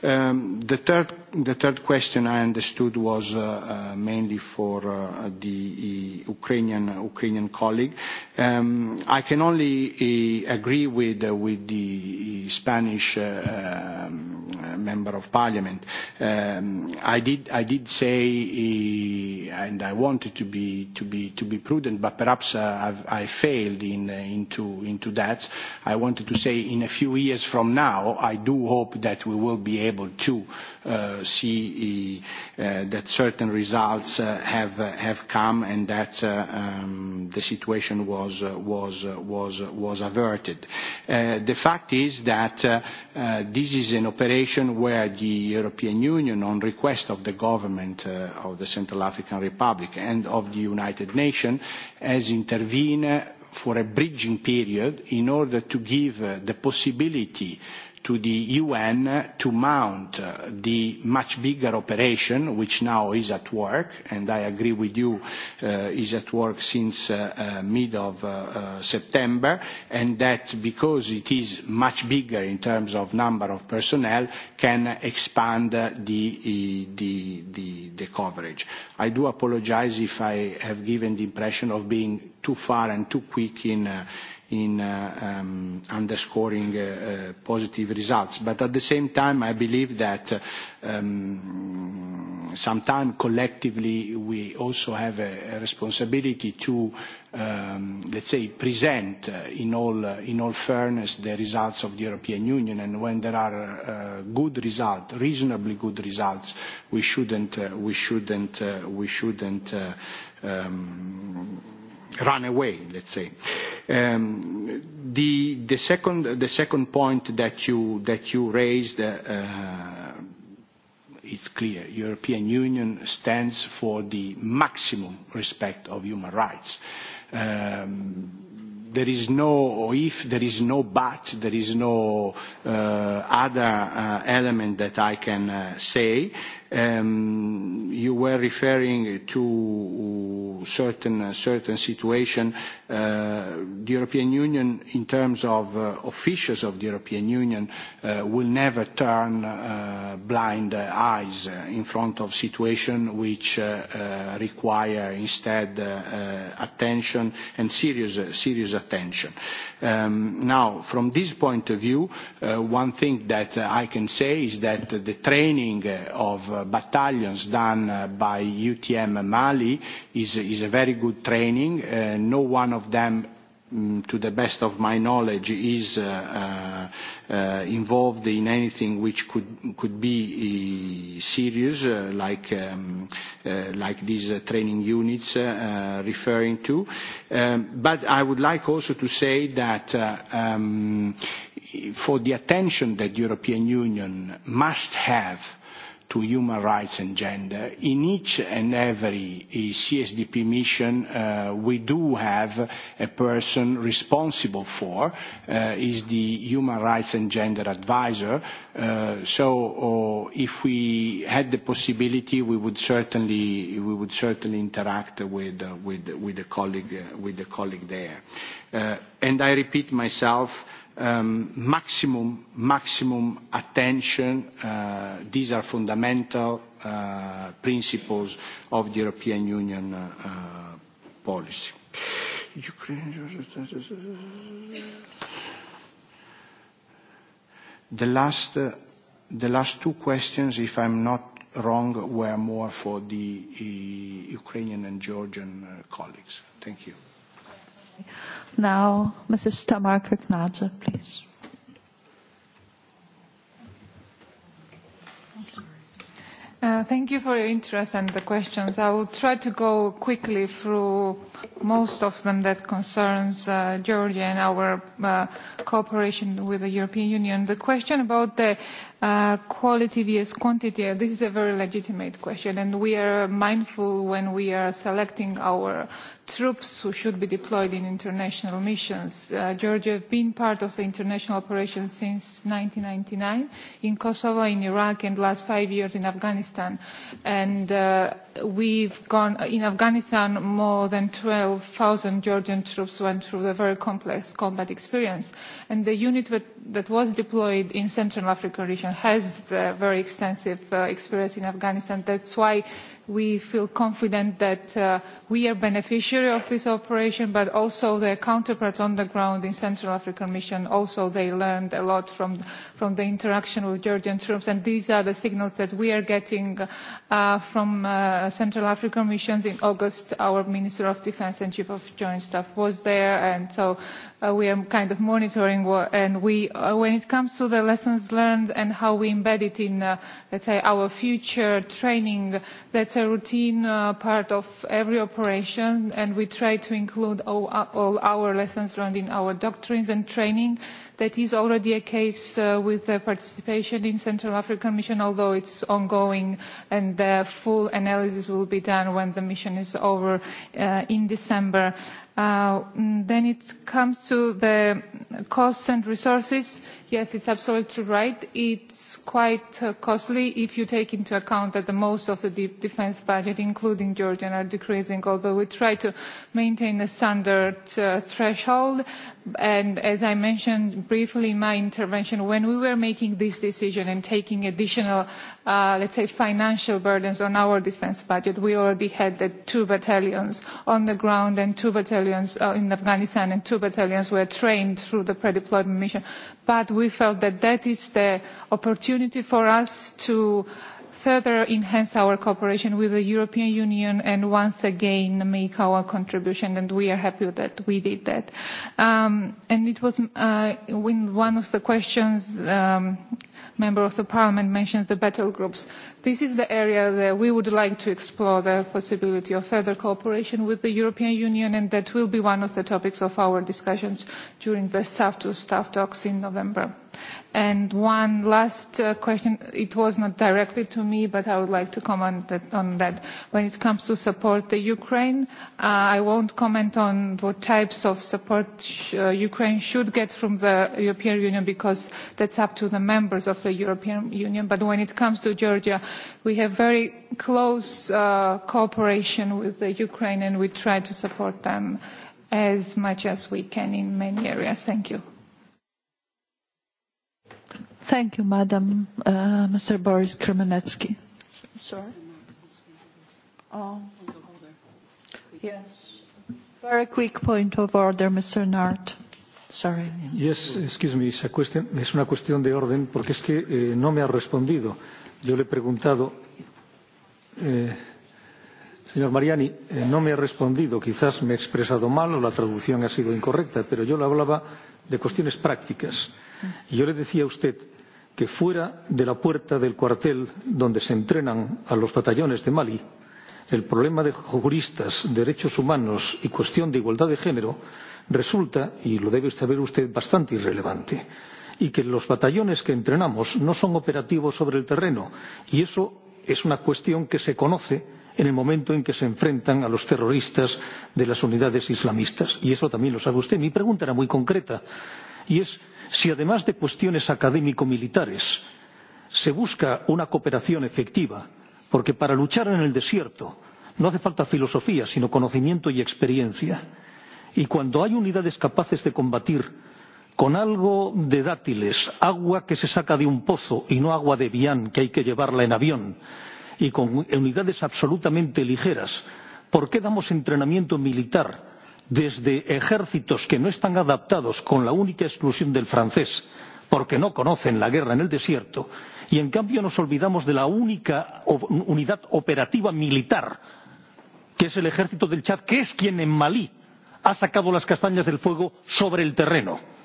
Um, the, third, the third question I understood was uh, uh, mainly for uh, the Ukrainian, Ukrainian colleague. Um, I can only uh, agree with, uh, with the Spanish uh, um, member of parliament. Um, I did, I did say, and I wanted to be, to be, to be prudent, but perhaps I've, I failed in, into, into that. I wanted to say in a few years from now, I do hope that we will be able to uh, see uh, that certain results uh, have uh, have come and that uh, um, the situation was uh, was uh, was uh, was averted. Uh, the fact is that uh, uh, this is an operation where the European Union, on request of the government uh, of the Central African Republic and of the United Nations, has intervened for a bridging period in order to give uh, the possibility uh, to the UN to mount uh, the much bigger operation, which now is at work, and I agree with you, uh, is at work since uh, uh, mid of uh, uh, September, and that because it is much bigger in terms of number of personnel, can expand uh, the, uh, the, the, the coverage. I do apologize if I have given the impression of being too far and too quick in uh, in uh, um, underscoring uh, uh, positive results. But at the same time, I believe that uh, um, sometime collectively, we also have a, a responsibility to, um, let's say, present uh, in all, uh, in all fairness the results of the European Union. And when there are good result, reasonably good results, we shouldn't, we shouldn't, we shouldn't um, run away, let's say. Um, the, the, second, the second point that you, that you raised, uh, it's clear. European Union stands for the maximum respect of human rights. Um, there is no or if, there is no but, there is no uh, other uh, element that I can uh, say. Uh, Um, you were referring to certain, uh, certain situation. Uh, the European Union, in terms of uh, officials of the European Union, uh, will never turn uh, blind eyes in front of situation which uh, require instead attention and serious, serious attention. Um, now, from this point of view, uh, one thing that uh, I can say is that uh, the training uh, of uh, battalions done uh, by UTM Mali is, is a very good training. Uh, no one of them Mm, to the best of my knowledge, is uh, uh, uh involved in anything which could, could be uh, serious, uh, like, um, uh, like these uh, training units uh, uh, referring to. Um, but I would like also to say that uh, um, for the attention that the European Union must have to human rights and gender. In each and every eh, CSDP mission, uh, we do have a person responsible for, uh, is the human rights and gender advisor. Uh, so, oh, if we had the possibility, we would certainly, we would certainly interact with, with, with, the colleague, with the colleague there. I repeat myself, um, maximum, maximum attention. Uh, these are fundamental uh, principles of the European Union uh, uh, policy. The last, uh, the last two questions, if I'm not wrong were more for the uh, Ukrainian and Georgian uh, colleagues. Thank you. Now, Mrs. Tamar Kirknadze, please. Uh, thank you for your interest and the questions. I will try to go quickly through most of them that concerns uh, Georgia and our uh, cooperation with the European Union. The question about the uh, quality vs quantity, uh, this is a very legitimate question, and we are mindful when we are selecting our troops who should be deployed in international missions. Uh, Georgia have been part of the international operations since 1999 in Kosovo, in Iraq, and last five years in Afghanistan. And uh, we've gone in Afghanistan, more than 12,000 Georgian troops went through a very complex combat experience. And the unit that, that was deployed in Central African region has uh, very extensive uh, experience in Afghanistan. That's why we feel confident that uh, we are beneficiaries of this operation but also their counterparts on the ground in the central african mission also they learned a lot from, from the interaction with georgian troops and these are the signals that we are getting uh, from uh, central african missions. in august our minister of defence and chief of joint staff was there and so uh, we are kind of monitoring what, and we, uh, when it comes to the lessons learned and how we embed it in uh, let's say our future training that's a routine uh, part of every operation and we try to include all, uh, all our lessons learned in our doctrines and training. That is already a case uh, with the participation in Central African Mission, although it's ongoing and the full analysis will be done when the mission is over uh, in December. Uh, mm, then it comes to the costs and resources. Uh, yes it is absolutely right it is quite uh, costly if you take into account that the most of the de defence budget including georgian are decreasing although we try to maintain a standard uh, threshold and as i mentioned briefly in my intervention when we were making this decision and taking additional uh, let's say financial burdens on our defence budget we already had the two battalions on the ground and two battalions uh, in afghanistan and two battalions were trained through the pre deployment mission but we felt that that is the opportunity for us to further enhance our cooperation with the European Union and once again make our contribution and we are happy that we did that. Um, and it was uh, when one of the questions um, member of the parliament mentioned the battle groups this is the area where we would like to explore the possibility of further cooperation with the european union and that will be one of the topics of our discussions during the staff to staff talks in november. And one last uh, question it was not directly to me but i would like to comment that, on that when it comes to support to ukraine uh, i won't comment on what types of support sh uh, ukraine should get from the european union because that's up to the members of the european union but when it comes to georgia we have very close uh, cooperation with Ukraine and we try to support them as much as we can in many areas. Thank you. Thank you, Madam. Uh, Mr. Boris Kremenetsky. Sorry. Oh. Yes. Very quick point of order, Mr. Nart. Sorry. Yes, excuse me, es una cuestión de orden porque es que eh, no me ha respondido yo le he preguntado eh, señor mariani eh, no me ha respondido quizás me he expresado mal o la traducción ha sido incorrecta pero yo le hablaba de cuestiones prácticas y yo le decía a usted que fuera de la puerta del cuartel donde se entrenan a los batallones de Mali, el problema de juristas, derechos humanos y cuestión de igualdad de género resulta, y lo debe saber usted, bastante irrelevante y que los batallones que entrenamos no son operativos sobre el terreno y eso es una cuestión que se conoce en el momento en que se enfrentan a los terroristas de las unidades islamistas y eso también lo sabe usted. mi pregunta era muy concreta y es si además de cuestiones académico militares se busca una cooperación efectiva porque para luchar en el desierto no hace falta filosofía sino conocimiento y experiencia y cuando hay unidades capaces de combatir con algo de dátiles, agua que se saca de un pozo y no agua de vián que hay que llevarla en avión, y con unidades absolutamente ligeras. ¿Por qué damos entrenamiento militar desde ejércitos que no están adaptados con la única exclusión del francés, porque no conocen la guerra en el desierto, y en cambio nos olvidamos de la única unidad operativa militar, que es el ejército del Chad, que es quien en Malí ha sacado las castañas del fuego sobre el terreno?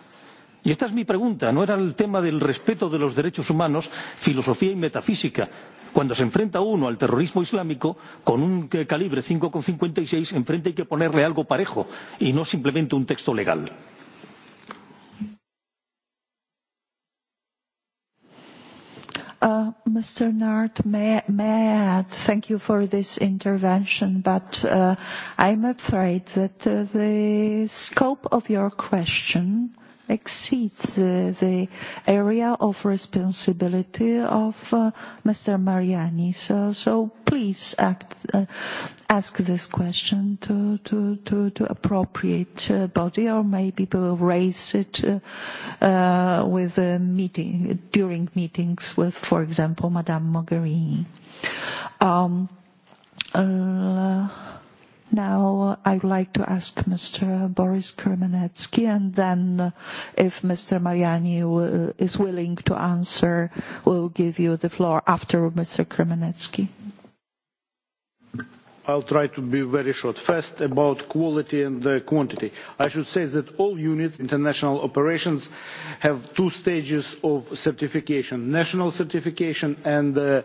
Y esta es mi pregunta. ¿No era el tema del respeto de los derechos humanos filosofía y metafísica? Cuando se enfrenta uno al terrorismo islámico con un calibre 5,56, enfrente hay que ponerle algo parejo y no simplemente un texto legal. Uh, Mr. Nard, may, may I add, thank you for this intervention, but uh, I'm afraid that uh, the scope of your question exceeds uh, the area of responsibility of uh, Mr. Mariani. So, so please act, uh, ask this question to, to, to, to appropriate uh, body or maybe we'll raise it uh, uh, with a meeting, during meetings with, for example, Madame Mogherini. Um, uh, Now, I would like to ask Mr. Boris Kremeneczki, and then if Mr. Mariani uh, is willing to answer, we'll give you the floor after Mr. Kremeneczki. I'll try to be very short. First, about quality and uh, quantity. I should say that all units, international operations, have two stages of certification: national certification and uh,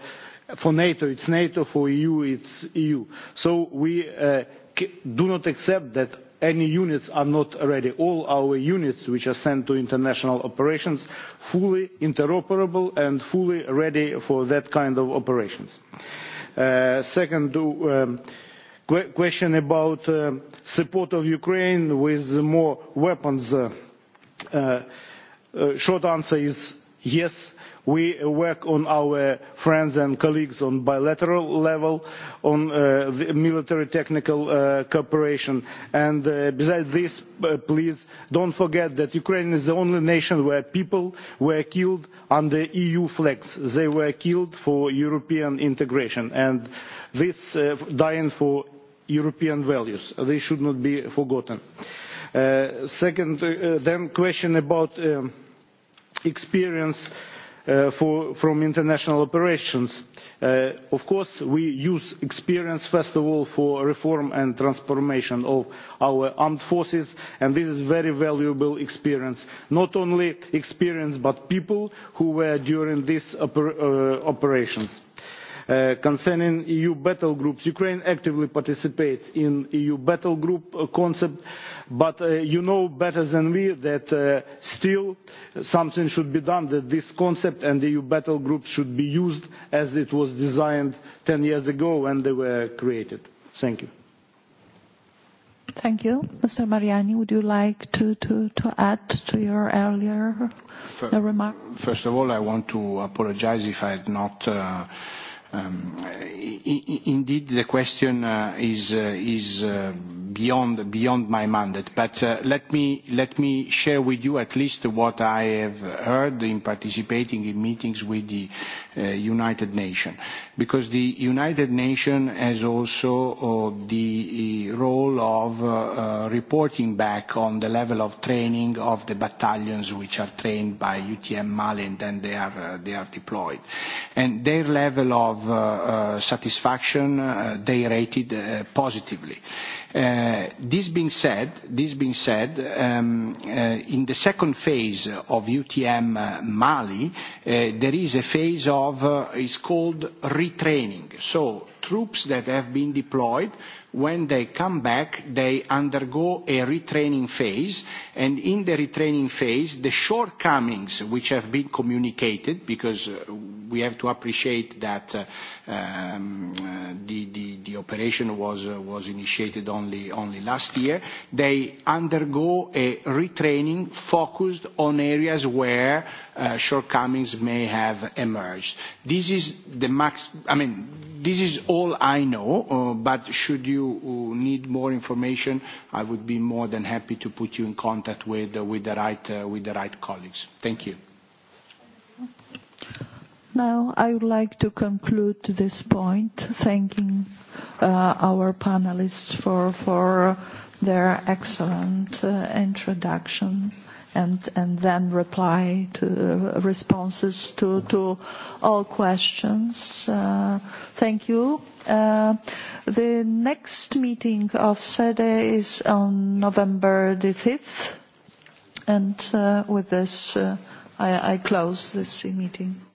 For NATO, it's NATO. For EU, it's EU. So we uh, do not accept that any units are not ready. All our units which are sent to international operations fully interoperable and fully ready for that kind of operations. Uh, second um, uh, qu question about uh, support of Ukraine with more weapons. Uh, uh, short answer is Yes, we work on our friends and colleagues on bilateral level, on uh, the military technical uh, cooperation. And uh, besides this, uh, please don't forget that Ukraine is the only nation where people were killed under EU flags. They were killed for European integration. And this uh, dying for European values. They should not be forgotten. Uh, second, uh, then question about... Um, experience uh, for, from international operations. Uh, of course, we use experience, first of all, for reform and transformation of our armed forces, and this is very valuable experience. Not only experience, but people who were during these oper uh, operations Uh, concerning EU battle groups, Ukraine actively participates in EU battle group uh, concept, but uh, you know better than we that uh, still something should be done, that this concept and EU battle groups should be used as it was designed 10 years ago when they were created. Thank you. Thank you. Mr. Mariani, would you like to, to, to add to your earlier remark? First of all, I want to apologize if I had not uh, Um, indeed, the question uh, is, uh, is uh, beyond, beyond my mandate, but uh, let me, let me share with you at least what I have heard in participating in meetings with the uh, United Nations. Because the United Nations has also uh, the role of reporting back on the level of training of the battalions which are trained by UTM Mali, and then they are, they are deployed. And their level of of uh, uh, satisfaction, uh, they rated uh, positively. Uh, this being said, this being said um, uh, in the second phase of UTM uh, Mali, uh, there is a phase of, uh, it's called retraining. So troops that have been deployed uh, When they come back, they undergo a retraining phase, and in the retraining phase, the shortcomings which have been communicated, because uh, we have to appreciate that uh, um, uh, the, the, the operation was, uh, was initiated only, only last year, they undergo a retraining focused on areas where uh, shortcomings may have emerged. This is the max, I mean, this is all I know, uh, but should you you who need more information, I would be more than happy to put you in contact with, uh, with, the, right, uh, with the right colleagues. Thank you. Now, I would like to conclude this point, thanking uh, our panelists for, for their excellent uh, introduction and, and then reply to responses to, to all questions. Uh, thank you. Uh, the next meeting of SEDE e is on November the 5th. And uh, with this, uh, I, I close this meeting.